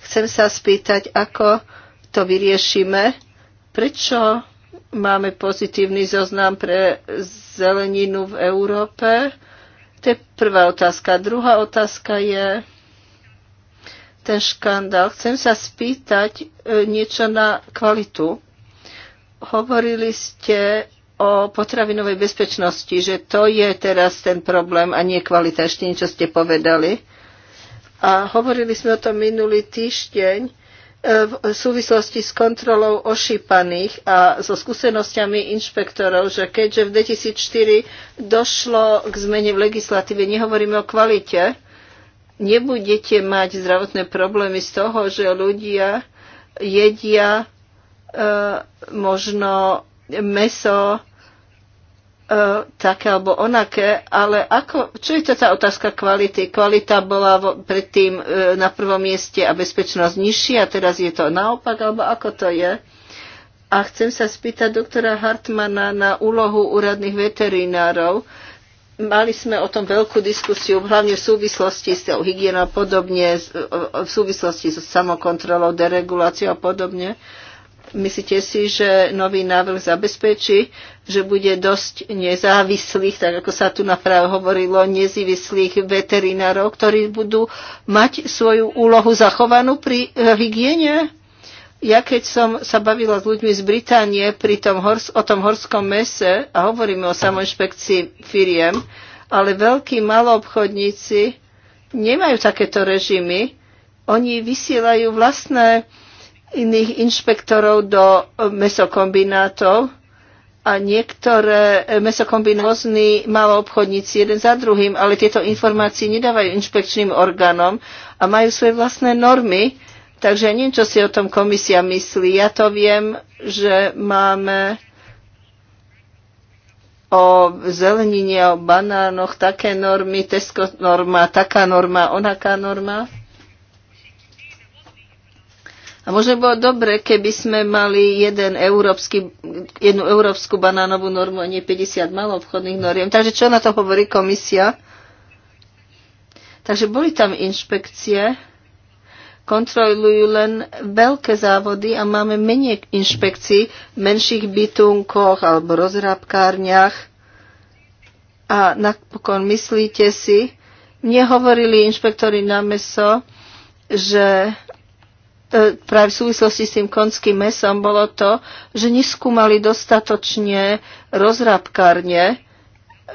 chcem sa spýtať, ako to vyriešime, prečo Máme pozitívny zoznam pre zeleninu v Európe. To je prvá otázka. Druhá otázka je ten škandál. Chcem sa spýtať e, niečo na kvalitu. Hovorili ste o potravinovej bezpečnosti, že to je teraz ten problém a nie kvalita. Ešte niečo ste povedali. A hovorili sme o tom minulý týždeň E, v súvislosti s kontrolou ošípaných a so skúsenosťami inšpektorov, že keďže v 2004 došlo k zmene v legislatíve, nehovoríme o kvalite, nebudete mať zdravotné problémy z toho, že ľudia jedia e, možno meso E, také alebo onaké, ale ako, čo je to tá otázka kvality? Kvalita bola vo, predtým e, na prvom mieste a bezpečnosť nižšia, teraz je to naopak, alebo ako to je? A chcem sa spýtať doktora Hartmana na úlohu úradných veterinárov. Mali sme o tom veľkú diskusiu, hlavne v súvislosti s hygienou a podobne, e, e, v súvislosti so samokontrolou, dereguláciou a podobne. E, Myslíte si, že nový návrh zabezpečí, že bude dosť nezávislých, tak ako sa tu napravo hovorilo, nezávislých veterinárov, ktorí budú mať svoju úlohu zachovanú pri eh, hygiene? Ja keď som sa bavila s ľuďmi z Británie pri tom hors- o tom horskom mese a hovoríme o samoinšpekcii firiem, ale veľkí maloobchodníci nemajú takéto režimy. Oni vysielajú vlastné iných inšpektorov do mesokombinátov a niektoré mesokombinózny obchodníci jeden za druhým, ale tieto informácie nedávajú inšpekčným orgánom a majú svoje vlastné normy, takže neviem, čo si o tom komisia myslí. Ja to viem, že máme o zelenine, o banánoch také normy, Tesco norma, taká norma, onaká norma. A možno bolo dobre, keby sme mali jeden európsky, jednu európsku banánovú normu a nie 50 maloobchodných noriem. Takže čo na to hovorí komisia? Takže boli tam inšpekcie, kontrolujú len veľké závody a máme menej inšpekcií v menších bytunkoch alebo rozrábkárniach. A napokon myslíte si, mne hovorili inšpektori na meso, že E, práve v súvislosti s tým konským mesom bolo to, že neskúmali dostatočne rozrábkárne,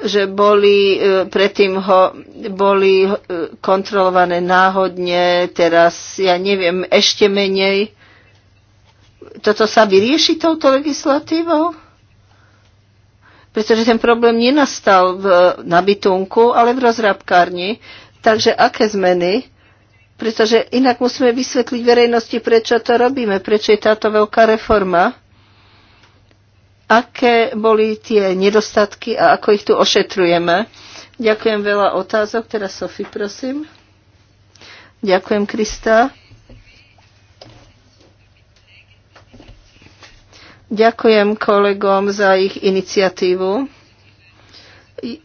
že boli e, predtým ho, boli e, kontrolované náhodne, teraz ja neviem, ešte menej. Toto sa vyrieši touto legislatívou? Pretože ten problém nenastal v, na bytunku, ale v rozrábkárni. Takže aké zmeny? Pretože inak musíme vysvetliť verejnosti, prečo to robíme, prečo je táto veľká reforma, aké boli tie nedostatky a ako ich tu ošetrujeme. Ďakujem veľa otázok. Teraz Sofi, prosím. Ďakujem, Krista. Ďakujem kolegom za ich iniciatívu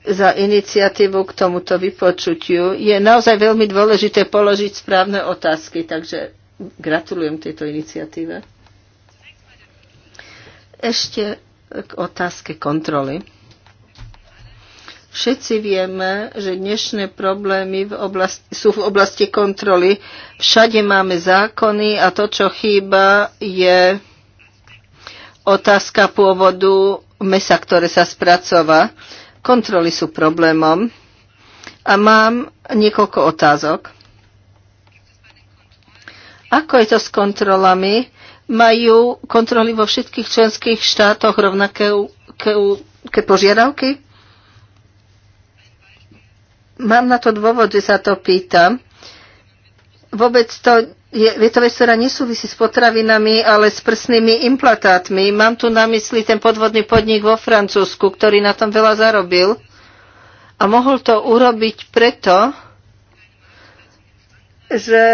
za iniciatívu k tomuto vypočutiu. Je naozaj veľmi dôležité položiť správne otázky, takže gratulujem tejto iniciatíve. Ešte k otázke kontroly. Všetci vieme, že dnešné problémy v oblasti, sú v oblasti kontroly. Všade máme zákony a to, čo chýba, je otázka pôvodu mesa, ktoré sa spracová. Kontroly sú problémom. A mám niekoľko otázok. Ako je to s kontrolami? Majú kontroly vo všetkých členských štátoch rovnaké ke požiadavky? Mám na to dôvod, že sa to pýtam. Vôbec to je, je sfera nesúvisí s potravinami, ale s prsnými implantátmi. Mám tu na mysli ten podvodný podnik vo Francúzsku, ktorý na tom veľa zarobil. A mohol to urobiť preto, že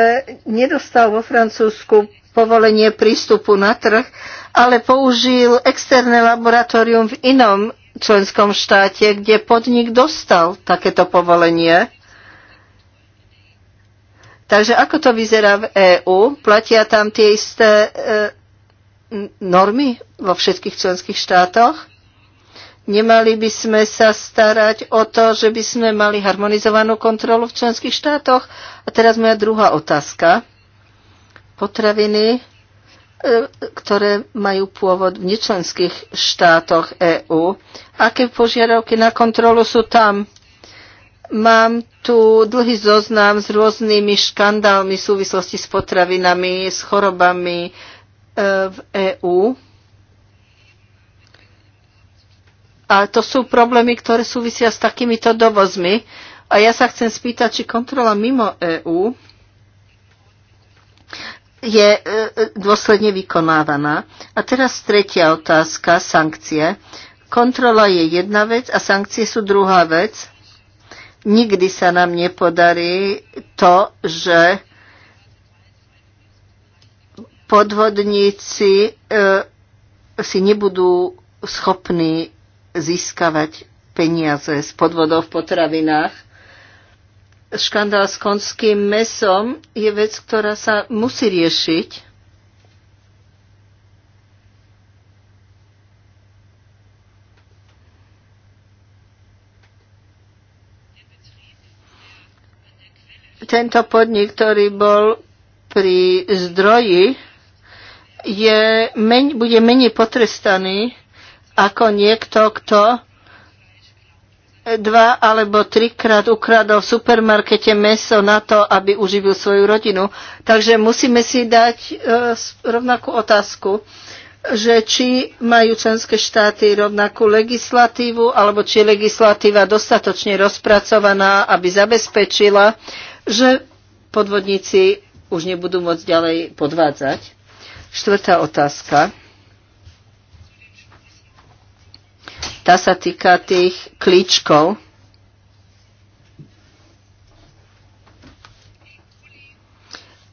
nedostal vo Francúzsku povolenie prístupu na trh, ale použil externé laboratórium v inom členskom štáte, kde podnik dostal takéto povolenie. Takže ako to vyzerá v EÚ? Platia tam tie isté e, normy vo všetkých členských štátoch? Nemali by sme sa starať o to, že by sme mali harmonizovanú kontrolu v členských štátoch? A teraz moja druhá otázka. Potraviny, e, ktoré majú pôvod v nečlenských štátoch EÚ, aké požiadavky na kontrolu sú tam? Mám tu dlhý zoznam s rôznymi škandálmi v súvislosti s potravinami, s chorobami e, v EÚ. A to sú problémy, ktoré súvisia s takýmito dovozmi. A ja sa chcem spýtať, či kontrola mimo EÚ je e, dôsledne vykonávaná. A teraz tretia otázka, sankcie. Kontrola je jedna vec a sankcie sú druhá vec nikdy sa nám nepodarí to, že podvodníci e, si nebudú schopní získavať peniaze z podvodov v potravinách. Škandál s konským mesom je vec, ktorá sa musí riešiť tento podnik, ktorý bol pri zdroji, je, men, bude menej potrestaný ako niekto, kto dva alebo trikrát ukradol v supermarkete meso na to, aby uživil svoju rodinu. Takže musíme si dať e, rovnakú otázku, že či majú členské štáty rovnakú legislatívu, alebo či je legislatíva dostatočne rozpracovaná, aby zabezpečila, že podvodníci už nebudú môcť ďalej podvádzať. Štvrtá otázka. Tá sa týka tých klíčkov.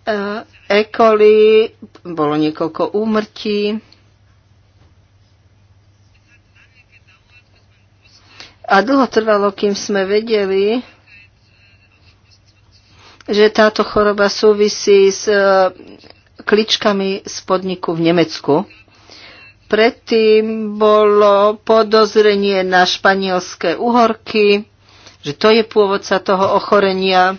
E. e. coli, bolo niekoľko úmrtí. A dlho trvalo, kým sme vedeli, že táto choroba súvisí s e, kličkami z v Nemecku. Predtým bolo podozrenie na španielské uhorky, že to je pôvodca toho ochorenia.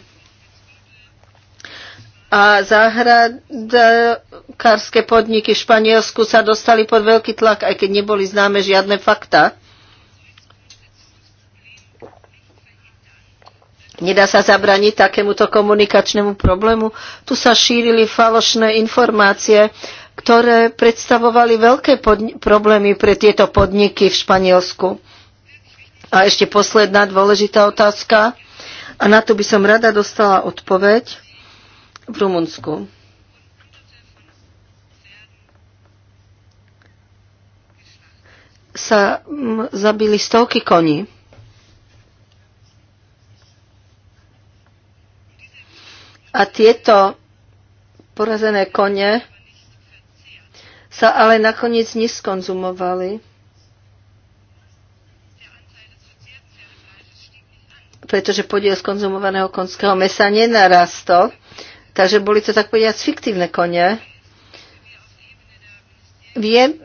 A záhradkárske podniky v Španielsku sa dostali pod veľký tlak, aj keď neboli známe žiadne fakta. Nedá sa zabraniť takémuto komunikačnému problému. Tu sa šírili falošné informácie, ktoré predstavovali veľké problémy pre tieto podniky v Španielsku. A ešte posledná dôležitá otázka. A na to by som rada dostala odpoveď v Rumunsku. Sa zabili stovky koní. A tieto porazené kone sa ale nakoniec neskonzumovali. pretože podiel skonzumovaného konského mesa nenarastol. Takže boli to tak povediať fiktívne kone. Viem,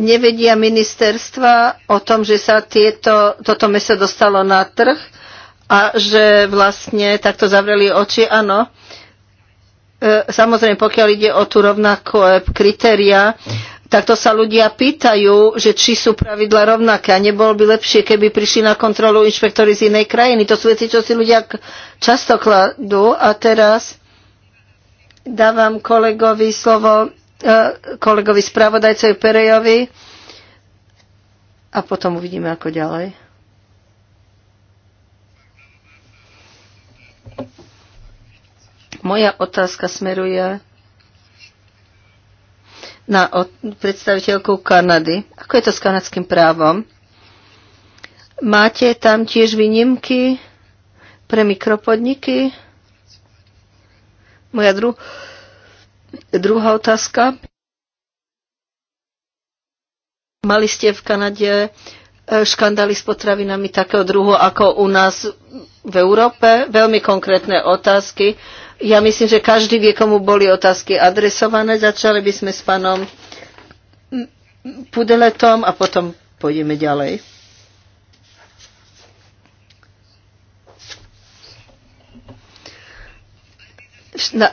nevedia ministerstva o tom, že sa tieto, toto meso dostalo na trh a že vlastne takto zavreli oči, áno. E, samozrejme, pokiaľ ide o tú rovnaké e, kritéria, tak to sa ľudia pýtajú, že či sú pravidla rovnaké a nebolo by lepšie, keby prišli na kontrolu inšpektory z inej krajiny. To sú veci, čo si ľudia často kladú. A teraz dávam kolegovi slovo, e, kolegovi spravodajcovi Perejovi a potom uvidíme, ako ďalej. Moja otázka smeruje na predstaviteľku Kanady. Ako je to s kanadským právom? Máte tam tiež výnimky pre mikropodniky? Moja dru- druhá otázka. Mali ste v Kanade e, škandály s potravinami takého druhu ako u nás v Európe? Veľmi konkrétne otázky. Ja myslím, že každý vie, komu boli otázky adresované. Začali by sme s pánom Pudeletom a potom pôjdeme ďalej. Na,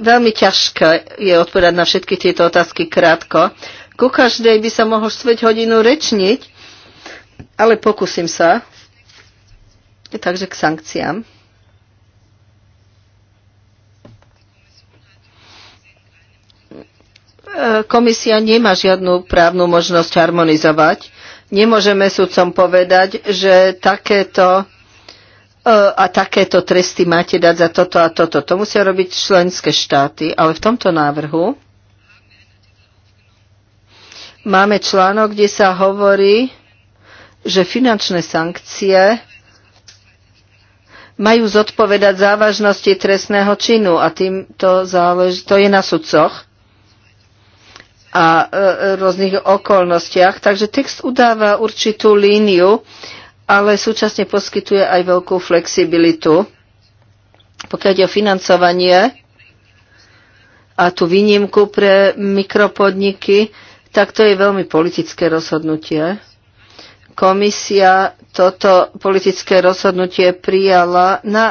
veľmi ťažké je odpovedať na všetky tieto otázky krátko. Ku každej by sa mohol svet hodinu rečniť, ale pokúsim sa. Takže k sankciám. komisia nemá žiadnu právnu možnosť harmonizovať. Nemôžeme sudcom povedať, že takéto e, a takéto tresty máte dať za toto a toto. To musia robiť členské štáty, ale v tomto návrhu máme článok, kde sa hovorí, že finančné sankcie majú zodpovedať závažnosti trestného činu a tým to, to je na sudcoch a e, rôznych okolnostiach. Takže text udáva určitú líniu, ale súčasne poskytuje aj veľkú flexibilitu. Pokiaľ ide o financovanie a tú výnimku pre mikropodniky, tak to je veľmi politické rozhodnutie. Komisia toto politické rozhodnutie prijala na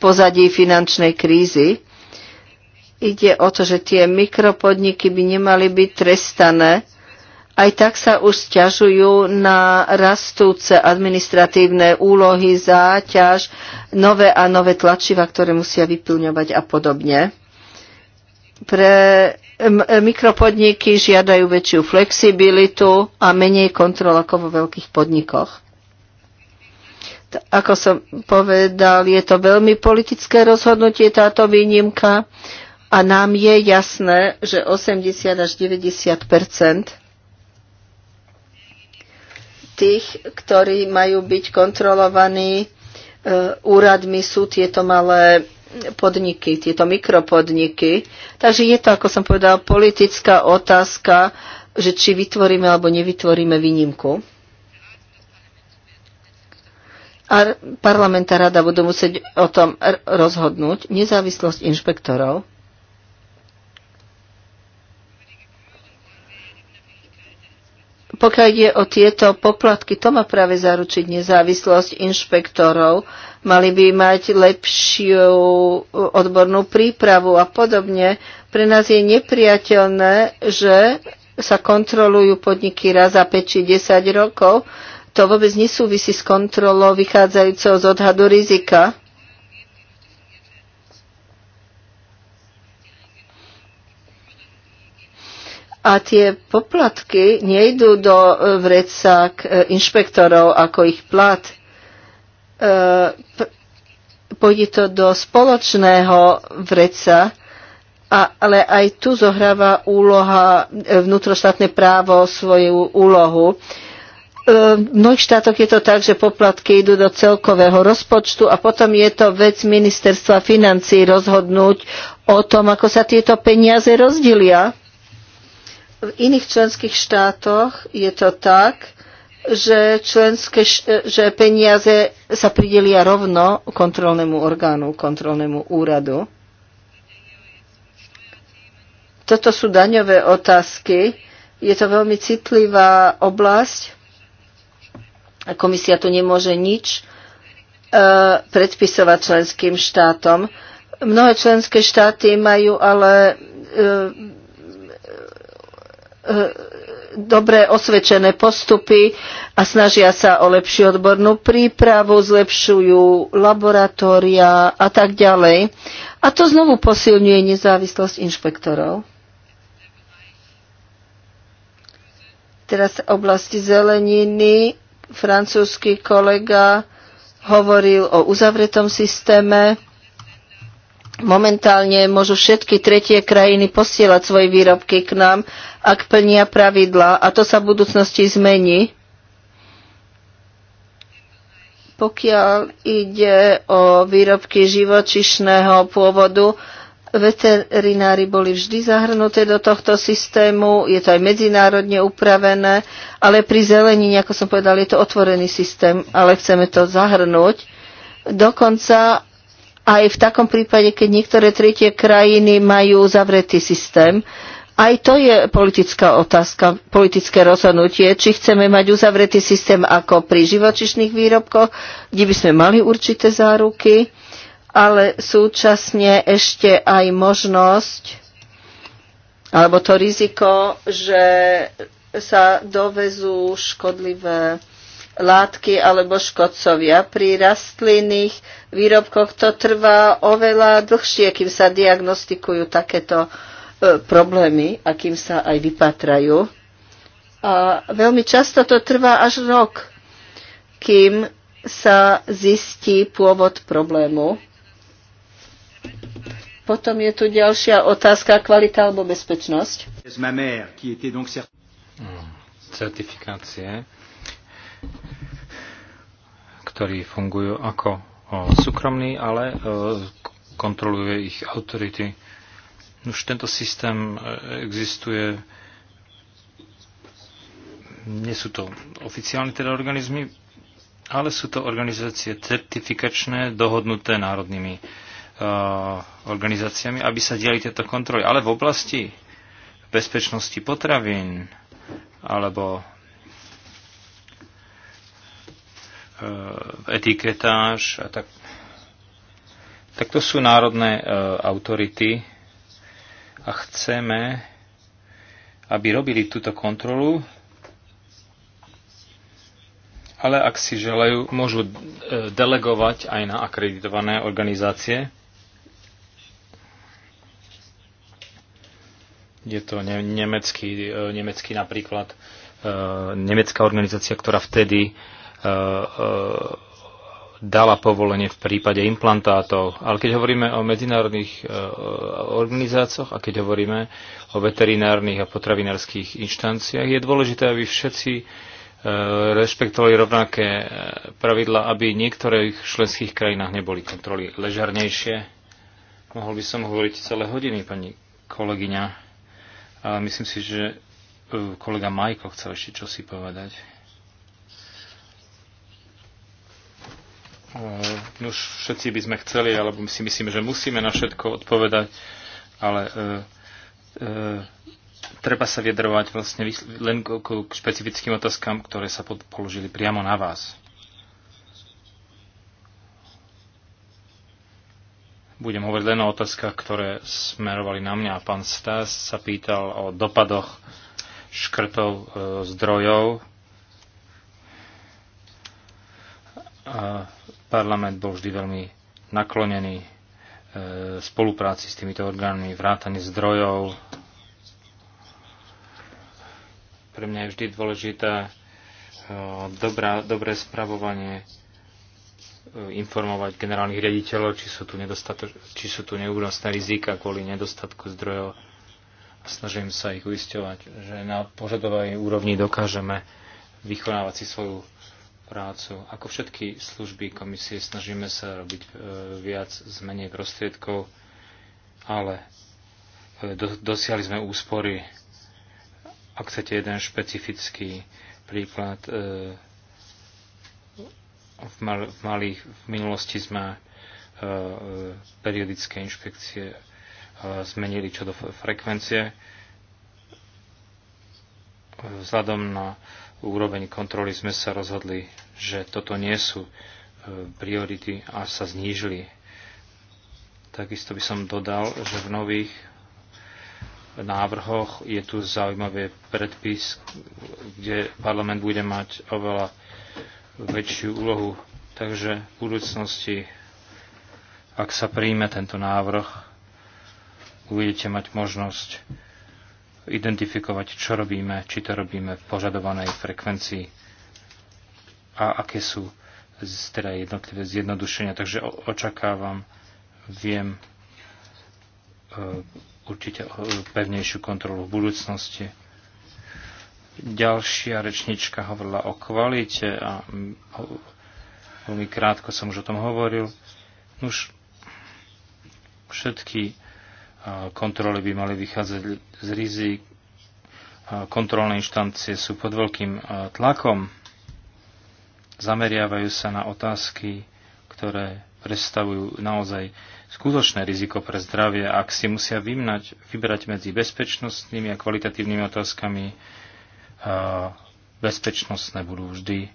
pozadí finančnej krízy ide o to, že tie mikropodniky by nemali byť trestané. Aj tak sa už stiažujú na rastúce administratívne úlohy, záťaž, nové a nové tlačiva, ktoré musia vyplňovať a podobne. Pre mikropodniky žiadajú väčšiu flexibilitu a menej kontrol ako vo veľkých podnikoch ako som povedal, je to veľmi politické rozhodnutie táto výnimka a nám je jasné, že 80 až 90 tých, ktorí majú byť kontrolovaní e, úradmi, sú tieto malé podniky, tieto mikropodniky. Takže je to, ako som povedal, politická otázka, že či vytvoríme alebo nevytvoríme výnimku. A parlament a rada budú musieť o tom rozhodnúť. Nezávislosť inšpektorov. pokiaľ ide o tieto poplatky, to má práve zaručiť nezávislosť inšpektorov. Mali by mať lepšiu uh, odbornú prípravu a podobne. Pre nás je nepriateľné, že sa kontrolujú podniky raz za 5 či 10 rokov. To vôbec nesúvisí s kontrolou vychádzajúceho z odhadu rizika. a tie poplatky nejdú do e, vreca k e, inšpektorov ako ich plat. E, pôjde to do spoločného vreca, ale aj tu zohráva úloha, vnútroštátne právo svoju úlohu. V mnohých štátoch je to tak, že poplatky idú do celkového rozpočtu a potom je to vec ministerstva financí rozhodnúť o tom, ako sa tieto peniaze rozdelia v iných členských štátoch je to tak, že, členské, že peniaze sa pridelia rovno kontrolnému orgánu, kontrolnému úradu. Toto sú daňové otázky. Je to veľmi citlivá oblasť. Komisia tu nemôže nič e, predpisovať členským štátom. Mnohé členské štáty majú ale e, E, dobre osvedčené postupy a snažia sa o lepšiu odbornú prípravu, zlepšujú laboratória a tak ďalej. A to znovu posilňuje nezávislosť inšpektorov. Teraz v oblasti zeleniny francúzsky kolega hovoril o uzavretom systéme Momentálne môžu všetky tretie krajiny posielať svoje výrobky k nám, ak plnia pravidla a to sa v budúcnosti zmení. Pokiaľ ide o výrobky živočišného pôvodu, veterinári boli vždy zahrnuté do tohto systému, je to aj medzinárodne upravené, ale pri zelenine, ako som povedal, je to otvorený systém, ale chceme to zahrnúť. Dokonca aj v takom prípade, keď niektoré tretie krajiny majú zavretý systém. Aj to je politická otázka, politické rozhodnutie, či chceme mať uzavretý systém ako pri živočišných výrobkoch, kde by sme mali určité záruky, ale súčasne ešte aj možnosť alebo to riziko, že sa dovezú škodlivé látky alebo škodcovia. Pri rastlinných výrobkoch to trvá oveľa dlhšie, kým sa diagnostikujú takéto e, problémy a kým sa aj vypatrajú. A veľmi často to trvá až rok, kým sa zistí pôvod problému. Potom je tu ďalšia otázka, kvalita alebo bezpečnosť. Hmm, certifikácie ktorí fungujú ako súkromní, ale kontroluje ich autority. Už tento systém e, existuje. Nie sú to oficiálne teda organizmy, ale sú to organizácie certifikačné, dohodnuté národnými e, organizáciami, aby sa diali tieto kontroly. Ale v oblasti bezpečnosti potravín alebo etiketáž a tak. Tak to sú národné e, autority a chceme, aby robili túto kontrolu, ale ak si želajú, môžu e, delegovať aj na akreditované organizácie. Je to ne- nemecký, e, nemecký napríklad, nemecká organizácia, ktorá vtedy E, e, dala povolenie v prípade implantátov. Ale keď hovoríme o medzinárodných e, organizácioch a keď hovoríme o veterinárnych a potravinárskych inštanciách, je dôležité, aby všetci rešpektovali rovnaké pravidla, aby v niektorých členských krajinách neboli kontroly ležarnejšie. Mohol by som hovoriť celé hodiny, pani kolegyňa, ale myslím si, že kolega Majko chcel ešte čosi povedať. Nuž eh, všetci by sme chceli, alebo my si myslíme, že musíme na všetko odpovedať, ale uh, uh, treba sa vyjadrovať vlastne len k, k špecifickým otázkam, ktoré sa pod, položili priamo na vás. Budem hovoriť len o otázkach, ktoré smerovali na mňa. Pán Stas sa pýtal o dopadoch škrtov e, zdrojov. E, Parlament bol vždy veľmi naklonený e, spolupráci s týmito orgánmi, vrátane zdrojov. Pre mňa je vždy dôležité e, dobrá, dobré spravovanie e, informovať generálnych riaditeľov, či sú tu, či sú tu neúnosné rizika kvôli nedostatku zdrojov a snažím sa ich uisťovať, že na požadovej úrovni dokážeme vykonávať si svoju prácu. Ako všetky služby komisie snažíme sa robiť e, viac z menej prostriedkov, ale e, do, dosiahli sme úspory. Ak chcete jeden špecifický príklad, e, v, mal, v, malých, v minulosti sme periodické inšpekcie zmenili čo do frekvencie vzhľadom na úroveň kontroly sme sa rozhodli, že toto nie sú e, priority a sa znížili. Takisto by som dodal, že v nových návrhoch je tu zaujímavý predpis, kde parlament bude mať oveľa väčšiu úlohu. Takže v budúcnosti, ak sa príjme tento návrh, budete mať možnosť identifikovať, čo robíme, či to robíme v požadovanej frekvencii a aké sú teda jednotlivé zjednodušenia. Takže očakávam, viem e, určite e, pevnejšiu kontrolu v budúcnosti. Ďalšia rečnička hovorila o kvalite a veľmi krátko som už o tom hovoril. Už všetky kontroly by mali vychádzať z rizik, kontrolné inštancie sú pod veľkým tlakom, zameriavajú sa na otázky, ktoré predstavujú naozaj skutočné riziko pre zdravie, ak si musia vymnať, vybrať medzi bezpečnostnými a kvalitatívnymi otázkami, bezpečnostné budú vždy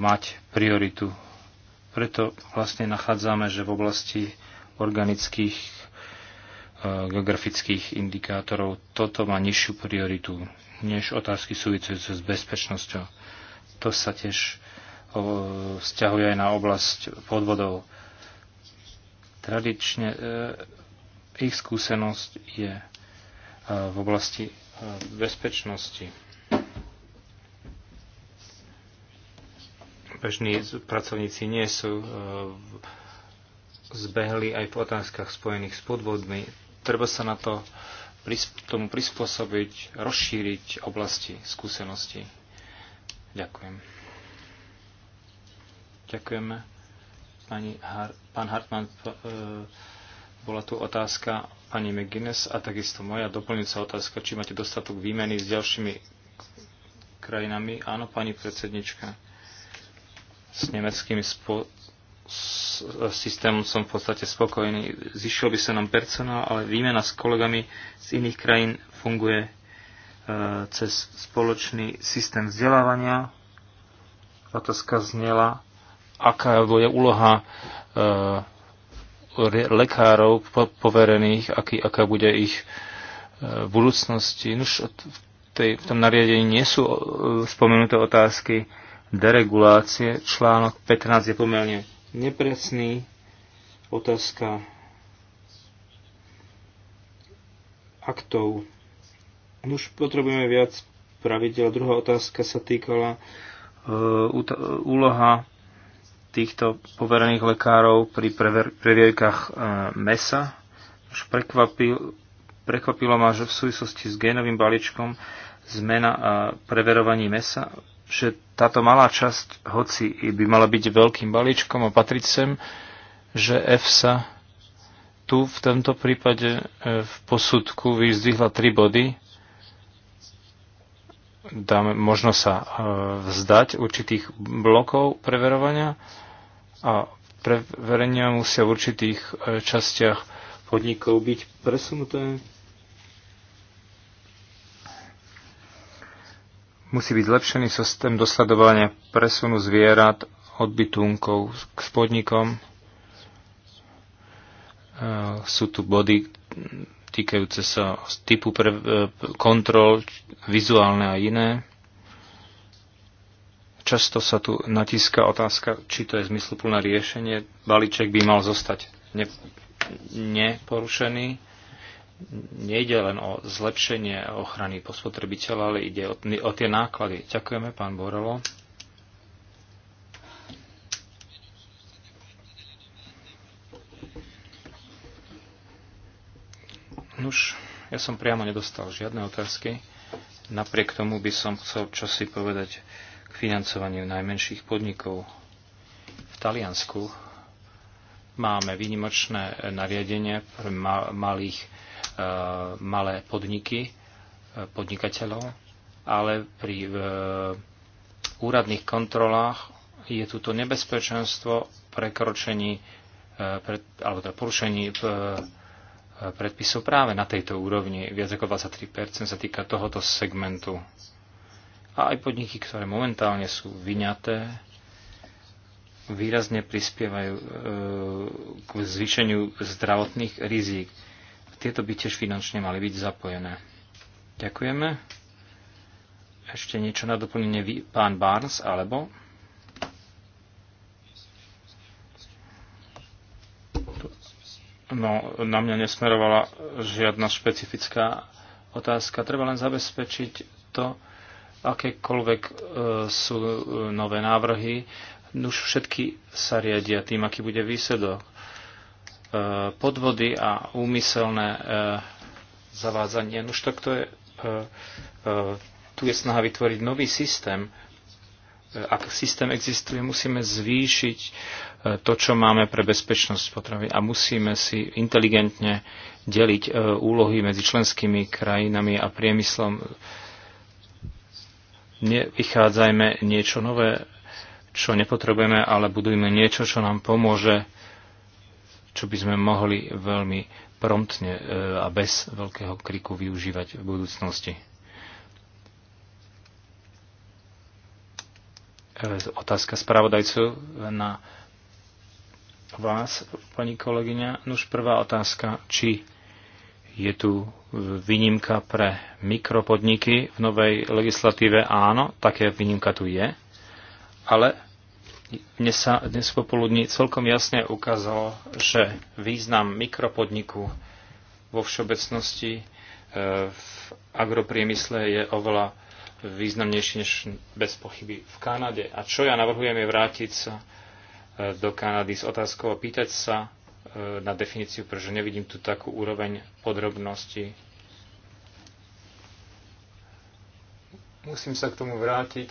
mať prioritu. Preto vlastne nachádzame, že v oblasti organických geografických indikátorov, toto má nižšiu prioritu než otázky súvisujúce s bezpečnosťou. To sa tiež vzťahuje aj na oblasť podvodov. Tradične e, ich skúsenosť je e, v oblasti e, bezpečnosti. Bežní pracovníci nie sú zbehli aj v otázkach spojených s podvodmi treba sa na to tomu prispôsobiť, rozšíriť oblasti skúsenosti. Ďakujem. Ďakujeme. Pani Har- pán Hartmann, p- e, bola tu otázka pani McGuinness a takisto moja doplňujúca otázka, či máte dostatok výmeny s ďalšími krajinami. Áno, pani predsednička, s nemeckými spo- s systémom som v podstate spokojný. Zišiel by sa nám personál, ale výmena s kolegami z iných krajín funguje e, cez spoločný systém vzdelávania. Otázka znela, aká je úloha e, lekárov poverených, aký, aká bude ich e, budúcnosti. Už v, tej, v tom nariadení nie sú spomenuté otázky deregulácie. Článok 15 je pomerne nepresný. Otázka aktov. No už potrebujeme viac pravidel. Druhá otázka sa týkala uh, úloha týchto poverených lekárov pri previerkách uh, eh, mesa. Už prekvapil, prekvapilo ma, že v súvislosti s génovým balíčkom zmena a eh, preverovaní mesa že táto malá časť, hoci by mala byť veľkým balíčkom a patriť sem, že EFSA tu v tomto prípade e, v posudku vyzdvihla tri body. Dáme, možno sa e, vzdať určitých blokov preverovania a preverenia musia v určitých e, častiach podnikov byť presunuté Musí byť zlepšený systém dosledovania presunu zvierat od bytunkov k spodnikom, e, Sú tu body týkajúce sa typu pre, e, kontrol, vizuálne a iné. Často sa tu natíska otázka, či to je zmysluplné riešenie. Balíček by mal zostať ne, neporušený nejde len o zlepšenie ochrany spotrebiteľa, ale ide o, o tie náklady. Ďakujeme, pán Borelo. Nuž, ja som priamo nedostal žiadne otázky. Napriek tomu by som chcel čosi povedať k financovaniu najmenších podnikov. V Taliansku máme výnimočné nariadenie pre malých E, malé podniky, e, podnikateľov, ale pri e, úradných kontrolách je tu to nebezpečenstvo prekročení alebo teda porušení predpisov práve na tejto úrovni. Viac ako 23% sa týka tohoto segmentu. A aj podniky, ktoré momentálne sú vyňaté, výrazne prispievajú k zvýšeniu zdravotných rizík tieto by tiež finančne mali byť zapojené. Ďakujeme. Ešte niečo na doplnenie vy, pán Barnes, alebo? No, na mňa nesmerovala žiadna špecifická otázka. Treba len zabezpečiť to, akékoľvek e, sú e, nové návrhy, už všetky sa riadia tým, aký bude výsledok. E, podvody a úmyselné e, zavádzanie. Už to je, e, tu je snaha vytvoriť nový systém. Ak systém existuje, musíme zvýšiť to, čo máme pre bezpečnosť potravy a musíme si inteligentne deliť úlohy medzi členskými krajinami a priemyslom. Nevychádzajme niečo nové, čo nepotrebujeme, ale budujme niečo, čo nám pomôže čo by sme mohli veľmi promptne e, a bez veľkého kriku využívať v budúcnosti. E, otázka spravodajcu na vás, pani kolegyňa. Nuž prvá otázka, či je tu výnimka pre mikropodniky v novej legislatíve? Áno, také výnimka tu je, ale dnes, sa, dnes popoludní celkom jasne ukázalo, že význam mikropodniku vo všeobecnosti e, v agropriemysle je oveľa významnejší než bez pochyby v Kanade. A čo ja navrhujem je vrátiť sa e, do Kanady s otázkou a pýtať sa e, na definíciu, pretože nevidím tu takú úroveň podrobnosti. Musím sa k tomu vrátiť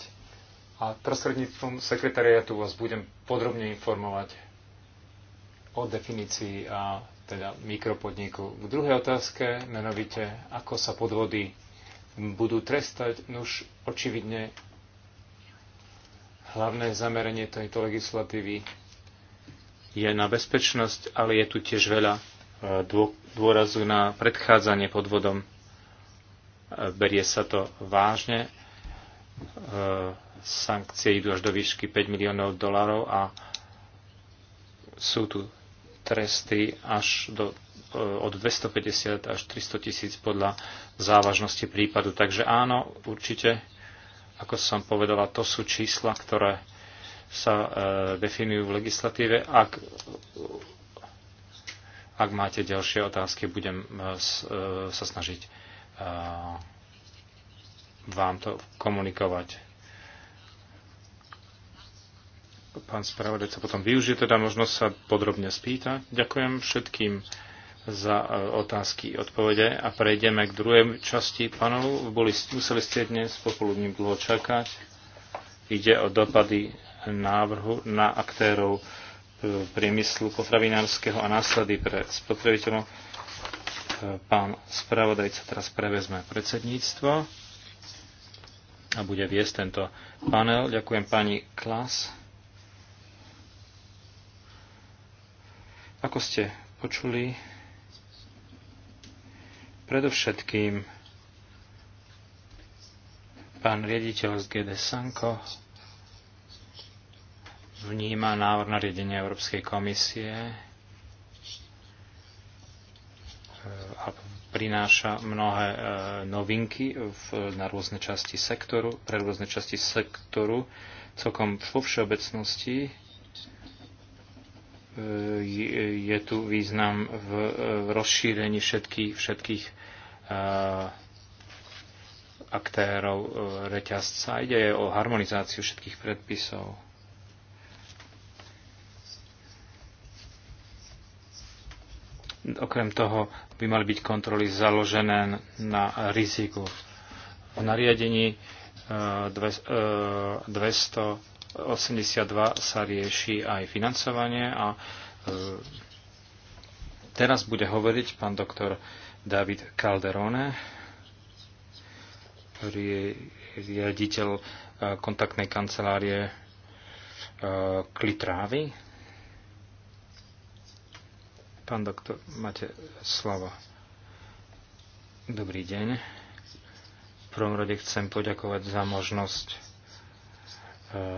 a prostredníctvom sekretariatu vás budem podrobne informovať o definícii a teda mikropodniku. K druhej otázke, menovite, ako sa podvody budú trestať, nuž očividne hlavné zameranie tejto legislatívy je na bezpečnosť, ale je tu tiež veľa e, dôrazu na predchádzanie podvodom. E, berie sa to vážne. E, Sankcie idú až do výšky 5 miliónov dolarov a sú tu tresty až do, e, od 250 až 300 tisíc podľa závažnosti prípadu. Takže áno, určite, ako som povedala, to sú čísla, ktoré sa e, definujú v legislatíve. Ak, ak máte ďalšie otázky, budem e, e sa snažiť e, vám to komunikovať. Pán spravodajca potom využije teda možnosť sa podrobne spýtať. Ďakujem všetkým za e, otázky, a odpovede a prejdeme k druhej časti panelu. Boli, museli ste dnes popoludní dlho čakať. Ide o dopady návrhu na aktérov e, priemyslu potravinárskeho a násady pre spotrebiteľov. E, pán spravodajca teraz prevezme predsedníctvo a bude viesť tento panel. Ďakujem pani Klas. Ako ste počuli, predovšetkým pán riaditeľ z GD Sanko vníma návrh riadenie Európskej komisie e, a prináša mnohé e, novinky na rôzne časti sektoru, pre rôzne časti sektoru, celkom vo všeobecnosti E, je tu význam v rozšírení všetkých, všetkých e, aktérov e, reťazca. Ide o harmonizáciu všetkých predpisov. Okrem toho by mali byť kontroly založené na riziku. V nariadení 200 82 sa rieši aj financovanie a e, teraz bude hovoriť pán doktor David Calderone, riaditeľ e, kontaktnej kancelárie e, Klitrávy. Pán doktor, máte slovo. Dobrý deň. V prvom rade chcem poďakovať za možnosť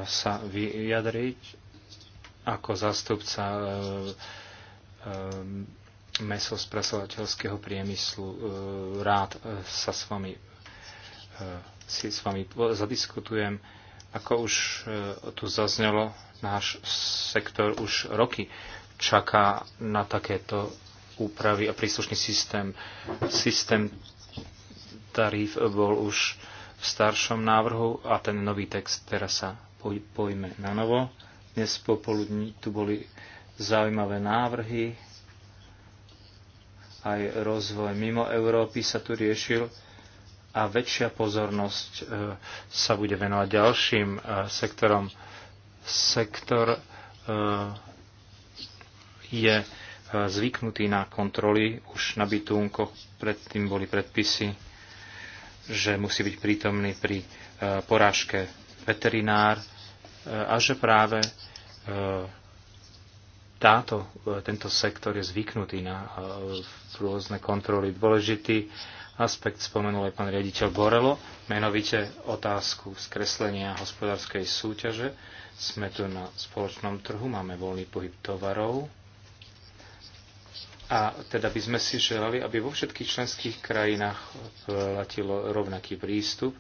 sa vyjadriť ako zastupca e, e, mesosprasovateľského priemyslu. E, rád sa s vami, si s vami zadiskutujem. Ako už tu zaznelo, náš sektor už roky čaká na takéto úpravy a príslušný systém. Systém tarif bol už v staršom návrhu a ten nový text teraz sa pojme na novo. Dnes popoludní tu boli zaujímavé návrhy, aj rozvoj mimo Európy sa tu riešil a väčšia pozornosť e, sa bude venovať ďalším e, sektorom. Sektor e, je zvyknutý na kontroly, už na bytunkoch predtým boli predpisy že musí byť prítomný pri e, porážke veterinár e, a že práve e, táto, tento sektor je zvyknutý na rôzne kontroly. Dôležitý aspekt spomenul aj pán riaditeľ Borelo, menovite otázku skreslenia hospodárskej súťaže. Sme tu na spoločnom trhu, máme voľný pohyb tovarov, a teda by sme si želali, aby vo všetkých členských krajinách platilo rovnaký prístup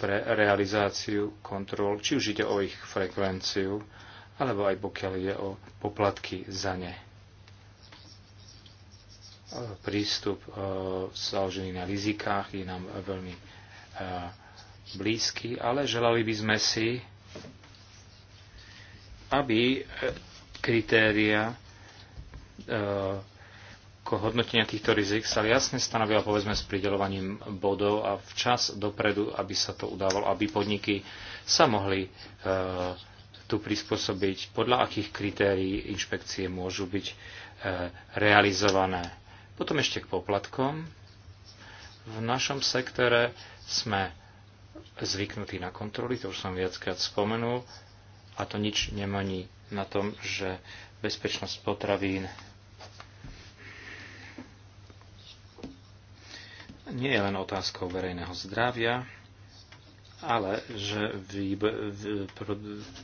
pre realizáciu kontrol, či už ide o ich frekvenciu, alebo aj pokiaľ ide o poplatky za ne. Prístup e, založený na rizikách je nám veľmi e, blízky, ale želali by sme si, aby e, kritéria hodnotenia týchto rizik sa jasne stanovila, povedzme, s pridelovaním bodov a včas dopredu, aby sa to udávalo, aby podniky sa mohli e, tu prispôsobiť, podľa akých kritérií inšpekcie môžu byť e, realizované. Potom ešte k poplatkom. V našom sektore sme zvyknutí na kontroly, to už som viackrát spomenul, a to nič nemení na tom, že bezpečnosť potravín nie je len otázkou verejného zdravia, ale že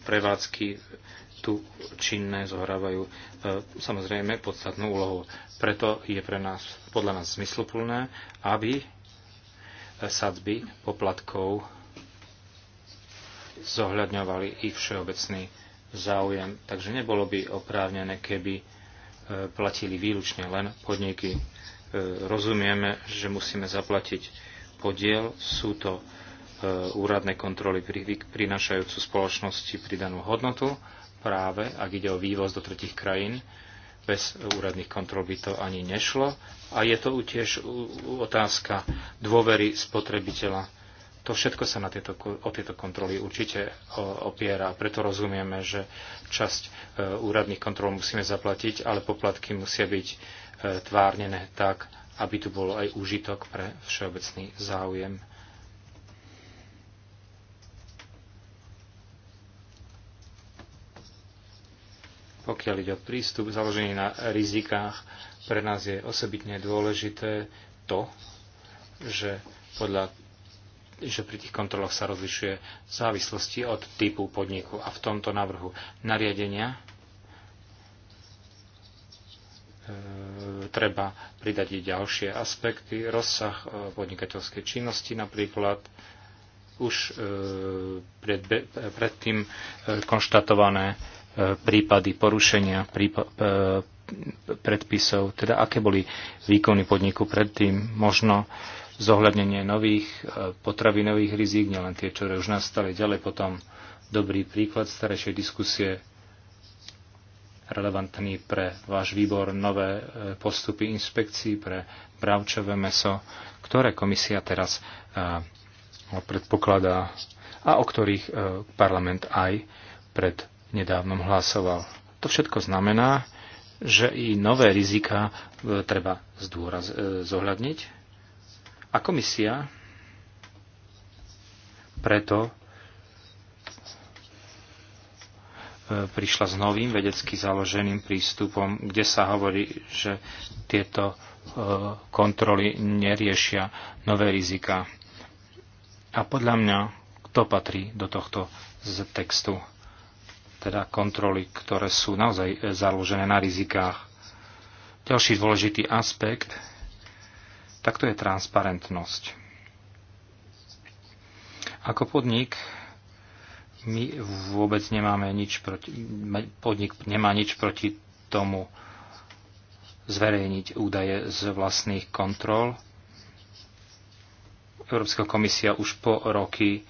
prevádzky tu činné zohrávajú e, samozrejme podstatnú úlohu. Preto je pre nás, podľa nás zmysluplné, aby sadzby poplatkov zohľadňovali ich všeobecný záujem. Takže nebolo by oprávnené, keby e, platili výlučne len podniky E, rozumieme, že musíme zaplatiť podiel. Sú to e, úradné kontroly prinášajúcu spoločnosti pridanú hodnotu, práve ak ide o vývoz do tretich krajín. Bez úradných kontrol by to ani nešlo. A je to tiež otázka dôvery spotrebiteľa. To všetko sa na tieto, o tieto kontroly určite opiera. Preto rozumieme, že časť e, úradných kontrol musíme zaplatiť, ale poplatky musia byť tvárnené tak, aby tu bol aj úžitok pre všeobecný záujem. Pokiaľ ide o prístup založený na rizikách, pre nás je osobitne dôležité to, že, podľa, že pri tých kontroloch sa rozlišuje v závislosti od typu podniku. A v tomto návrhu nariadenia e, treba pridať i ďalšie aspekty, rozsah e, podnikateľskej činnosti napríklad, už e, pred, predtým e, konštatované prípady porušenia predpisov, teda aké boli výkony podniku predtým, možno zohľadnenie nových potravinových rizík, nielen tie, ktoré už nastali ďalej potom. Dobrý príklad starejšej diskusie relevantný pre váš výbor nové e, postupy inspekcií pre bravčové meso, ktoré komisia teraz e, no, predpokladá a o ktorých e, parlament aj pred nedávnom hlasoval. To všetko znamená, že i nové rizika treba zdôraz, zohľadniť a komisia preto E, prišla s novým vedecky založeným prístupom, kde sa hovorí, že tieto e, kontroly neriešia nové rizika. A podľa mňa kto patrí do tohto z textu. Teda kontroly, ktoré sú naozaj e, založené na rizikách. Ďalší dôležitý aspekt, tak to je transparentnosť. Ako podnik my vôbec nemáme nič proti, podnik nemá nič proti tomu zverejniť údaje z vlastných kontrol. Európska komisia už po roky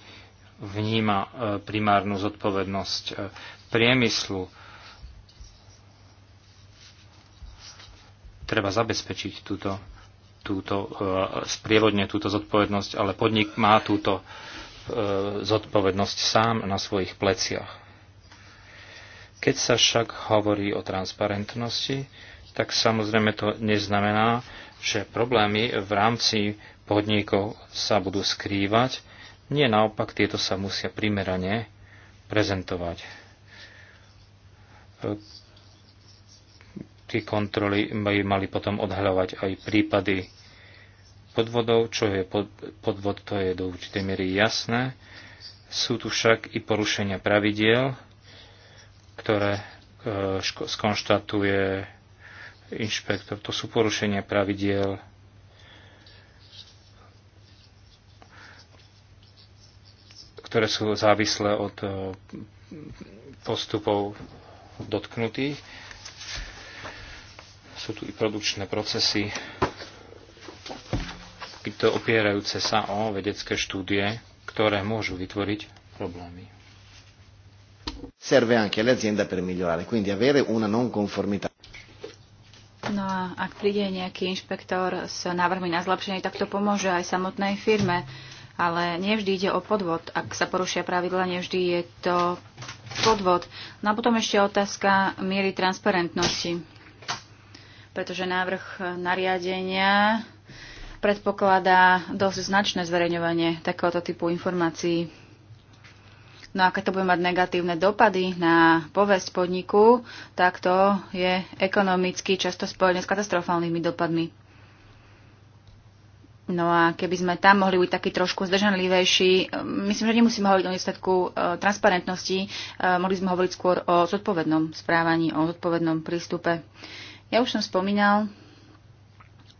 vníma e, primárnu zodpovednosť e, priemyslu. Treba zabezpečiť túto, túto e, sprievodne túto zodpovednosť, ale podnik má túto E, zodpovednosť sám na svojich pleciach. Keď sa však hovorí o transparentnosti, tak samozrejme to neznamená, že problémy v rámci podnikov sa budú skrývať, nie naopak tieto sa musia primerane prezentovať. E, tie kontroly by mali potom odhľovať aj prípady podvodov, čo je pod, podvod, to je do určitej miery jasné. Sú tu však i porušenia pravidiel, ktoré e, skonštatuje inšpektor. To sú porušenia pravidiel ktoré sú závislé od e, postupov dotknutých. Sú tu i produkčné procesy, to opierajúce sa o vedecké štúdie, ktoré môžu vytvoriť problémy. Serve anche l'azienda per migliorare, quindi avere una non conformità. No a ak príde nejaký inšpektor s návrhmi na zlepšenie, tak to pomôže aj samotnej firme. Ale nevždy ide o podvod. Ak sa porušia pravidla, nevždy je to podvod. No a potom ešte otázka miery transparentnosti. Pretože návrh nariadenia predpokladá dosť značné zverejňovanie takéhoto typu informácií. No a keď to bude mať negatívne dopady na povesť podniku, tak to je ekonomicky často spojené s katastrofálnymi dopadmi. No a keby sme tam mohli byť taký trošku zdržanlivejší, ehm, myslím, že nemusíme hovoriť o nedostatku ehm, transparentnosti, ehm, mohli sme hovoriť skôr o zodpovednom správaní, o zodpovednom prístupe. Ja už som spomínal,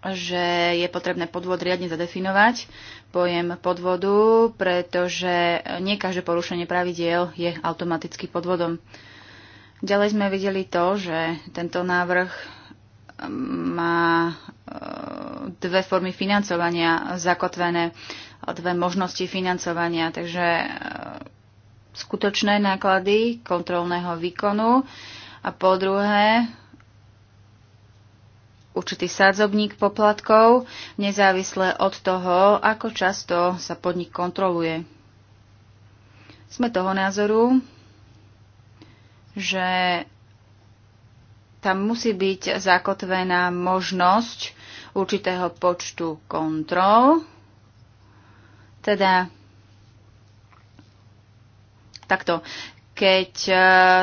že je potrebné podvod riadne zadefinovať, pojem podvodu, pretože nie každé porušenie pravidiel je automaticky podvodom. Ďalej sme videli to, že tento návrh um, má uh, dve formy financovania zakotvené, dve možnosti financovania, takže uh, skutočné náklady kontrolného výkonu a po druhé určitý sádzobník poplatkov, nezávisle od toho, ako často sa podnik kontroluje. Sme toho názoru, že tam musí byť zakotvená možnosť určitého počtu kontrol, teda takto keď e,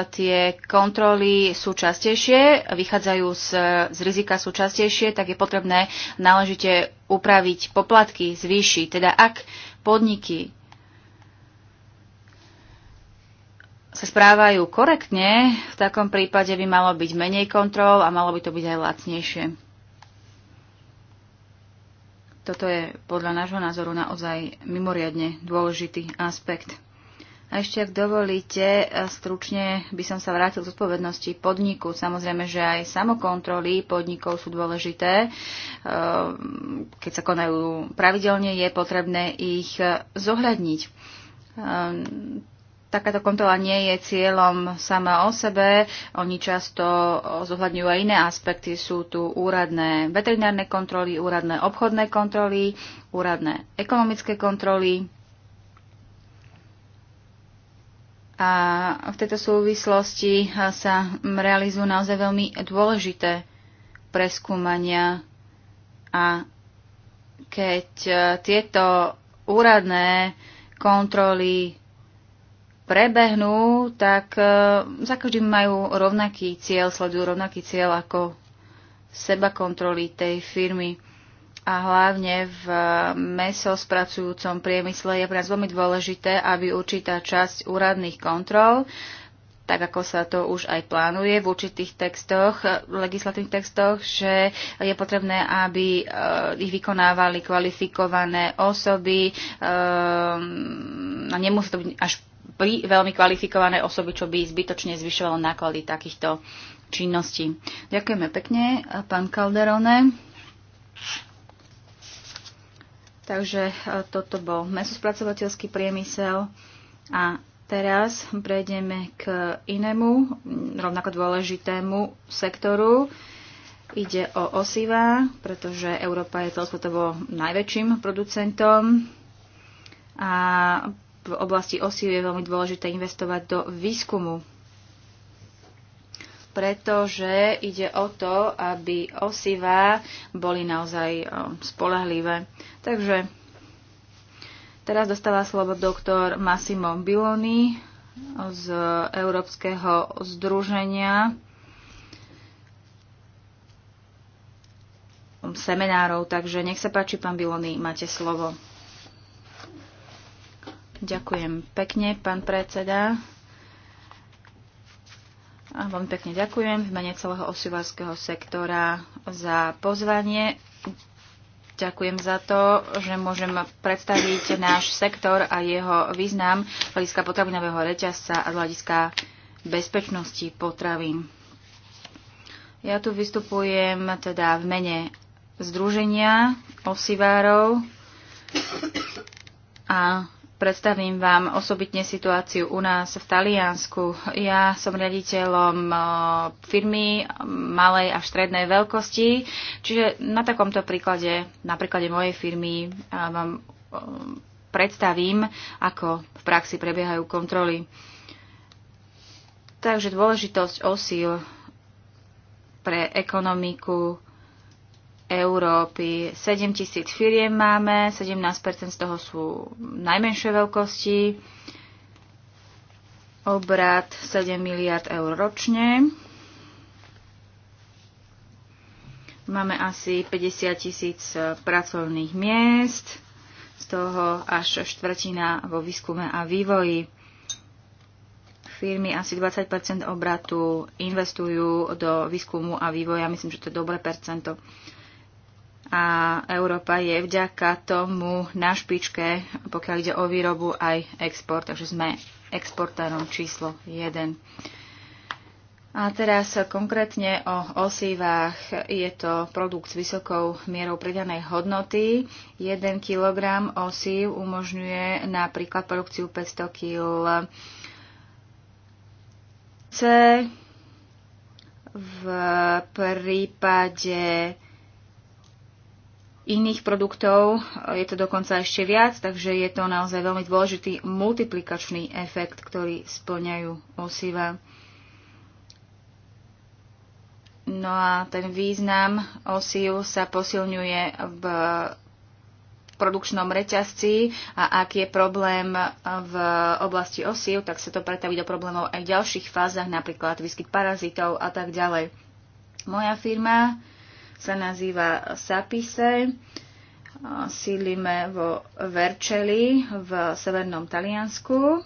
tie kontroly sú častejšie, vychádzajú z, z rizika sú častejšie, tak je potrebné náležite upraviť poplatky, zvýši. Teda ak podniky sa správajú korektne, v takom prípade by malo byť menej kontrol a malo by to byť aj lacnejšie. Toto je podľa nášho názoru naozaj mimoriadne dôležitý aspekt. A ešte, ak dovolíte, e, stručne by som sa vrátil k zodpovednosti podniku. Samozrejme, že aj samokontroly podnikov sú dôležité. E, keď sa konajú pravidelne, je potrebné ich e, zohľadniť. Takáto kontrola nie je cieľom sama o sebe. Oni často zohľadňujú aj iné aspekty. Sú tu úradné veterinárne kontroly, úradné obchodné kontroly, úradné ekonomické kontroly A v tejto súvislosti sa realizujú naozaj veľmi dôležité preskúmania a keď e, tieto úradné kontroly prebehnú, tak e, za každým majú rovnaký cieľ, sledujú rovnaký cieľ ako seba kontroly tej firmy a hlavne v spracujúcom priemysle je pre nás veľmi dôležité, aby určitá časť úradných kontrol tak ako sa to už aj plánuje v určitých textoch, legislatívnych textoch, že je potrebné, aby eh, ich vykonávali kvalifikované osoby. Eh, a nemusí to byť až pri veľmi kvalifikované osoby, čo by zbytočne zvyšovalo náklady takýchto činností. Ďakujeme pekne, eh, pán Calderone. Takže e, toto bol mesospracovateľský priemysel a teraz prejdeme k inému, rovnako dôležitému sektoru. Ide o osiva, pretože Európa je celosvetovo najväčším producentom a v oblasti osiv je veľmi dôležité investovať do výskumu pretože ide o to, aby osivá boli naozaj um, spolahlivé. Takže teraz dostáva slovo doktor Massimo Biloni z Európskeho združenia seminárov. Takže nech sa páči, pán Biloni máte slovo. Ďakujem pekne, pán predseda. A veľmi pekne ďakujem v mene celého osivárskeho sektora za pozvanie. Ďakujem za to, že môžem predstaviť náš sektor a jeho význam hľadiska potravinového reťazca a hľadiska bezpečnosti potravín. Ja tu vystupujem teda v mene Združenia osivárov a Predstavím vám osobitne situáciu u nás v Taliansku. Ja som riaditeľom firmy malej a strednej veľkosti, čiže na takomto príklade, na príklade mojej firmy, vám predstavím, ako v praxi prebiehajú kontroly. Takže dôležitosť osil pre ekonomiku Európy. 7 tisíc firiem máme, 17% z toho sú najmenšie veľkosti. Obrad 7 miliard eur ročne. Máme asi 50 tisíc e, pracovných miest, z toho až štvrtina vo výskume a vývoji. Firmy asi 20 obratu investujú do výskumu a vývoja. Myslím, že to je dobré percento a Európa je vďaka tomu na špičke, pokiaľ ide o výrobu aj export, takže sme exportárom číslo 1. A teraz konkrétne o osívach. Je to produkt s vysokou mierou predanej hodnoty. 1 kg osív umožňuje napríklad produkciu 500 kg C. V prípade iných produktov je to dokonca ešte viac, takže je to naozaj veľmi dôležitý multiplikačný efekt, ktorý splňajú osiva. No a ten význam osív sa posilňuje v produkčnom reťazci a ak je problém v oblasti osív, tak sa to pretaví do problémov aj v ďalších fázach, napríklad výskyt parazitov a tak ďalej. Moja firma sa nazýva Sapise. Sílime vo Verčeli v severnom Taliansku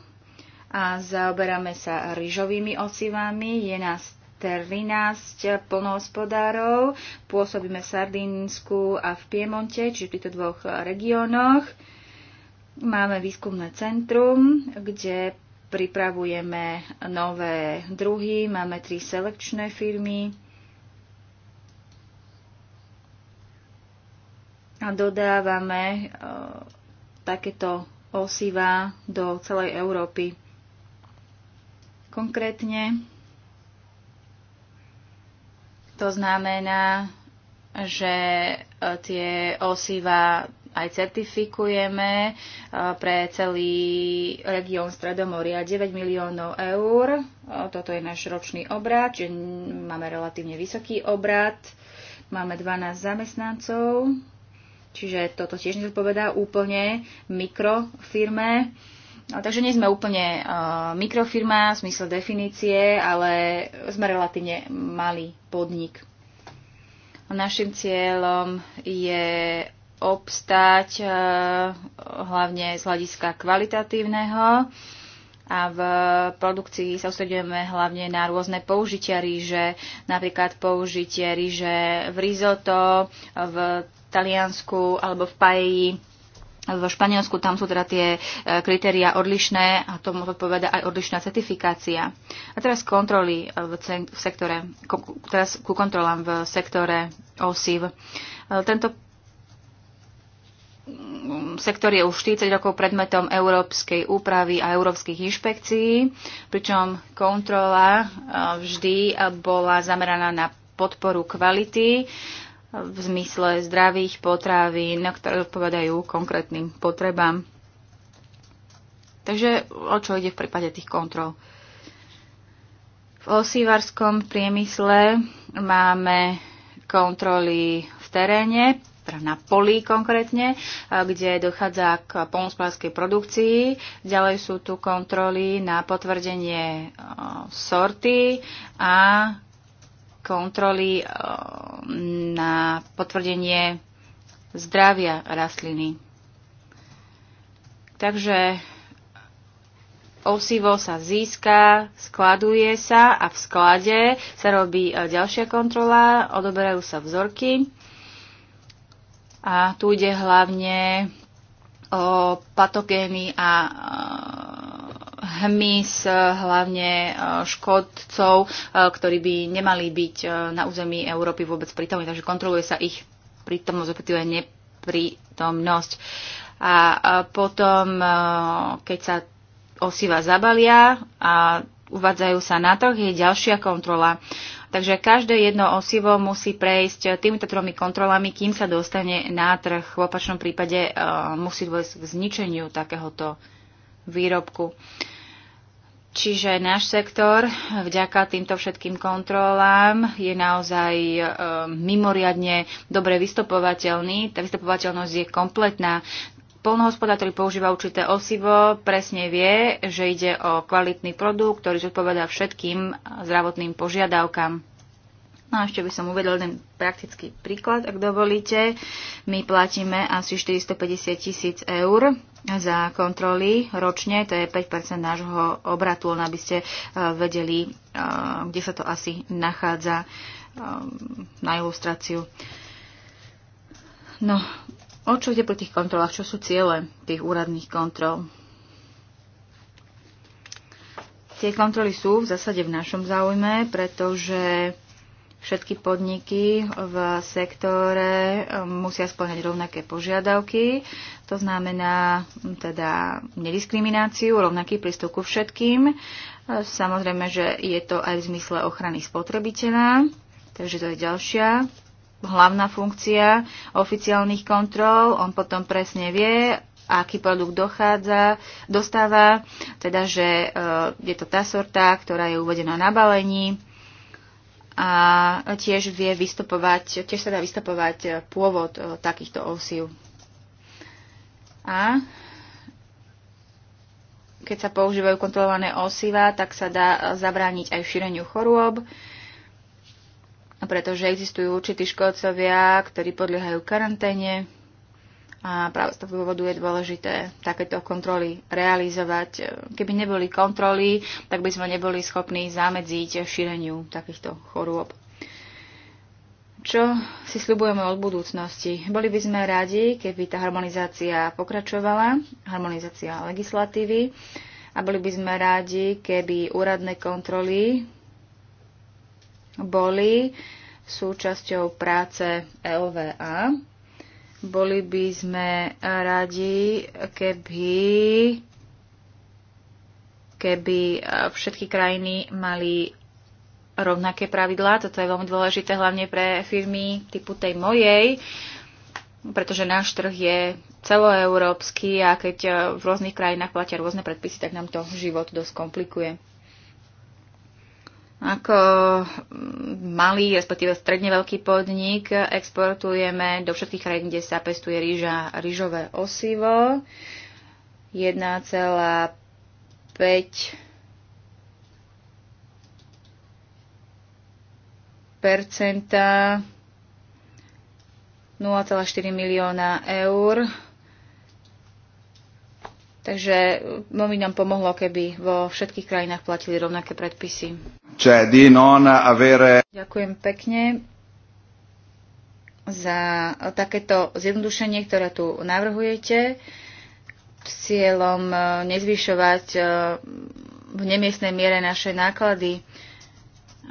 a zaoberáme sa rýžovými ocivami. Je nás 13 plnohospodárov. Pôsobíme v Sardínsku a v Piemonte, čiže v týchto dvoch regiónoch. Máme výskumné centrum, kde pripravujeme nové druhy, máme tri selekčné firmy a dodávame e, takéto osiva do celej Európy. Konkrétne to znamená, že e, tie osiva aj certifikujeme e, pre celý región Stredomoria 9 miliónov eur. Toto je náš ročný obrad, čiže máme relatívne vysoký obrad. Máme 12 zamestnancov, Čiže toto tiež nezodpovedá úplne mikrofirme. No, takže nie sme úplne uh, mikrofirma v smysle definície, ale sme relatívne malý podnik. Našim cieľom je obstáť uh, hlavne z hľadiska kvalitatívneho a v produkcii sa usledujeme hlavne na rôzne použitia ríže, napríklad použitie ríže v risotto, v Taliansku alebo v Paeji v Španielsku tam sú teda tie e, kritéria odlišné a tomu odpoveda aj odlišná certifikácia. A teraz kontroly e, v, sektore, teraz ku kontrolám v sektore OSIV. E, tento mm, sektor je už 40 rokov predmetom európskej úpravy a európskych inšpekcií, pričom kontrola vždy bola zameraná na podporu kvality v zmysle zdravých potravín, ktoré odpovedajú konkrétnym potrebám. Takže o čo ide v prípade tých kontrol? V osívarskom priemysle máme kontroly v teréne, teda na poli konkrétne, kde dochádza k polnospodárskej produkcii. Ďalej sú tu kontroly na potvrdenie e, sorty a kontroly eh, na potvrdenie zdravia rastliny. Takže osivo sa získa, skladuje sa a v sklade sa robí eh, ďalšia kontrola, odoberajú sa vzorky a tu ide hlavne o patogény a eh, hmyz, eh, hlavne eh, škodcov, eh, ktorí by nemali byť na území Európy vôbec prítomní, takže kontroluje sa ich prítomnosť, respektíve neprítomnosť. A potom, keď sa osiva zabalia a uvádzajú sa na trh, je ďalšia kontrola. Takže každé jedno osivo musí prejsť týmito tromi kontrolami, kým sa dostane na trh. V opačnom prípade musí dôjsť k zničeniu takéhoto výrobku. Čiže náš sektor vďaka týmto všetkým kontrolám je naozaj e, mimoriadne dobre vystopovateľný. Tá vystupovateľnosť je kompletná. Polnohospodár, ktorý používa určité osivo, presne vie, že ide o kvalitný produkt, ktorý zodpovedá všetkým zdravotným požiadavkám. No a ešte by som uvedol jeden praktický príklad, ak dovolíte. My platíme asi 450 tisíc eur za kontroly ročne, to je 5% nášho obratu, len aby ste e, vedeli, e, kde sa to asi nachádza e, na ilustráciu. No, o čo ide pri tých kontrolách? Čo sú ciele tých úradných kontrol? Tie kontroly sú v zásade v našom záujme, pretože Všetky podniky v sektore um, musia splňať rovnaké požiadavky, to znamená um, teda nediskrimináciu, rovnaký prístup ku všetkým. Uh, samozrejme, že je to aj v zmysle ochrany spotrebiteľa, takže to je ďalšia hlavná funkcia oficiálnych kontrol. On potom presne vie, aký produkt dochádza, dostáva, teda že uh, je to tá sorta, ktorá je uvedená na balení a tiež vie vystupovať, tiež sa dá vystupovať pôvod eh, takýchto osív. A keď sa používajú kontrolované osiva, tak sa dá zabrániť aj šíreniu chorôb, pretože existujú určití škodcovia, ktorí podliehajú karanténe a práve z toho dôvodu je dôležité takéto kontroly realizovať. Keby neboli kontroly, tak by sme neboli schopní zamedziť šíreniu takýchto chorôb. Čo si slibujeme od budúcnosti? Boli by sme radi, keby tá harmonizácia pokračovala, harmonizácia legislatívy, a boli by sme radi, keby úradné kontroly boli súčasťou práce LVA, e boli by sme radi, keby keby všetky krajiny mali rovnaké pravidlá. Toto je veľmi dôležité hlavne pre firmy typu tej mojej, pretože náš trh je celoeurópsky a keď v rôznych krajinách platia rôzne predpisy, tak nám to život dosť komplikuje. Ako mm, malý, respektíve stredne veľký podnik exportujeme do všetkých krajín, kde sa pestuje rýža, rýžové osivo. 1,5 0,4 milióna eur Takže mm, mi nám pomohlo, keby vo všetkých krajinách platili rovnaké predpisy. Ďakujem pekne za takéto zjednodušenie, ktoré tu navrhujete s cieľom e, nezvyšovať e, v nemiestnej miere naše náklady.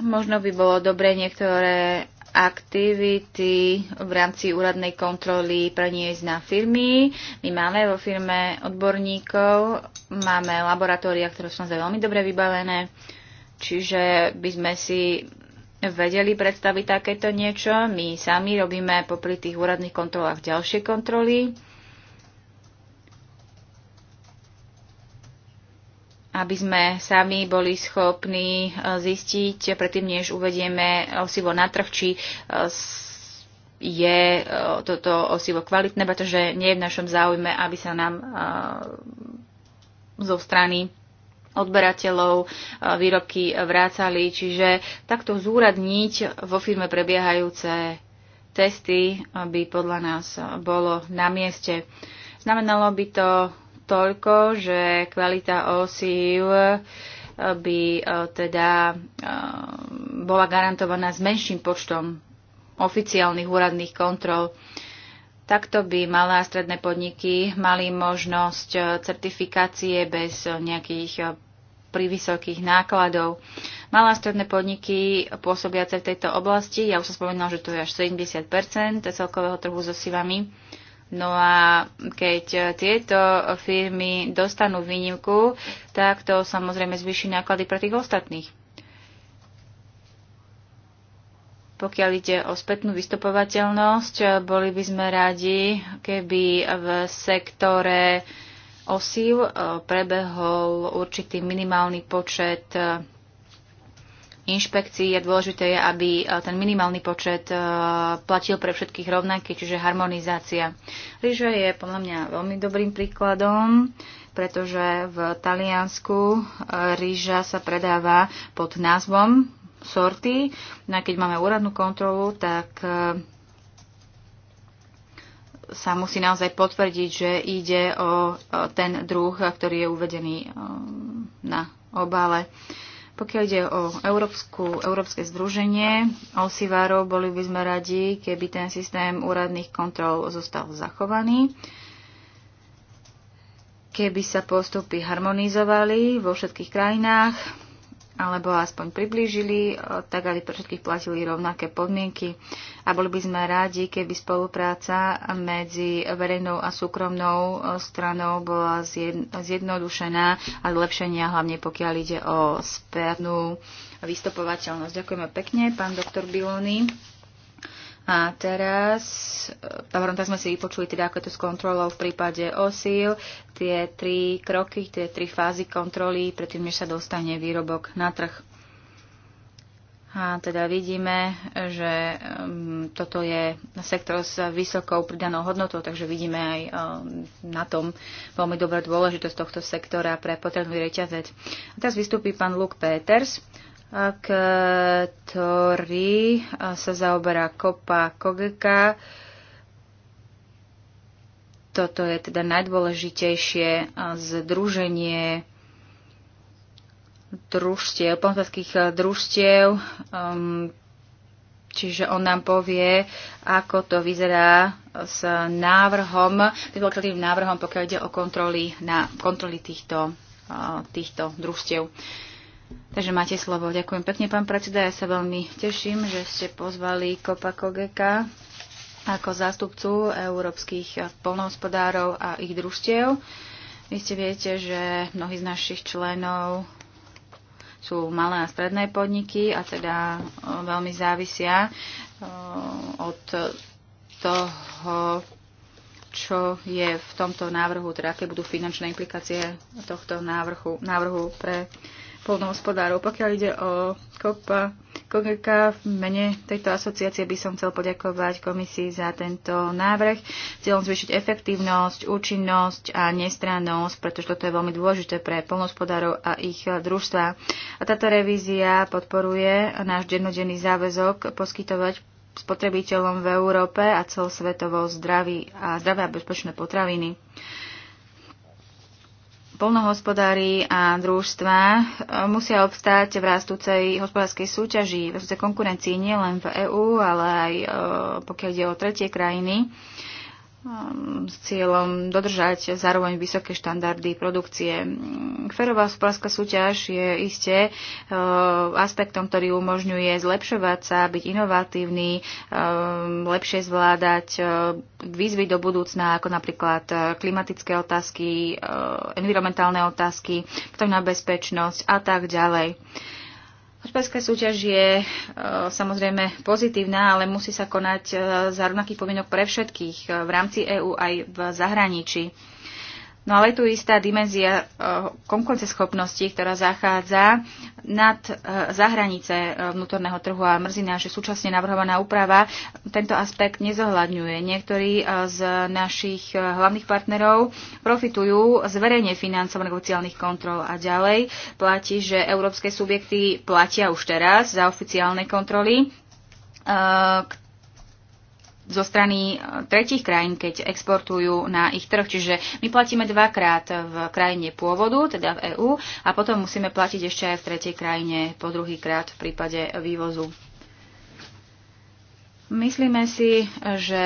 Možno by bolo dobre niektoré aktivity v rámci úradnej kontroly preniesť na firmy. My máme vo firme odborníkov, máme laboratória, ktoré sú naozaj veľmi dobre vybavené, čiže by sme si vedeli predstaviť takéto niečo. My sami robíme popri tých úradných kontrolách ďalšie kontroly aby sme sami boli schopní eh, zistiť, predtým než uvedieme osivo na trh, či eh, je eh, toto osivo kvalitné, pretože nie je v našom záujme, aby sa nám zo strany odberateľov výrobky vrácali. Čiže takto zúradniť vo firme prebiehajúce testy by podľa nás bolo na mieste. Znamenalo by to toľko, že kvalita osív eh, by eh, teda eh, bola garantovaná s menším počtom oficiálnych úradných kontrol. Takto by malé a stredné podniky mali možnosť certifikácie bez nejakých vysokých nákladov. Malé a stredné podniky pôsobiace v tejto oblasti, ja už som spomenula, že to je až 70 celkového trhu so sivami, No a keď e, tieto firmy dostanú výnimku, tak to samozrejme zvýši náklady pre tých ostatných. Pokiaľ ide o spätnú vystupovateľnosť, e, boli by sme radi, keby v sektore osív e, prebehol určitý minimálny počet inšpekcií je dôležité, aby e, ten minimálny počet e, platil pre všetkých rovnaký, čiže harmonizácia. Ríže je podľa mňa veľmi dobrým príkladom, pretože v Taliansku e, ríža sa predáva pod názvom sorty. No a keď máme úradnú kontrolu, tak sa musí naozaj potvrdiť, že ide o ten druh, ktorý je uvedený na obale. Pokiaľ ide o Európsku, Európske združenie osivárov, boli by sme radi, keby ten systém úradných kontrol zostal zachovaný, keby sa postupy harmonizovali vo všetkých krajinách, alebo aspoň priblížili, e, tak aby pre všetkých platili rovnaké podmienky. A boli by sme rádi, keby spolupráca medzi verejnou a súkromnou e, stranou bola zjednodušená a zlepšenia, hlavne pokiaľ ide o spernú vystopovateľnosť. Ďakujeme pekne, pán doktor Bilony. A teraz, e, tam tak sme si vypočuli teda, ako je to s kontrolou v prípade osíl, tie tri kroky, tie tri fázy kontroly, predtým, než sa dostane výrobok na trh. A teda vidíme, že um, toto je sektor s vysokou pridanou hodnotou, takže vidíme aj um, na tom veľmi dobrú dôležitosť tohto sektora pre potrebný reťazec. A teraz vystúpi pán Luke Peters, ktorý e, e, sa zaoberá kopa kogeka. Toto je teda najdôležitejšie e, združenie družstiev, pomorských družstiev. čiže on nám povie, ako to vyzerá s návrhom, legislatívnym návrhom, pokiaľ ide o kontroly, na, kontroly týchto, týchto družstiev. Takže máte slovo. Ďakujem pekne, pán predseda. Ja sa veľmi teším, že ste pozvali Kopa Kogeka ako zástupcu európskych polnohospodárov a ich družstiev. Vy ste viete, že mnohí z našich členov sú malé a stredné podniky a teda veľmi závisia od toho, čo je v tomto návrhu, teda aké budú finančné implikácie tohto návrhu, návrhu pre polnohospodárov. Pokiaľ ide o kopa, Kogeka, v mene tejto asociácie by som chcel poďakovať komisii za tento návrh. Cieľom zvýšiť efektívnosť, účinnosť a nestrannosť, pretože toto je veľmi dôležité pre polnohospodárov a ich družstva. A táto revízia podporuje náš dennodenný záväzok poskytovať spotrebiteľom v Európe a celosvetovo zdraví a zdravé a bezpečné potraviny polnohospodári a družstva e, musia obstáť v rastúcej hospodárskej súťaži, v rastúcej konkurencii nielen v EÚ, ale aj e, pokiaľ ide o tretie krajiny. Ehm, s cieľom dodržať zároveň vysoké štandardy produkcie. Mm, Ferová hospodárska súťaž je iste eh, aspektom, ktorý umožňuje zlepšovať sa, byť inovatívny, ehm, lepšie zvládať eh, výzvy do budúcna, ako napríklad eh, klimatické otázky, environmentálne otázky, ktorá bezpečnosť a tak ďalej. Hospodárska súťaž je e, samozrejme pozitívna, ale musí sa konať e, za rovnaký povinok pre všetkých e, v rámci EÚ aj v zahraničí. No ale je tu istá dimenzia eh, konkurenceschopnosti, ktorá zachádza nad eh, zahranice eh, vnútorného trhu a mrzí nás, že súčasne navrhovaná úprava tento aspekt nezohľadňuje. Niektorí z našich hlavných partnerov profitujú z verejne financovaných oficiálnych kontrol a ďalej platí, že európske subjekty platia už teraz za oficiálne kontroly, zo strany e, tretich krajín, keď exportujú na ich trh. Čiže my platíme dvakrát v krajine pôvodu, teda v EÚ, a potom musíme platiť ešte aj v tretej krajine po druhýkrát v prípade vývozu. Myslíme si, že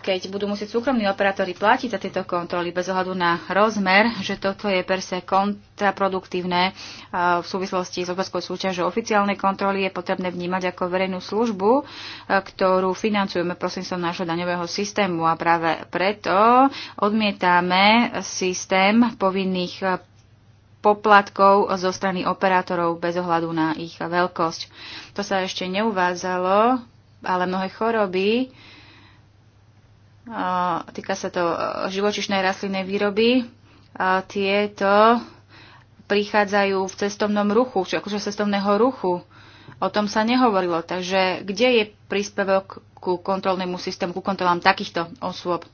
keď budú musieť súkromní operátori platiť za tieto kontroly bez ohľadu na rozmer, že toto je per se kontraproduktívne e, v súvislosti s obrovskou súťažou oficiálnej kontroly je potrebné vnímať ako verejnú službu, e, ktorú financujeme prostredníctvom nášho daňového systému a práve preto odmietame systém povinných e, poplatkov zo strany operátorov bez ohľadu na ich veľkosť. To sa ešte neuvádzalo, ale mnohé choroby týka sa to e, živočišnej rastlinnej výroby, tieto prichádzajú v cestovnom ruchu, či akože cestovného ruchu. O tom sa nehovorilo. Takže kde je príspevok ku kontrolnému systému, ku kontrolám takýchto osôb?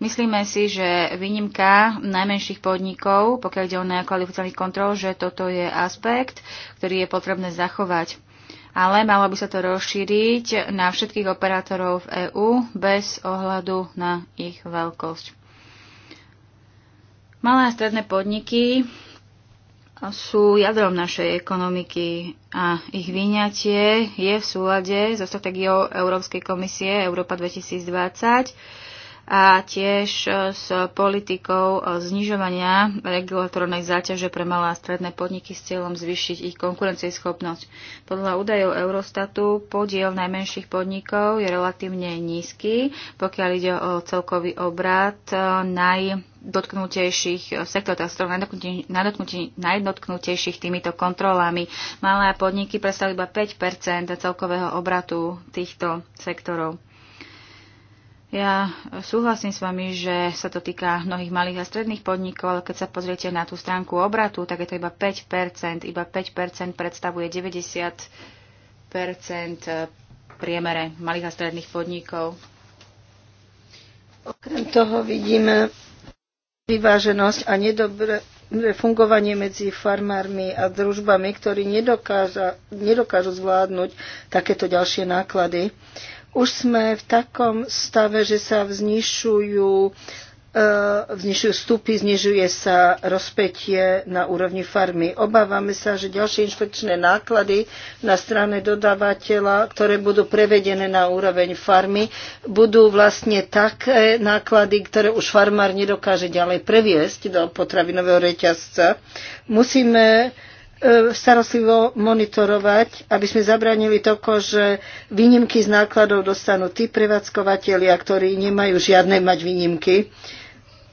Myslíme si, že výnimka najmenších podnikov, pokiaľ ide o nekvalifikovaných kontrol, že toto je aspekt, ktorý je potrebné zachovať ale malo by sa to rozšíriť na všetkých operátorov v EÚ bez ohľadu na ich veľkosť. Malé a stredné podniky sú jadrom našej ekonomiky a ich vyňatie je v súlade so stratégiou Európskej komisie Európa 2020 a tiež e, s politikou e, znižovania regulatornej záťaže pre malé a stredné podniky s cieľom zvýšiť ich konkurencieschopnosť. Podľa údajov Eurostatu podiel najmenších podnikov je relatívne nízky, pokiaľ ide o celkový obrad e, naj dotknutejších sektorov, teda najdotknutejších týmito kontrolami. Malé podniky predstavujú iba 5 celkového obratu týchto sektorov. Ja súhlasím s vami, že sa to týka mnohých malých a stredných podnikov, ale keď sa pozriete na tú stránku obratu, tak je to iba 5%. Iba 5% predstavuje 90% eh, priemere malých a stredných podnikov. Okrem toho vidíme vyváženosť a nedobre fungovanie medzi farmármi a družbami, ktorí nedokážu zvládnuť takéto ďalšie náklady. Už sme v takom stave, že sa vznišujú e, vznišujú vstupy, znižuje sa rozpetie na úrovni farmy. Obávame sa, že ďalšie inšpekčné náklady na strane dodávateľa, ktoré budú prevedené na úroveň farmy, budú vlastne také náklady, ktoré už farmár nedokáže ďalej previesť do potravinového reťazca. Musíme E, starostlivo monitorovať, aby sme zabranili toko, že výnimky z nákladov dostanú tí prevádzkovateľia, ktorí nemajú žiadne mať výnimky.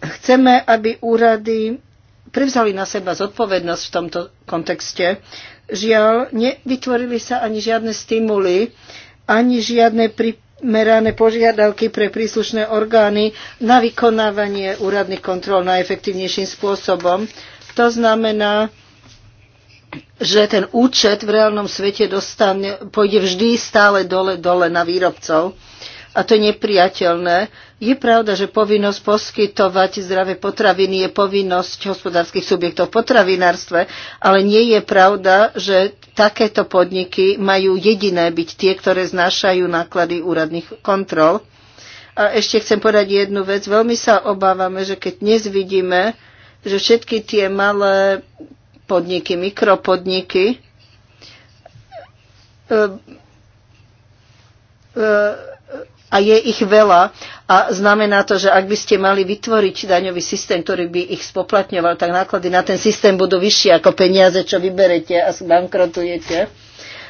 Chceme, aby úrady prevzali na seba zodpovednosť v tomto kontexte. Žiaľ, nevytvorili sa ani žiadne stimuly, ani žiadne primerané požiadavky pre príslušné orgány na vykonávanie úradných kontrol najefektívnejším spôsobom. To znamená, že ten účet v reálnom svete dostane, pôjde vždy stále dole, dole na výrobcov. A to je nepriateľné. Je pravda, že povinnosť poskytovať zdravé potraviny je povinnosť hospodárskych subjektov v potravinárstve, ale nie je pravda, že takéto podniky majú jediné byť tie, ktoré znášajú náklady úradných kontrol. A ešte chcem povedať jednu vec. Veľmi sa obávame, že keď dnes vidíme, že všetky tie malé podniky, mikropodniky, e, e, e, a je ich veľa a znamená to, že ak by ste mali vytvoriť daňový systém, ktorý by ich spoplatňoval, tak náklady na ten systém budú vyššie ako peniaze, čo vyberete a zbankrotujete.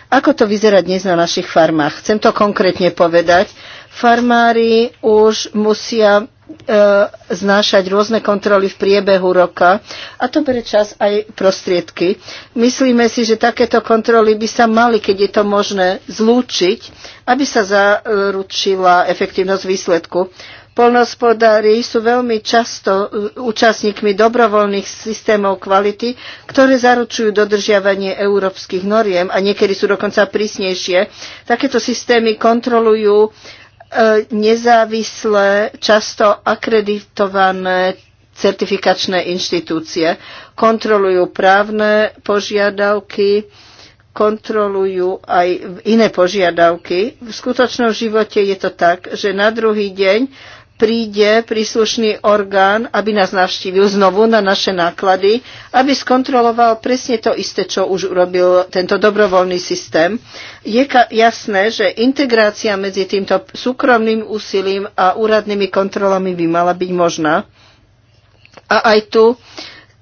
Ako to vyzerá dnes na našich farmách? Chcem to konkrétne povedať. Farmári už musia E, znášať rôzne kontroly v priebehu roka a to bere čas aj prostriedky. Myslíme si, že takéto kontroly by sa mali, keď je to možné, zlúčiť, aby sa zaručila efektívnosť výsledku. Polnospodári sú veľmi často e, účastníkmi dobrovoľných systémov kvality, ktoré zaručujú dodržiavanie európskych noriem a niekedy sú dokonca prísnejšie. Takéto systémy kontrolujú E, nezávislé, často akreditované certifikačné inštitúcie. Kontrolujú právne požiadavky, kontrolujú aj iné požiadavky. V skutočnom živote je to tak, že na druhý deň príde príslušný orgán, aby nás navštívil znovu na naše náklady, aby skontroloval presne to isté, čo už urobil tento dobrovoľný systém. Je jasné, že integrácia medzi týmto súkromným úsilím a úradnými kontrolami by mala byť možná. A aj tu uh,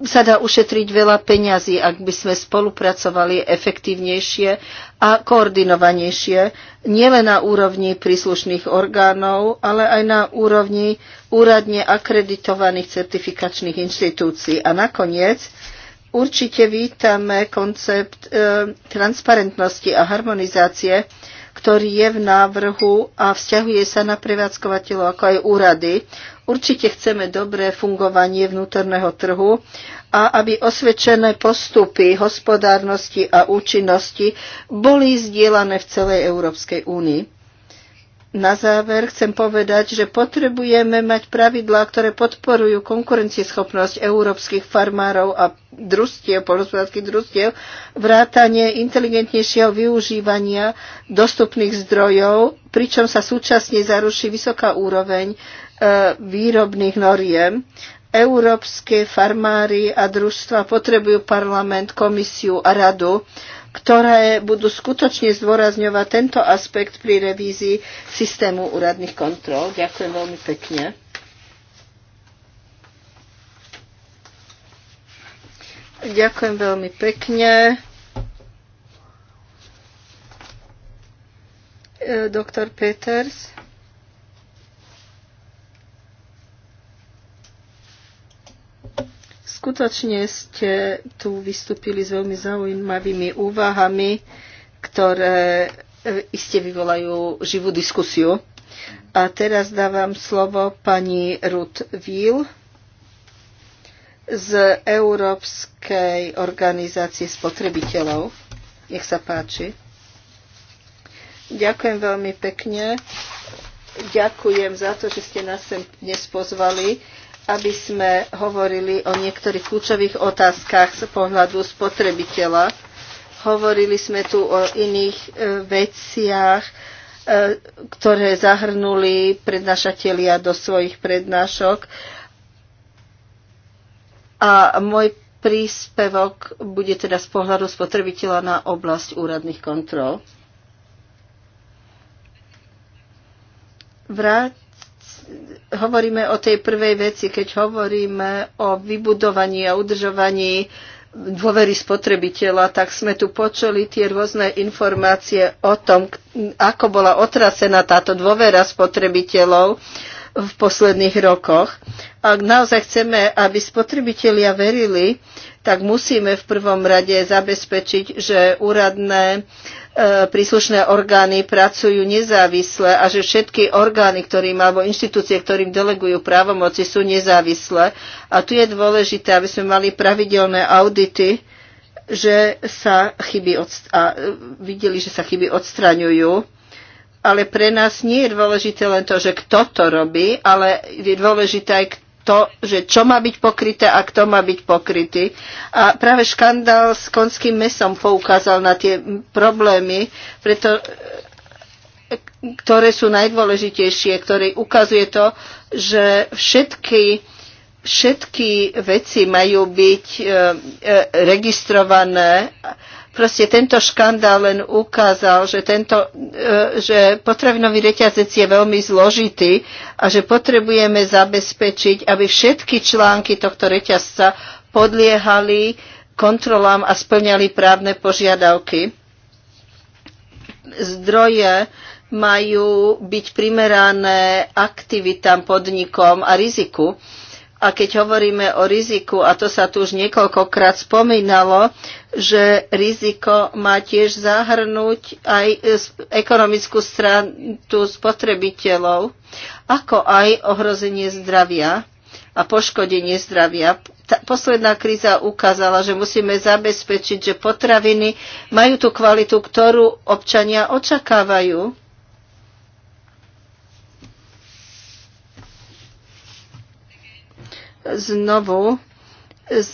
sa dá ušetriť veľa peňazí, ak by sme spolupracovali efektívnejšie a koordinovanejšie, nielen na úrovni príslušných orgánov, ale aj na úrovni úradne akreditovaných certifikačných inštitúcií. A nakoniec určite vítame koncept e, transparentnosti a harmonizácie ktorý je v návrhu a vzťahuje sa na prevádzkovateľov ako aj úrady. Určite chceme dobré fungovanie vnútorného trhu a aby osvedčené postupy hospodárnosti a účinnosti boli zdieľané v celej Európskej únii na záver chcem povedať, že potrebujeme mať pravidlá, ktoré podporujú konkurencieschopnosť európskych farmárov a družstiev, polnospodárských družstiev, vrátanie inteligentnejšieho využívania dostupných zdrojov, pričom sa súčasne zaruší vysoká úroveň e, výrobných noriem. Európske farmári a družstva potrebujú parlament, komisiu a radu, ktoré budú skutočne zdôrazňovať tento aspekt pri revízii systému úradných kontrol. Ďakujem veľmi pekne. Ďakujem veľmi pekne. E, doktor Peters. Skutočne ste tu vystúpili s veľmi zaujímavými úvahami, ktoré e, iste vyvolajú živú diskusiu. A teraz dávam slovo pani Ruth Will z Európskej organizácie spotrebiteľov. Nech sa páči. Ďakujem veľmi pekne. Ďakujem za to, že ste nás sem dnes pozvali aby sme hovorili o niektorých kľúčových otázkach z pohľadu spotrebiteľa. Hovorili sme tu o iných e, veciach, e, ktoré zahrnuli prednášatelia do svojich prednášok. A môj príspevok bude teda z pohľadu spotrebiteľa na oblasť úradných kontrol. Vráť hovoríme o tej prvej veci, keď hovoríme o vybudovaní a udržovaní dôvery spotrebiteľa, tak sme tu počuli tie rôzne informácie o tom, ako bola otrasená táto dôvera spotrebiteľov v posledných rokoch. Ak naozaj chceme, aby spotrebitelia verili, tak musíme v prvom rade zabezpečiť, že úradné uh, E, príslušné orgány pracujú nezávisle a že všetky orgány, ktorým alebo inštitúcie, ktorým delegujú právomoci, sú nezávislé. A tu je dôležité, aby sme mali pravidelné audity, že sa chyby a e, videli, že sa chyby odstraňujú. Ale pre nás nie je dôležité len to, že kto to robí, ale je dôležité aj to, že čo má byť pokryté a kto má byť pokrytý. A práve škandál s konským mesom poukázal na tie problémy, preto, ktoré sú najdôležitejšie, ktorý ukazuje to, že všetky, všetky veci majú byť e, e, registrované Proste tento škandál len ukázal, že, tento, e, že potravinový reťazec je veľmi zložitý a že potrebujeme zabezpečiť, aby všetky články tohto reťazca podliehali kontrolám a splňali právne požiadavky. Zdroje majú byť primerané aktivitám, podnikom a riziku a keď hovoríme o riziku, a to sa tu už niekoľkokrát spomínalo, že riziko má tiež zahrnúť aj e, ekonomickú stranu spotrebiteľov, ako aj ohrozenie zdravia a poškodenie zdravia. Tá posledná kríza ukázala, že musíme zabezpečiť, že potraviny majú tú kvalitu, ktorú občania očakávajú znovu z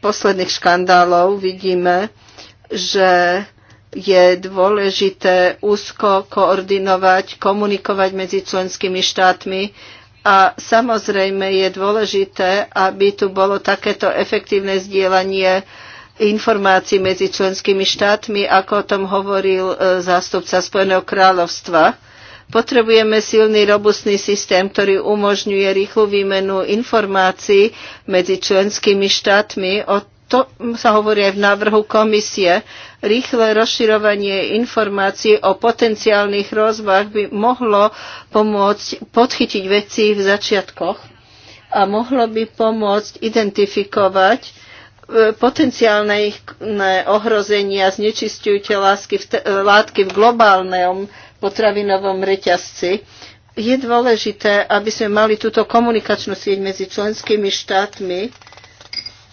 posledných škandálov vidíme, že je dôležité úzko koordinovať, komunikovať medzi členskými štátmi a samozrejme je dôležité, aby tu bolo takéto efektívne zdieľanie informácií medzi členskými štátmi, ako o tom hovoril e, zástupca Spojeného kráľovstva Potrebujeme silný, robustný systém, ktorý umožňuje rýchlu výmenu informácií medzi členskými štátmi. O to sa hovorí aj v návrhu komisie. Rýchle rozširovanie informácií o potenciálnych rozvách by mohlo pomôcť podchytiť veci v začiatkoch a mohlo by pomôcť identifikovať e, potenciálne ohrozenia znečistujúce e, látky v globálnom potravinovom reťazci. Je dôležité, aby sme mali túto komunikačnú sieť medzi členskými štátmi,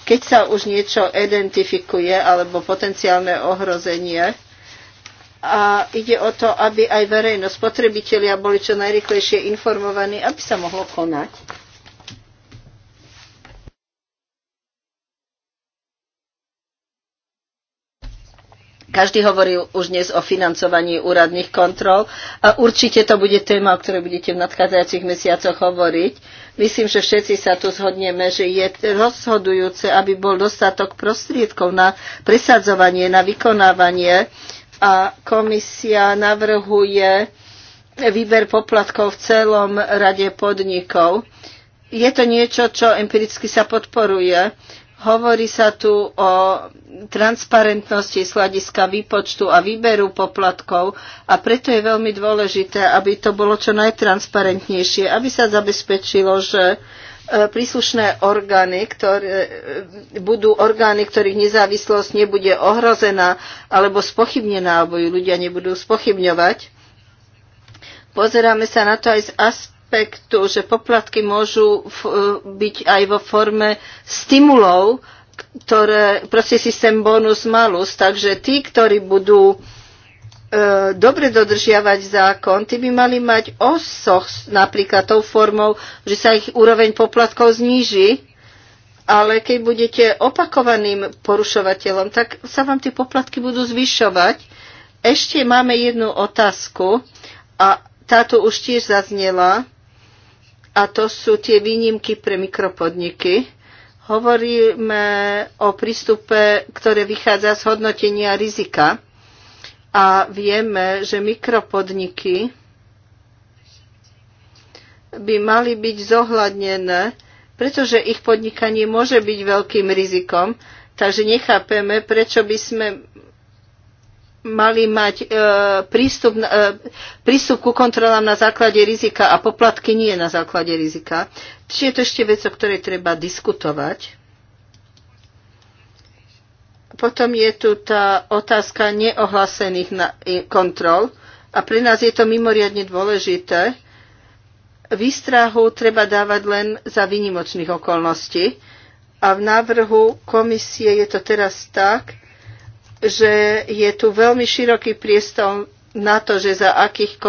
keď sa už niečo identifikuje alebo potenciálne ohrozenie. A ide o to, aby aj verejnosť, spotrebitelia boli čo najrychlejšie informovaní, aby sa mohlo konať. Každý hovorí už dnes o financovaní úradných kontrol a určite to bude téma, o ktorej budete v nadchádzajúcich mesiacoch hovoriť. Myslím, že všetci sa tu zhodneme, že je rozhodujúce, aby bol dostatok prostriedkov na presadzovanie, na vykonávanie a komisia navrhuje výber poplatkov v celom rade podnikov. Je to niečo, čo empiricky sa podporuje. Hovorí sa tu o transparentnosti z hľadiska výpočtu a výberu poplatkov a preto je veľmi dôležité, aby to bolo čo najtransparentnejšie, aby sa zabezpečilo, že e, príslušné orgány, ktoré, e, budú orgány, ktorých nezávislosť nebude ohrozená alebo spochybnená, alebo ju ľudia nebudú spochybňovať. Pozeráme sa na to aj z aspektu, že poplatky môžu e, byť aj vo forme stimulov, ktoré, proste systém bonus malus, takže tí, ktorí budú e, dobre dodržiavať zákon, tí by mali mať osoch napríklad tou formou, že sa ich úroveň poplatkov zníži, ale keď budete opakovaným porušovateľom, tak sa vám tie poplatky budú zvyšovať. Ešte máme jednu otázku a táto už tiež zaznela a to sú tie výnimky pre mikropodniky. Hovoríme o prístupe, ktoré vychádza z hodnotenia rizika a vieme, že mikropodniky by mali byť zohľadnené, pretože ich podnikanie môže byť veľkým rizikom, takže nechápeme, prečo by sme mali mať e, prístup, e, prístup ku kontrolám na základe rizika a poplatky nie na základe rizika. Čiže je to ešte vec, o ktorej treba diskutovať. Potom je tu tá otázka neohlasených na, e, kontrol a pre nás je to mimoriadne dôležité. Výstrahu treba dávať len za vynimočných okolností a v návrhu komisie je to teraz tak, že je tu veľmi široký priestor na to, že za akých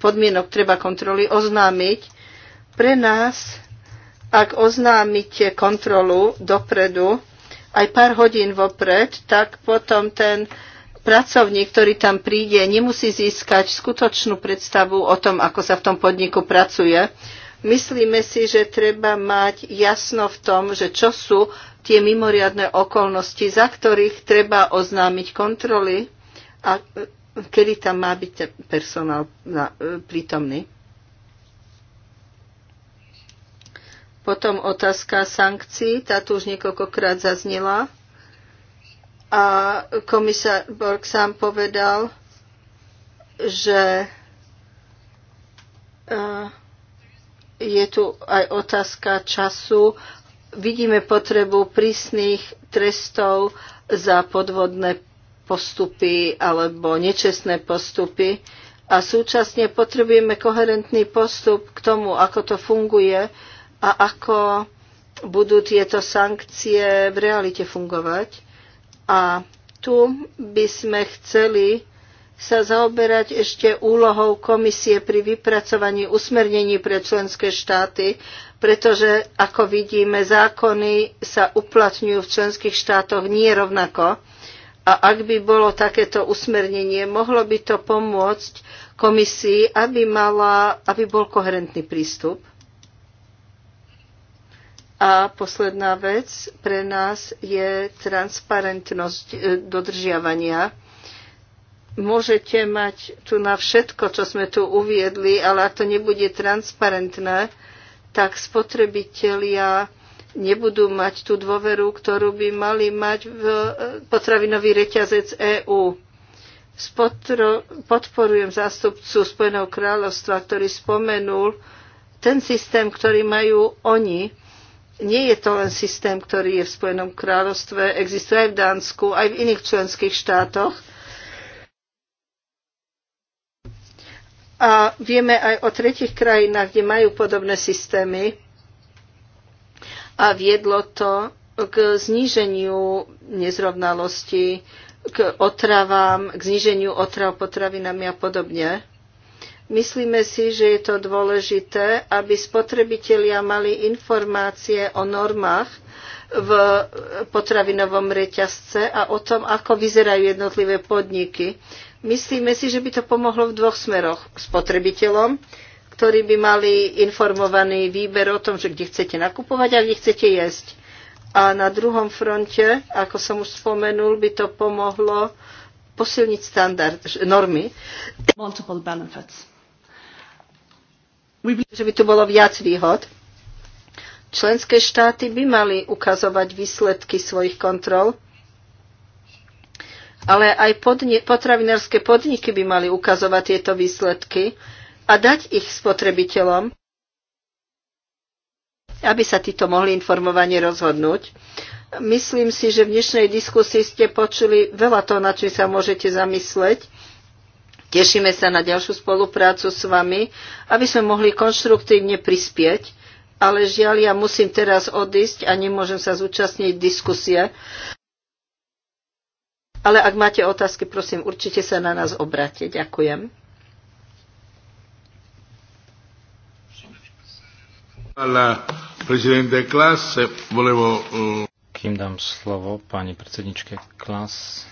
podmienok treba kontroly oznámiť. Pre nás, ak oznámite kontrolu dopredu, aj pár hodín vopred, tak potom ten pracovník, ktorý tam príde, nemusí získať skutočnú predstavu o tom, ako sa v tom podniku pracuje. Myslíme si, že treba mať jasno v tom, že čo sú tie mimoriadne okolnosti, za ktorých treba oznámiť kontroly a e, kedy tam má byť personál e, prítomný. Potom otázka sankcií, tá tu už niekoľkokrát zaznela. A komisár Borg sám povedal, že e, je tu aj otázka času vidíme potrebu prísnych trestov za podvodné postupy alebo nečestné postupy a súčasne potrebujeme koherentný postup k tomu, ako to funguje a ako budú tieto sankcie v realite fungovať. A tu by sme chceli sa zaoberať ešte úlohou komisie pri vypracovaní usmernení pre členské štáty, pretože, ako vidíme, zákony sa uplatňujú v členských štátoch nie rovnako. A ak by bolo takéto usmernenie, mohlo by to pomôcť komisii, aby, mala, aby bol koherentný prístup. A posledná vec pre nás je transparentnosť eh, dodržiavania môžete mať tu na všetko, čo sme tu uviedli, ale ak to nebude transparentné, tak spotrebitelia nebudú mať tú dôveru, ktorú by mali mať v e, potravinový reťazec EÚ. Podporujem zástupcu Spojeného kráľovstva, ktorý spomenul ten systém, ktorý majú oni. Nie je to len systém, ktorý je v Spojenom kráľovstve, existuje aj v Dánsku, aj v iných členských štátoch A vieme aj o tretich krajinách, kde majú podobné systémy. A viedlo to k zníženiu nezrovnalosti, k otravám, k zníženiu otrav potravinami a podobne. Myslíme si, že je to dôležité, aby spotrebitelia mali informácie o normách v potravinovom reťazce a o tom, ako vyzerajú jednotlivé podniky. Myslíme si, že by to pomohlo v dvoch smeroch. Spotrebiteľom, ktorí by mali informovaný výber o tom, že kde chcete nakupovať a kde chcete jesť. A na druhom fronte, ako som už spomenul, by to pomohlo posilniť standard, normy. Multiple benefits. Že by tu bolo viac výhod. Členské štáty by mali ukazovať výsledky svojich kontrol ale aj podni- potravinárske podniky by mali ukazovať tieto výsledky a dať ich spotrebiteľom, aby sa títo mohli informovane rozhodnúť. Myslím si, že v dnešnej diskusii ste počuli veľa toho, na čím sa môžete zamysleť. Tešíme sa na ďalšiu spoluprácu s vami, aby sme mohli konštruktívne prispieť, ale žiaľ, ja musím teraz odísť a nemôžem sa zúčastniť diskusie. Ale ak máte otázky, prosím, určite sa na nás obráte. Ďakujem. Eh, Kým dám slovo pani predsedničke Klas,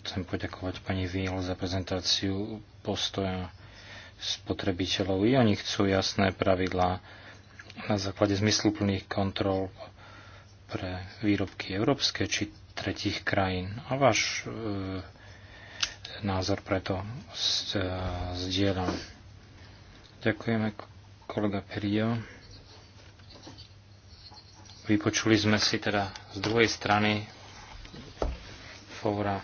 chcem poďakovať pani Víl za prezentáciu postoja spotrebiteľov. I oni chcú jasné pravidlá na základe zmysluplných kontrol pre výrobky európske či tretich krajín. A váš e, názor preto s, e, zdieľam. Ďakujeme, kolega Perio. Vypočuli sme si teda z druhej strany fóra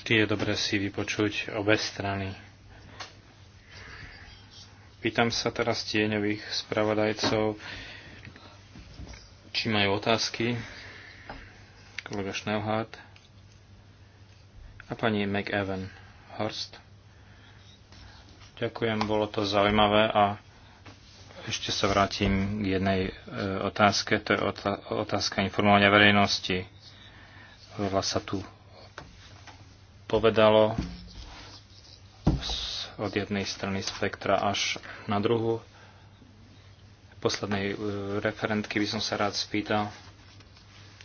vždy je dobre si vypočuť obe strany. Pýtam sa teraz tieňových spravodajcov, či majú otázky. Kolega Schnellhardt a pani McEwen Horst. Ďakujem, bolo to zaujímavé a ešte sa vrátim k jednej e, otázke, to je otázka informovania verejnosti. Veľa sa tu povedalo, od jednej strany spektra až na druhú. Poslednej e, referentky by som sa rád spýtal,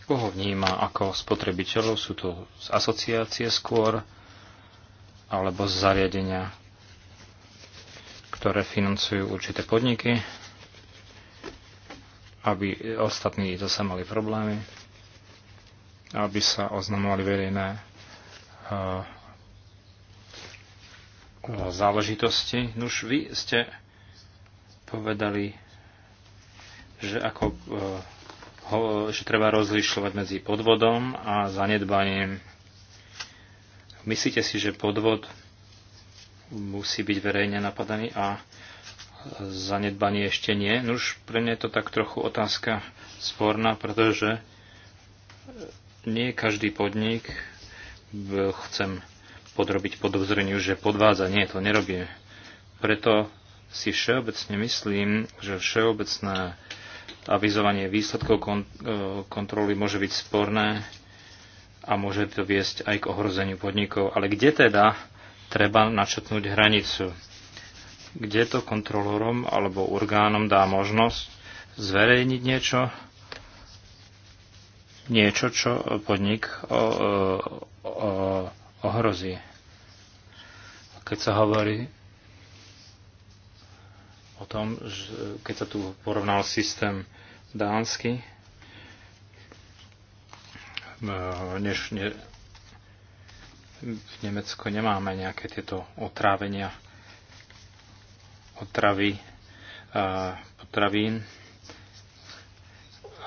koho vníma ako spotrebiteľov. Sú to z asociácie skôr alebo z zariadenia, ktoré financujú určité podniky, aby ostatní zase mali problémy, aby sa oznamovali verejné e, záležitosti. Nuž, vy ste povedali, že ako eh, že treba rozlišovať medzi podvodom a zanedbaním. Myslíte si, že podvod musí byť verejne napadaný a zanedbanie ešte nie? Nuž, pre mňa je to tak trochu otázka sporná, pretože nie každý podnik eh, chcem podrobiť podozreniu, že podvádza. Nie, to nerobí. Preto si všeobecne myslím, že všeobecné avizovanie výsledkov kont- e, kontroly môže byť sporné a môže to viesť aj k ohrozeniu podnikov. Ale kde teda treba načetnúť hranicu? Kde to kontrolorom alebo orgánom dá možnosť zverejniť niečo, niečo, čo podnik o, o, o, ohrozí. Keď sa hovorí o tom, že keď sa tu porovnal systém dánsky, eh, než ne, v Nemecku nemáme nejaké tieto otrávenia, otravy a eh, potravín.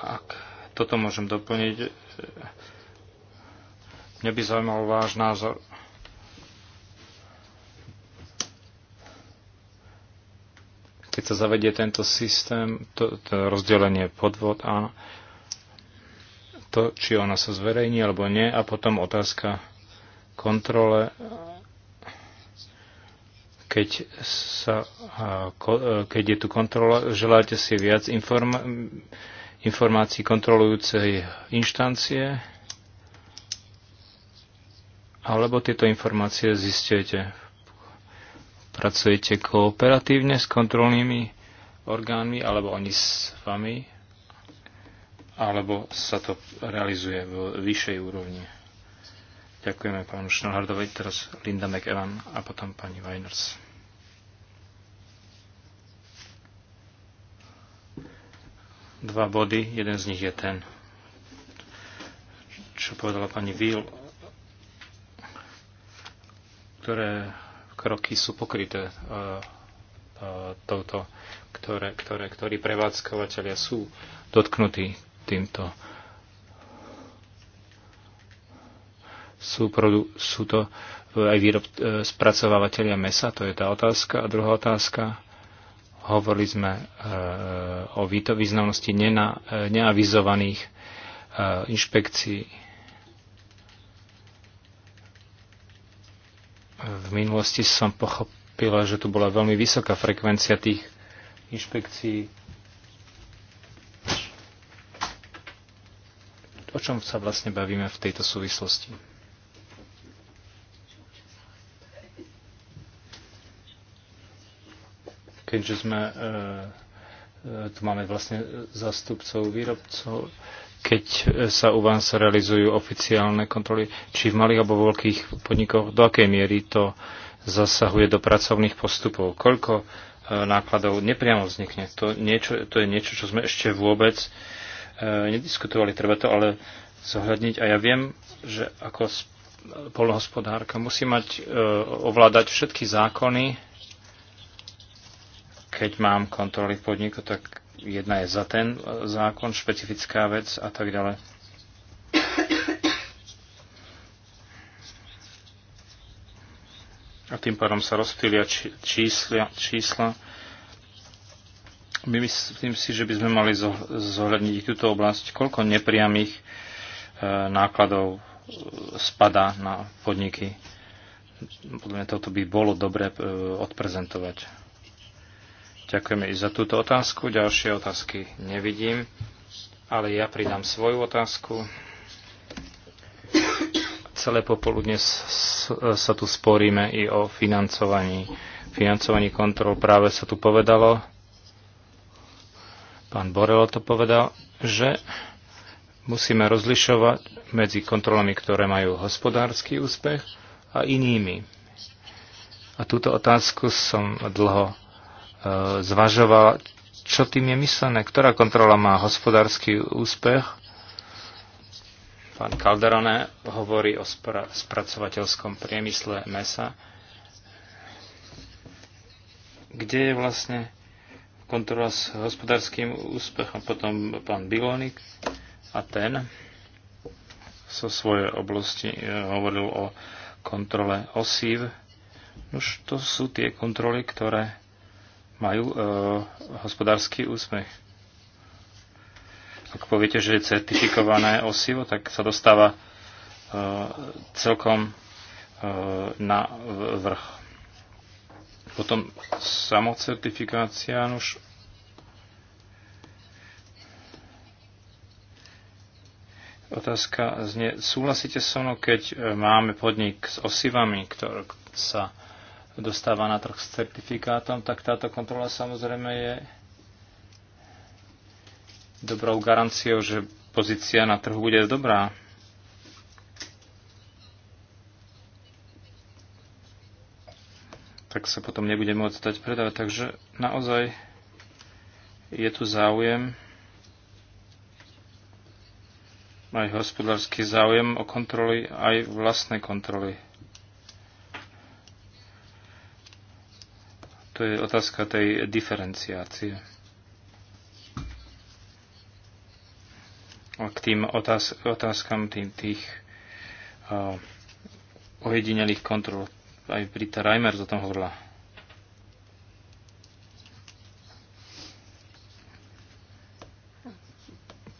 Ak toto môžem doplniť, eh, Mňa by zaujímal váš názor. Keď sa zavedie tento systém, to, to rozdelenie podvod a to, či ona sa zverejní alebo nie, a potom otázka kontrole, keď, sa, e, keď je tu kontrola, želáte si viac informácií kontrolujúcej inštancie, alebo tieto informácie zistujete. Pracujete kooperatívne s kontrolnými orgánmi, alebo oni s vami, alebo sa to realizuje v vyššej úrovni. Ďakujeme pánu Šnelhardovej, teraz Linda McEvan a potom pani Weiners. Dva body, jeden z nich je ten, čo povedala pani Will ktoré kroky sú pokryté e, e, touto, ktoré, ktoré, ktorí prevádzkovateľia sú dotknutí týmto. Sú, produ, sú to aj výrob, e, spracovávateľia mesa, to je tá otázka. A druhá otázka, hovorili sme e, o významnosti nena, e, neavizovaných e, inšpekcií V minulosti som pochopila, že tu bola veľmi vysoká frekvencia tých inšpekcií. O čom sa vlastne bavíme v tejto súvislosti? Keďže sme, eh, eh, tu máme vlastne eh, zastupcov výrobcov, keď e, sa u vás realizujú oficiálne kontroly, či v malých alebo veľkých podnikoch, do akej miery to zasahuje do pracovných postupov, koľko e, nákladov nepriamo vznikne. To, niečo, to je niečo, čo sme ešte vôbec e, nediskutovali. Treba to ale zohľadniť. A ja viem, že ako polnohospodárka musí mať, e, ovládať všetky zákony. Keď mám kontroly v podniku, tak jedna je za ten e, zákon, špecifická vec a tak ďalej. A tým pádom sa rozptýlia čísla, čísla. My myslím si, že by sme mali zohľadniť túto oblasť, koľko nepriamých e, nákladov e, spada na podniky. Podľa mňa toto by bolo dobre odprezentovať. Ďakujeme i za túto otázku. Ďalšie otázky nevidím, ale ja pridám svoju otázku. Celé popoludne sa tu sporíme i o financovaní. Financovaní kontrol práve sa tu povedalo, pán Borelo to povedal, že musíme rozlišovať medzi kontrolami, ktoré majú hospodársky úspech a inými. A túto otázku som dlho E, zvažoval, čo tým je myslené, ktorá kontrola má hospodársky úspech. Pán Calderone hovorí o spra- spracovateľskom priemysle mesa. Kde je vlastne kontrola s hospodárským úspechom? Potom pán Bilonik a ten so svojej oblasti e, hovoril o kontrole osív. Už to sú tie kontroly, ktoré majú e, hospodársky úspech. Ak poviete, že je certifikované osivo, tak sa dostáva e, celkom e, na vrch. Potom samocertifikácia, no už Otázka znie, súhlasíte so mnou, keď e, máme podnik s osivami, ktoré sa dostáva na trh s certifikátom, tak táto kontrola samozrejme je dobrou garanciou, že pozícia na trhu bude dobrá. tak sa potom nebude môcť dať predávať. Takže naozaj je tu záujem, aj hospodársky záujem o kontroly, aj vlastné kontroly. To je otázka tej diferenciácie. A K tým otáz- otázkam tým, tých uh, ojedinelých kontrol. Aj Brita Reimer o tom hovorila.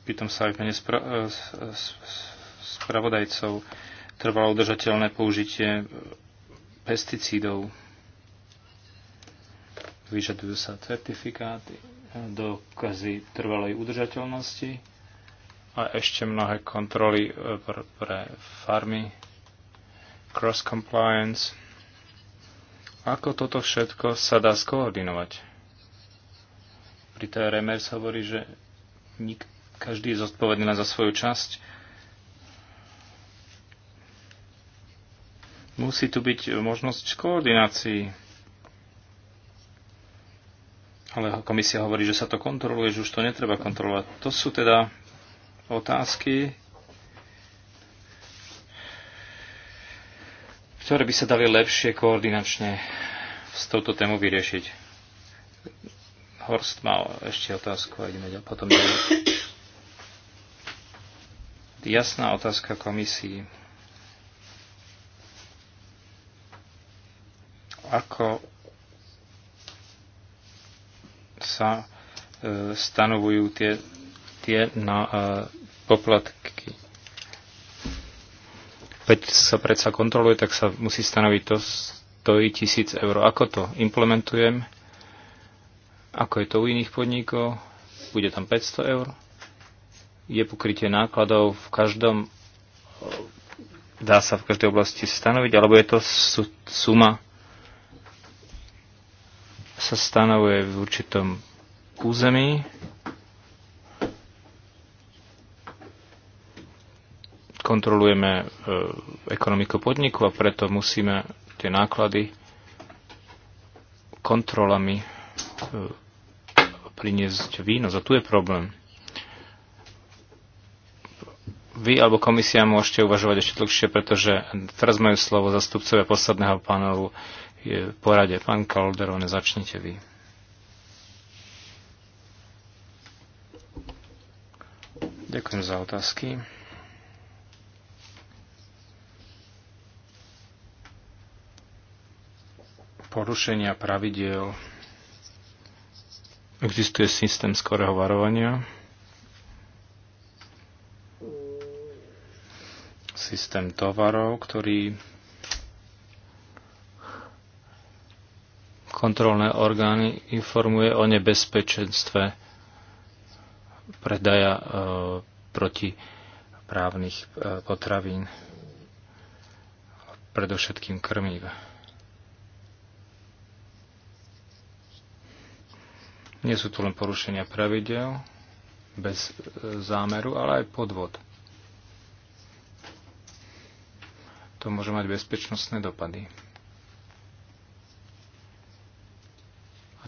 Pýtam sa aj mene spra- e, spravodajcov trvalo udržateľné použitie pesticídov vyžadujú sa certifikáty, dokazy trvalej udržateľnosti a ešte mnohé kontroly e, pre, pre farmy, cross compliance. Ako toto všetko sa dá skoordinovať? Pri sa hovorí, že nik, každý je zodpovedný za svoju časť. Musí tu byť možnosť koordinácií ale komisia hovorí, že sa to kontroluje, že už to netreba kontrolovať. To sú teda otázky, ktoré by sa dali lepšie koordinačne s touto tému vyriešiť. Horst mal ešte otázku a ideme ďalej. Potom ďalej. Jasná otázka komisii. Ako sa e, stanovujú tie, tie na e, poplatky. Keď sa predsa kontroluje, tak sa musí stanoviť to stojí tisíc eur. Ako to implementujem? Ako je to u iných podnikov? Bude tam 500 eur? Je pokrytie nákladov v každom e, dá sa v každej oblasti stanoviť, alebo je to suma sa stanovuje v určitom území. Kontrolujeme e, ekonomiku podniku a preto musíme tie náklady kontrolami e, priniesť výnos. A tu je problém. Vy alebo komisia môžete uvažovať ešte dlhšie, pretože teraz majú slovo zastupcovia posledného panelu je porade. Pán Kalderone, začnite vy. Ďakujem za otázky. Porušenia pravidiel. Existuje systém skorého varovania. Systém tovarov, ktorý kontrolné orgány informuje o nebezpečenstve predaja e, proti právnych e, potravín, predovšetkým krmív. Nie sú to len porušenia pravidel bez e, zámeru, ale aj podvod. To môže mať bezpečnostné dopady.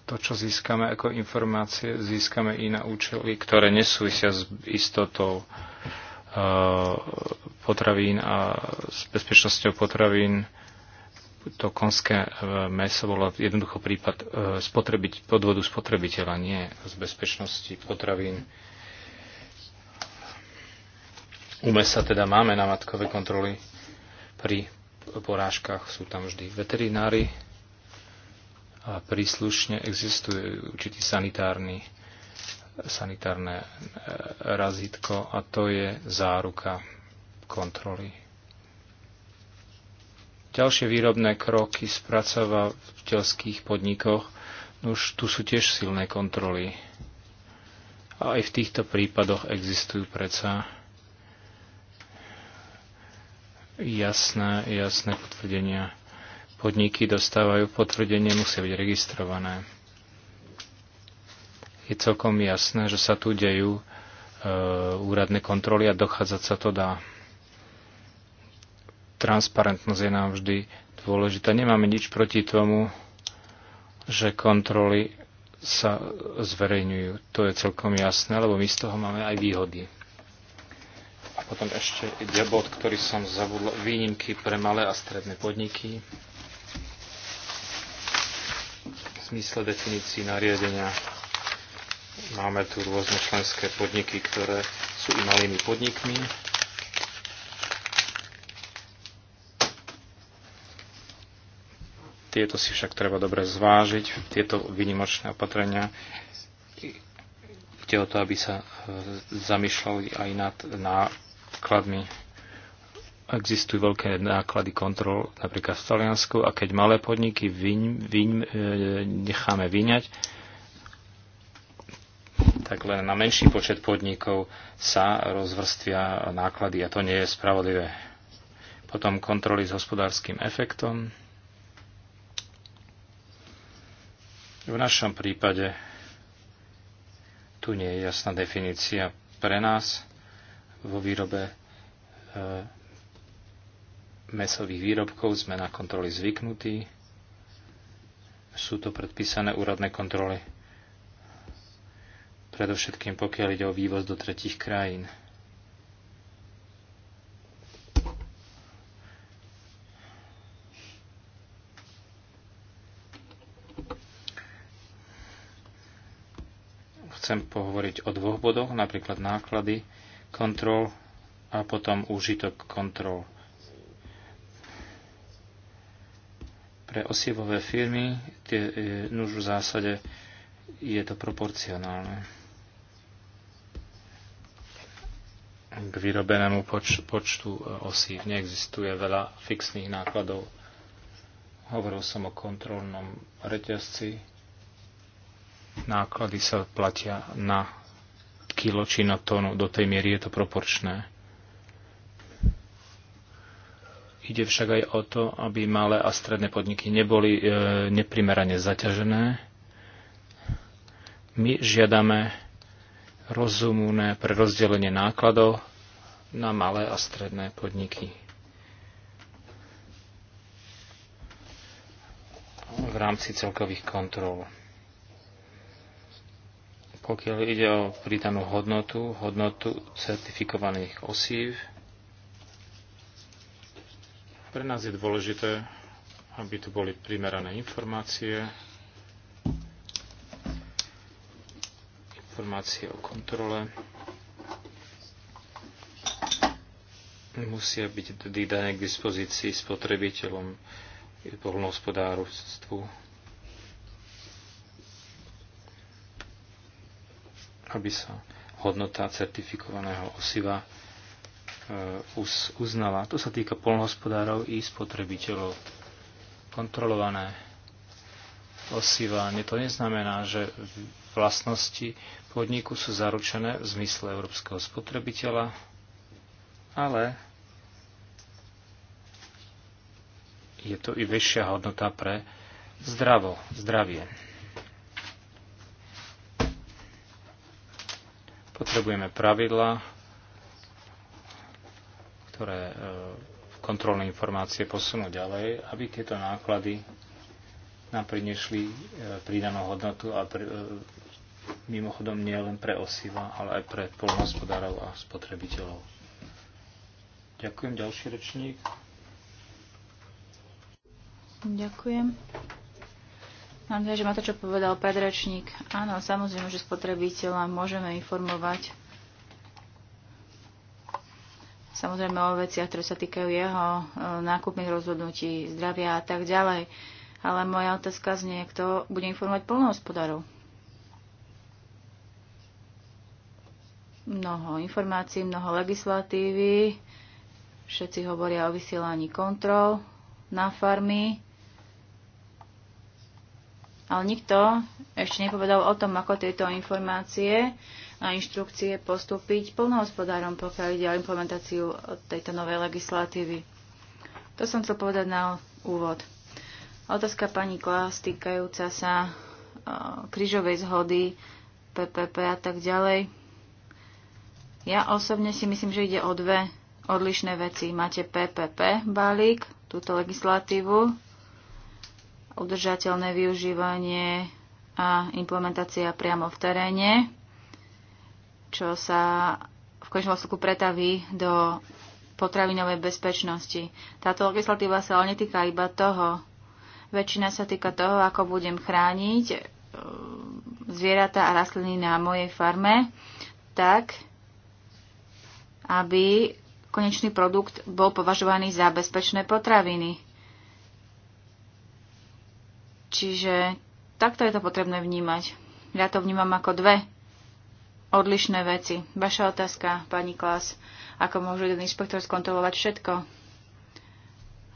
to, čo získame ako informácie, získame i na účely, ktoré nesúvisia s istotou uh, potravín a s bezpečnosťou potravín. To konské uh, meso bolo jednoducho prípad uh, spotrebiť, podvodu spotrebiteľa, nie z bezpečnosti potravín. U mesa teda máme na matkové kontroly pri porážkach, sú tam vždy veterinári, a príslušne existuje určitý sanitárny sanitárne e, razítko a to je záruka kontroly. Ďalšie výrobné kroky v telských podnikoch, no už tu sú tiež silné kontroly. A aj v týchto prípadoch existujú predsa jasné, jasné potvrdenia podniky dostávajú potvrdenie, musia byť registrované. Je celkom jasné, že sa tu dejú e, úradné kontroly a dochádzať sa to dá. Transparentnosť je nám vždy dôležitá. Nemáme nič proti tomu, že kontroly sa zverejňujú. To je celkom jasné, lebo my z toho máme aj výhody. A potom ešte ide bod, ktorý som zabudol, výnimky pre malé a stredné podniky zmysle definícií nariadenia máme tu rôzne členské podniky, ktoré sú i malými podnikmi. Tieto si však treba dobre zvážiť, tieto vynimočné opatrenia. Ide o to, aby sa e, zamýšľali aj nad nákladmi existujú veľké náklady kontrol napríklad v Taliansku a keď malé podniky vyň, vyň, e, necháme vyňať, tak len na menší počet podnikov sa rozvrstvia náklady a to nie je spravodlivé. Potom kontroly s hospodárskym efektom. V našom prípade tu nie je jasná definícia pre nás vo výrobe e, mesových výrobkov sme na kontroly zvyknutí. Sú to predpísané úradné kontroly. Predovšetkým pokiaľ ide o vývoz do tretich krajín. chcem pohovoriť o dvoch bodoch, napríklad náklady kontrol a potom úžitok kontrol. Pre osievové firmy tie, e, nuž v zásade je to proporcionálne k vyrobenému poč- počtu e, osív. Neexistuje veľa fixných nákladov. Hovoril som o kontrolnom reťazci. Náklady sa platia na kilo či na tónu. Do tej miery je to proporčné. Ide však aj o to, aby malé a stredné podniky neboli e, neprimerane zaťažené. My žiadame rozumné pre rozdelenie nákladov na malé a stredné podniky. v rámci celkových kontrol. Pokiaľ ide o pridanú hodnotu, hodnotu certifikovaných osív, pre nás je dôležité, aby tu boli primerané informácie, informácie o kontrole. Musia byť dané k dispozícii spotrebiteľom poľnohospodárovstvu. aby sa hodnota certifikovaného osiva Eh, uznala. To sa týka polnohospodárov i spotrebiteľov. Kontrolované osiva. To neznamená, že vlastnosti podniku sú zaručené v zmysle európskeho spotrebiteľa, ale je to i väčšia hodnota pre zdravo, zdravie. Potrebujeme pravidla, ktoré e, kontrolné informácie posunú ďalej, aby tieto náklady nám prinešli e, pridanú hodnotu a pr- e, mimochodom nie len pre osiva, ale aj pre polnohospodárov a spotrebiteľov. Ďakujem, ďalší rečník. Ďakujem. Mám dve, že ma to, čo povedal predrečník. Áno, samozrejme, že spotrebiteľa môžeme informovať samozrejme o veciach, ktoré sa týkajú jeho e, nákupných rozhodnutí, zdravia a tak ďalej. Ale moja otázka znie, kto bude informovať polnohospodárov? Mnoho informácií, mnoho legislatívy, všetci hovoria o vysielaní kontrol na farmy, ale nikto ešte nepovedal o tom, ako tieto informácie a inštrukcie postúpiť plnohospodárom, pokiaľ ide o implementáciu tejto novej legislatívy. To som chcel povedať na úvod. Otázka pani Klas týkajúca sa e, krížovej zhody, PPP a tak ďalej. Ja osobne si myslím, že ide o dve odlišné veci. Máte PPP balík, túto legislatívu, udržateľné využívanie a implementácia priamo v teréne čo sa v končnom dôsledku pretaví do potravinovej bezpečnosti. Táto legislatíva sa ale netýka iba toho. Väčšina sa týka toho, ako budem chrániť e, zvieratá a rastliny na mojej farme, tak, aby konečný produkt bol považovaný za bezpečné potraviny. Čiže takto je to potrebné vnímať. Ja to vnímam ako dve odlišné veci. Vaša otázka, pani Klas, ako môže jeden inspektor skontrolovať všetko?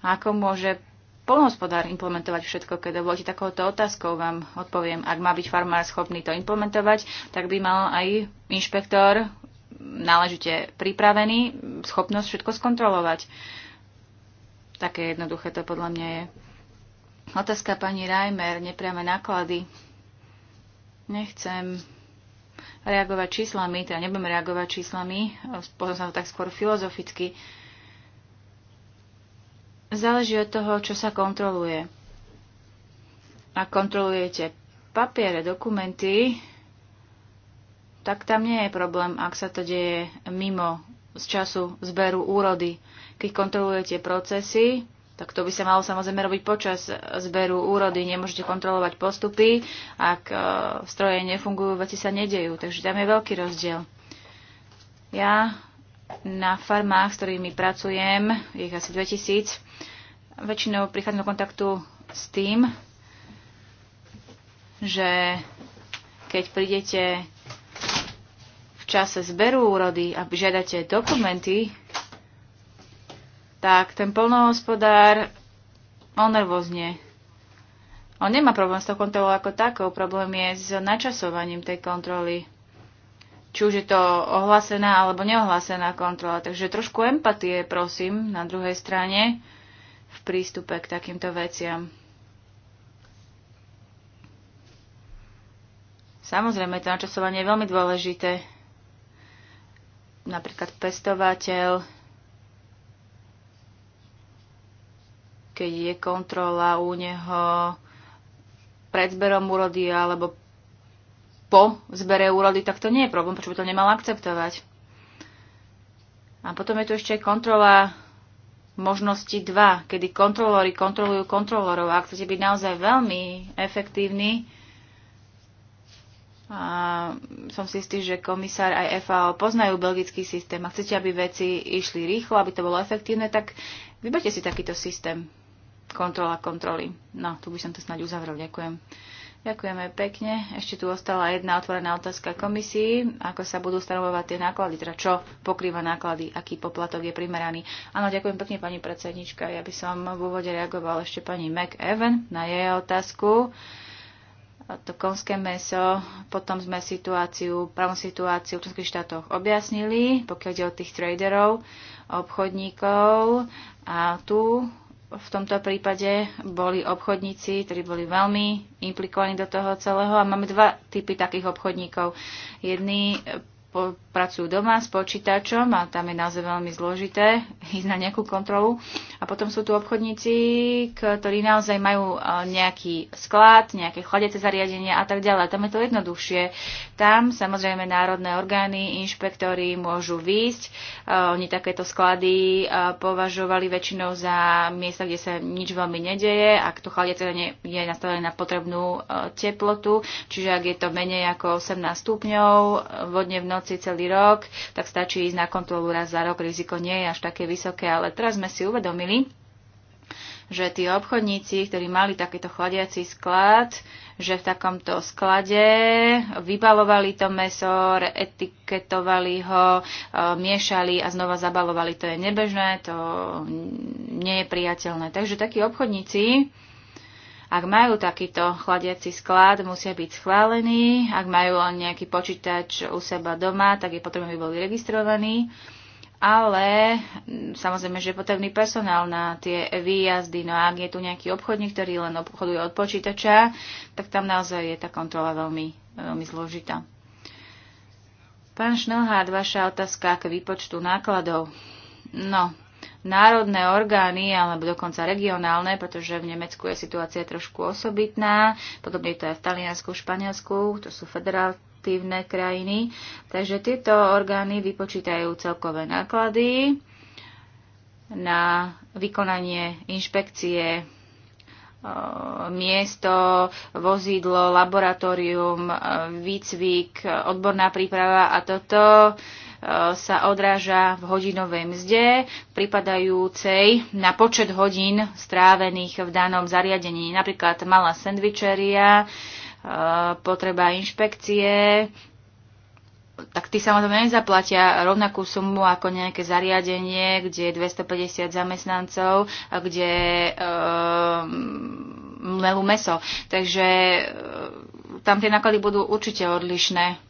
Ako môže polnohospodár implementovať všetko? Keď dovolíte takouto otázkou, vám odpoviem, ak má byť farmár schopný to implementovať, tak by mal aj inšpektor náležite pripravený schopnosť všetko skontrolovať. Také jednoduché to podľa mňa je. Otázka pani Reimer, nepriame náklady. Nechcem reagovať číslami, teda nebudem reagovať číslami, potom sa to tak skôr filozoficky. Záleží od toho, čo sa kontroluje. Ak kontrolujete papiere, dokumenty, tak tam nie je problém, ak sa to deje mimo z času zberu úrody. Keď kontrolujete procesy, tak to by sa malo samozrejme robiť počas zberu úrody. Nemôžete kontrolovať postupy, ak e, stroje nefungujú, veci sa nedejú. Takže tam je veľký rozdiel. Ja na farmách, s ktorými pracujem, je ich asi 2000, väčšinou prichádzam do kontaktu s tým, že keď prídete v čase zberu úrody a žiadate dokumenty, tak ten plnohospodár, on nervózne. On nemá problém s tou kontrolou ako takou, problém je s načasovaním tej kontroly. Či už je to ohlásená alebo neohlásená kontrola. Takže trošku empatie, prosím, na druhej strane v prístupe k takýmto veciam. Samozrejme, to načasovanie je veľmi dôležité. Napríklad pestovateľ, keď je kontrola u neho pred zberom úrody alebo po zbere úrody, tak to nie je problém, prečo by to nemal akceptovať. A potom je tu ešte kontrola možnosti 2, kedy kontrolóri kontrolujú kontrolórov. A ak chcete byť naozaj veľmi efektívni, a som si istý, že komisár aj FAO poznajú belgický systém a chcete, aby veci išli rýchlo, aby to bolo efektívne, tak vyberte si takýto systém kontrola kontroly. No, tu by som to snáď uzavrel. Ďakujem. Ďakujeme pekne. Ešte tu ostala jedna otvorená otázka komisii, ako sa budú stanovovať tie náklady, teda čo pokrýva náklady, aký poplatok je primeraný. Áno, ďakujem pekne pani predsednička. Ja by som v úvode reagoval ešte pani McEwen na jej otázku. To konské meso, potom sme situáciu, právnu situáciu v členských štátoch objasnili, pokiaľ ide o tých traderov, obchodníkov. A tu v tomto prípade boli obchodníci, ktorí boli veľmi implikovaní do toho celého a máme dva typy takých obchodníkov. Jedný pracujú doma s počítačom a tam je naozaj veľmi zložité ísť na nejakú kontrolu. A potom sú tu obchodníci, ktorí naozaj majú e, nejaký sklad, nejaké chladiace zariadenia a tak ďalej. Tam je to jednoduchšie. Tam samozrejme národné orgány, inšpektory môžu výjsť. E, oni takéto sklady e, považovali väčšinou za miesta, kde sa nič veľmi nedeje, ak to chladiace je nastavené na potrebnú teplotu, čiže ak je to menej ako 18 stupňov, vodne v noci, Španielci celý rok, tak stačí ísť na kontrolu raz za rok, riziko nie je až také vysoké, ale teraz sme si uvedomili, že tí obchodníci, ktorí mali takýto chladiaci sklad, že v takomto sklade vybalovali to meso, etiketovali ho, e, miešali a znova zabalovali. To je nebežné, to nie je priateľné. Takže takí obchodníci, ak majú takýto chladiaci sklad, musia byť schválení. Ak majú len nejaký počítač u seba doma, tak je potrebné, aby boli registrovaní. Ale mm, samozrejme, že je potrebný personál na tie výjazdy. No a ak je tu nejaký obchodník, ktorý len obchoduje od počítača, tak tam naozaj je tá kontrola veľmi, veľmi zložitá. Pán Šnelhard, vaša otázka k výpočtu nákladov. No, národné orgány alebo dokonca regionálne, pretože v Nemecku je situácia trošku osobitná, podobne to je v Taliansku, Španielsku, to sú federatívne krajiny. Takže tieto orgány vypočítajú celkové náklady na vykonanie inšpekcie miesto, vozidlo, laboratórium, výcvik, odborná príprava a toto sa odráža v hodinovej mzde, pripadajúcej na počet hodín strávených v danom zariadení. Napríklad malá sendvičeria, e, potreba inšpekcie, tak tí samozrejme nezaplatia rovnakú sumu ako nejaké zariadenie, kde je 250 zamestnancov a kde e, melú meso. Takže e, tam tie náklady budú určite odlišné.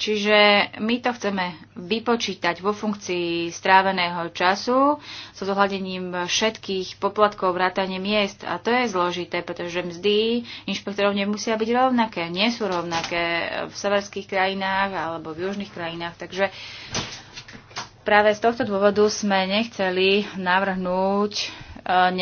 Čiže my to chceme vypočítať vo funkcii stráveného času so zohľadením všetkých poplatkov vrátane miest. A to je zložité, pretože mzdy inšpektorov nemusia byť rovnaké. Nie sú rovnaké v severských krajinách alebo v južných krajinách. Takže práve z tohto dôvodu sme nechceli navrhnúť e,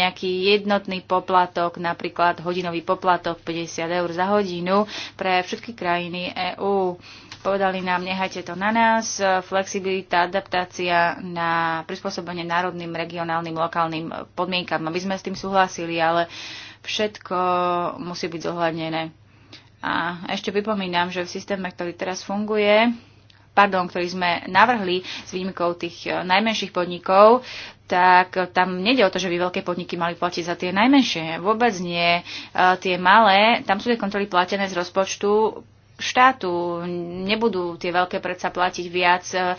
nejaký jednotný poplatok, napríklad hodinový poplatok 50 eur za hodinu pre všetky krajiny EÚ. Povedali nám, nehajte to na nás, flexibilita, adaptácia na prispôsobenie národným, regionálnym, lokálnym podmienkam. No, my sme s tým súhlasili, ale všetko musí byť zohľadnené. A ešte pripomínam, že v systéme, ktorý teraz funguje, pardon, ktorý sme navrhli s výnimkou tých eh, najmenších podnikov, tak tam nede o to, že by veľké podniky mali platiť za tie najmenšie. Vôbec nie. Eh, tie malé, tam sú tie kontroly platené z rozpočtu štátu. Nebudú tie veľké predsa platiť viac, e, e,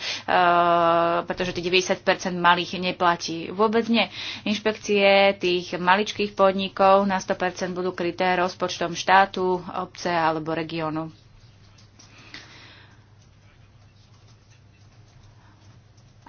pretože tých 90% malých neplatí. Vôbec nie. Inšpekcie tých maličkých podnikov na 100% budú kryté rozpočtom štátu, obce alebo regiónu.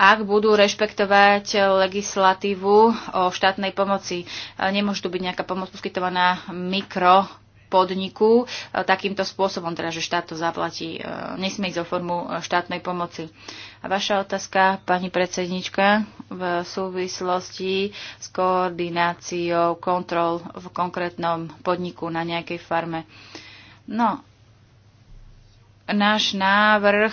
ak budú rešpektovať legislatívu o štátnej pomoci. E, Nemôže tu byť nejaká pomoc poskytovaná mikro podniku e, takýmto spôsobom, teda že štát to zaplatí. E, nesmie ísť o formu e, štátnej pomoci. A vaša otázka, pani predsednička, v súvislosti s koordináciou kontrol v konkrétnom podniku na nejakej farme. No, náš návrh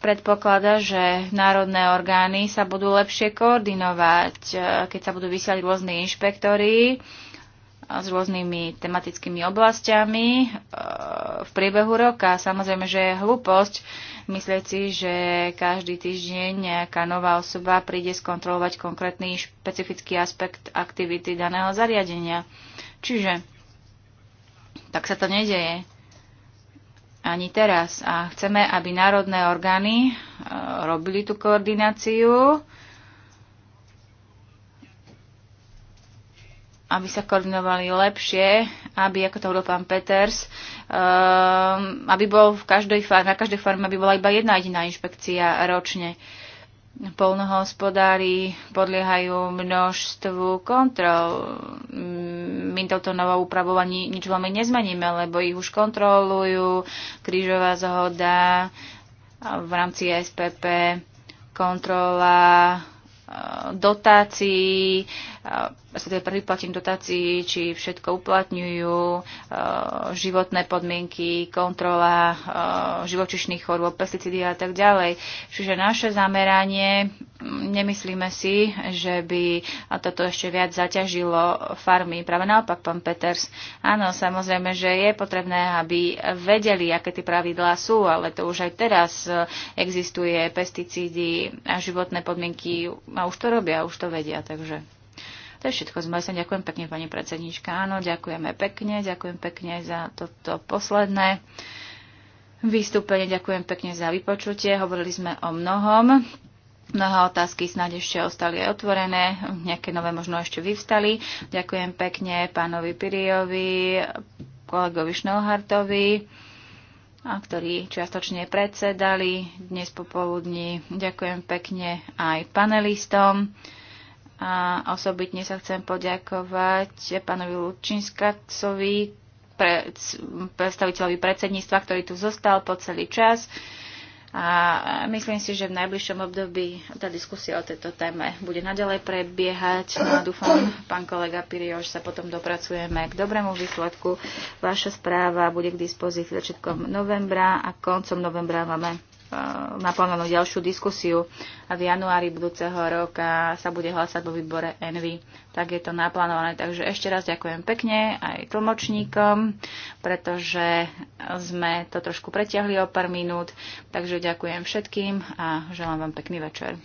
predpokladá, že národné orgány sa budú lepšie koordinovať, keď sa budú vysiať rôzni inšpektory s rôznymi tematickými oblastiami e, v priebehu roka. Samozrejme, že je hlúposť myslieť si, že každý týždeň nejaká nová osoba príde skontrolovať konkrétny špecifický aspekt aktivity daného zariadenia. Čiže tak sa to nedeje ani teraz. A chceme, aby národné orgány e, robili tú koordináciu aby sa koordinovali lepšie, aby, ako to bol pán Peters, um, aby bol v každej farme, na každej farme aby bola iba jedna jediná inšpekcia ročne. Polnohospodári podliehajú množstvu kontrol. My toto novou úpravou ani nič veľmi nezmeníme, lebo ich už kontrolujú, krížová zhoda v rámci SPP, kontrola ehm, dotácií, sa teda prvý platím dotácií, či všetko uplatňujú, e, životné podmienky, kontrola e, živočišných chorôb, pesticídy a tak ďalej. Čiže naše zameranie, mm, nemyslíme si, že by toto ešte viac zaťažilo farmy. Práve naopak, pán Peters, áno, samozrejme, že je potrebné, aby vedeli, aké tie pravidlá sú, ale to už aj teraz e, existuje pesticídy a životné podmienky a už to robia, už to vedia, takže... To je všetko z mojej strany. Ďakujem pekne, pani predsednička. Áno, ďakujeme pekne. Ďakujem pekne za toto posledné vystúpenie. Ďakujem pekne za vypočutie. Hovorili sme o mnohom. Mnoha otázky snáď ešte ostali aj otvorené, nejaké nové možno ešte vyvstali. Ďakujem pekne pánovi Piriovi, kolegovi Šnohartovi, ktorí čiastočne predsedali dnes popoludní. Ďakujem pekne aj panelistom. A osobitne sa chcem poďakovať pánovi Lučinskacovi, pre, predstaviteľovi predsedníctva, ktorý tu zostal po celý čas. A myslím si, že v najbližšom období tá diskusia o tejto téme bude naďalej prebiehať. No a dúfam, pán kolega Pirioš, sa potom dopracujeme k dobrému výsledku. Vaša správa bude k dispozícii začiatkom novembra a koncom novembra máme Eh, naplánovanú ďalšiu diskusiu a v januári budúceho roka sa bude hlasať vo výbore Envy. Tak je to naplánované. Takže ešte raz ďakujem pekne aj tlmočníkom, pretože sme to trošku pretiahli o pár minút. Takže ďakujem všetkým a želám vám pekný večer.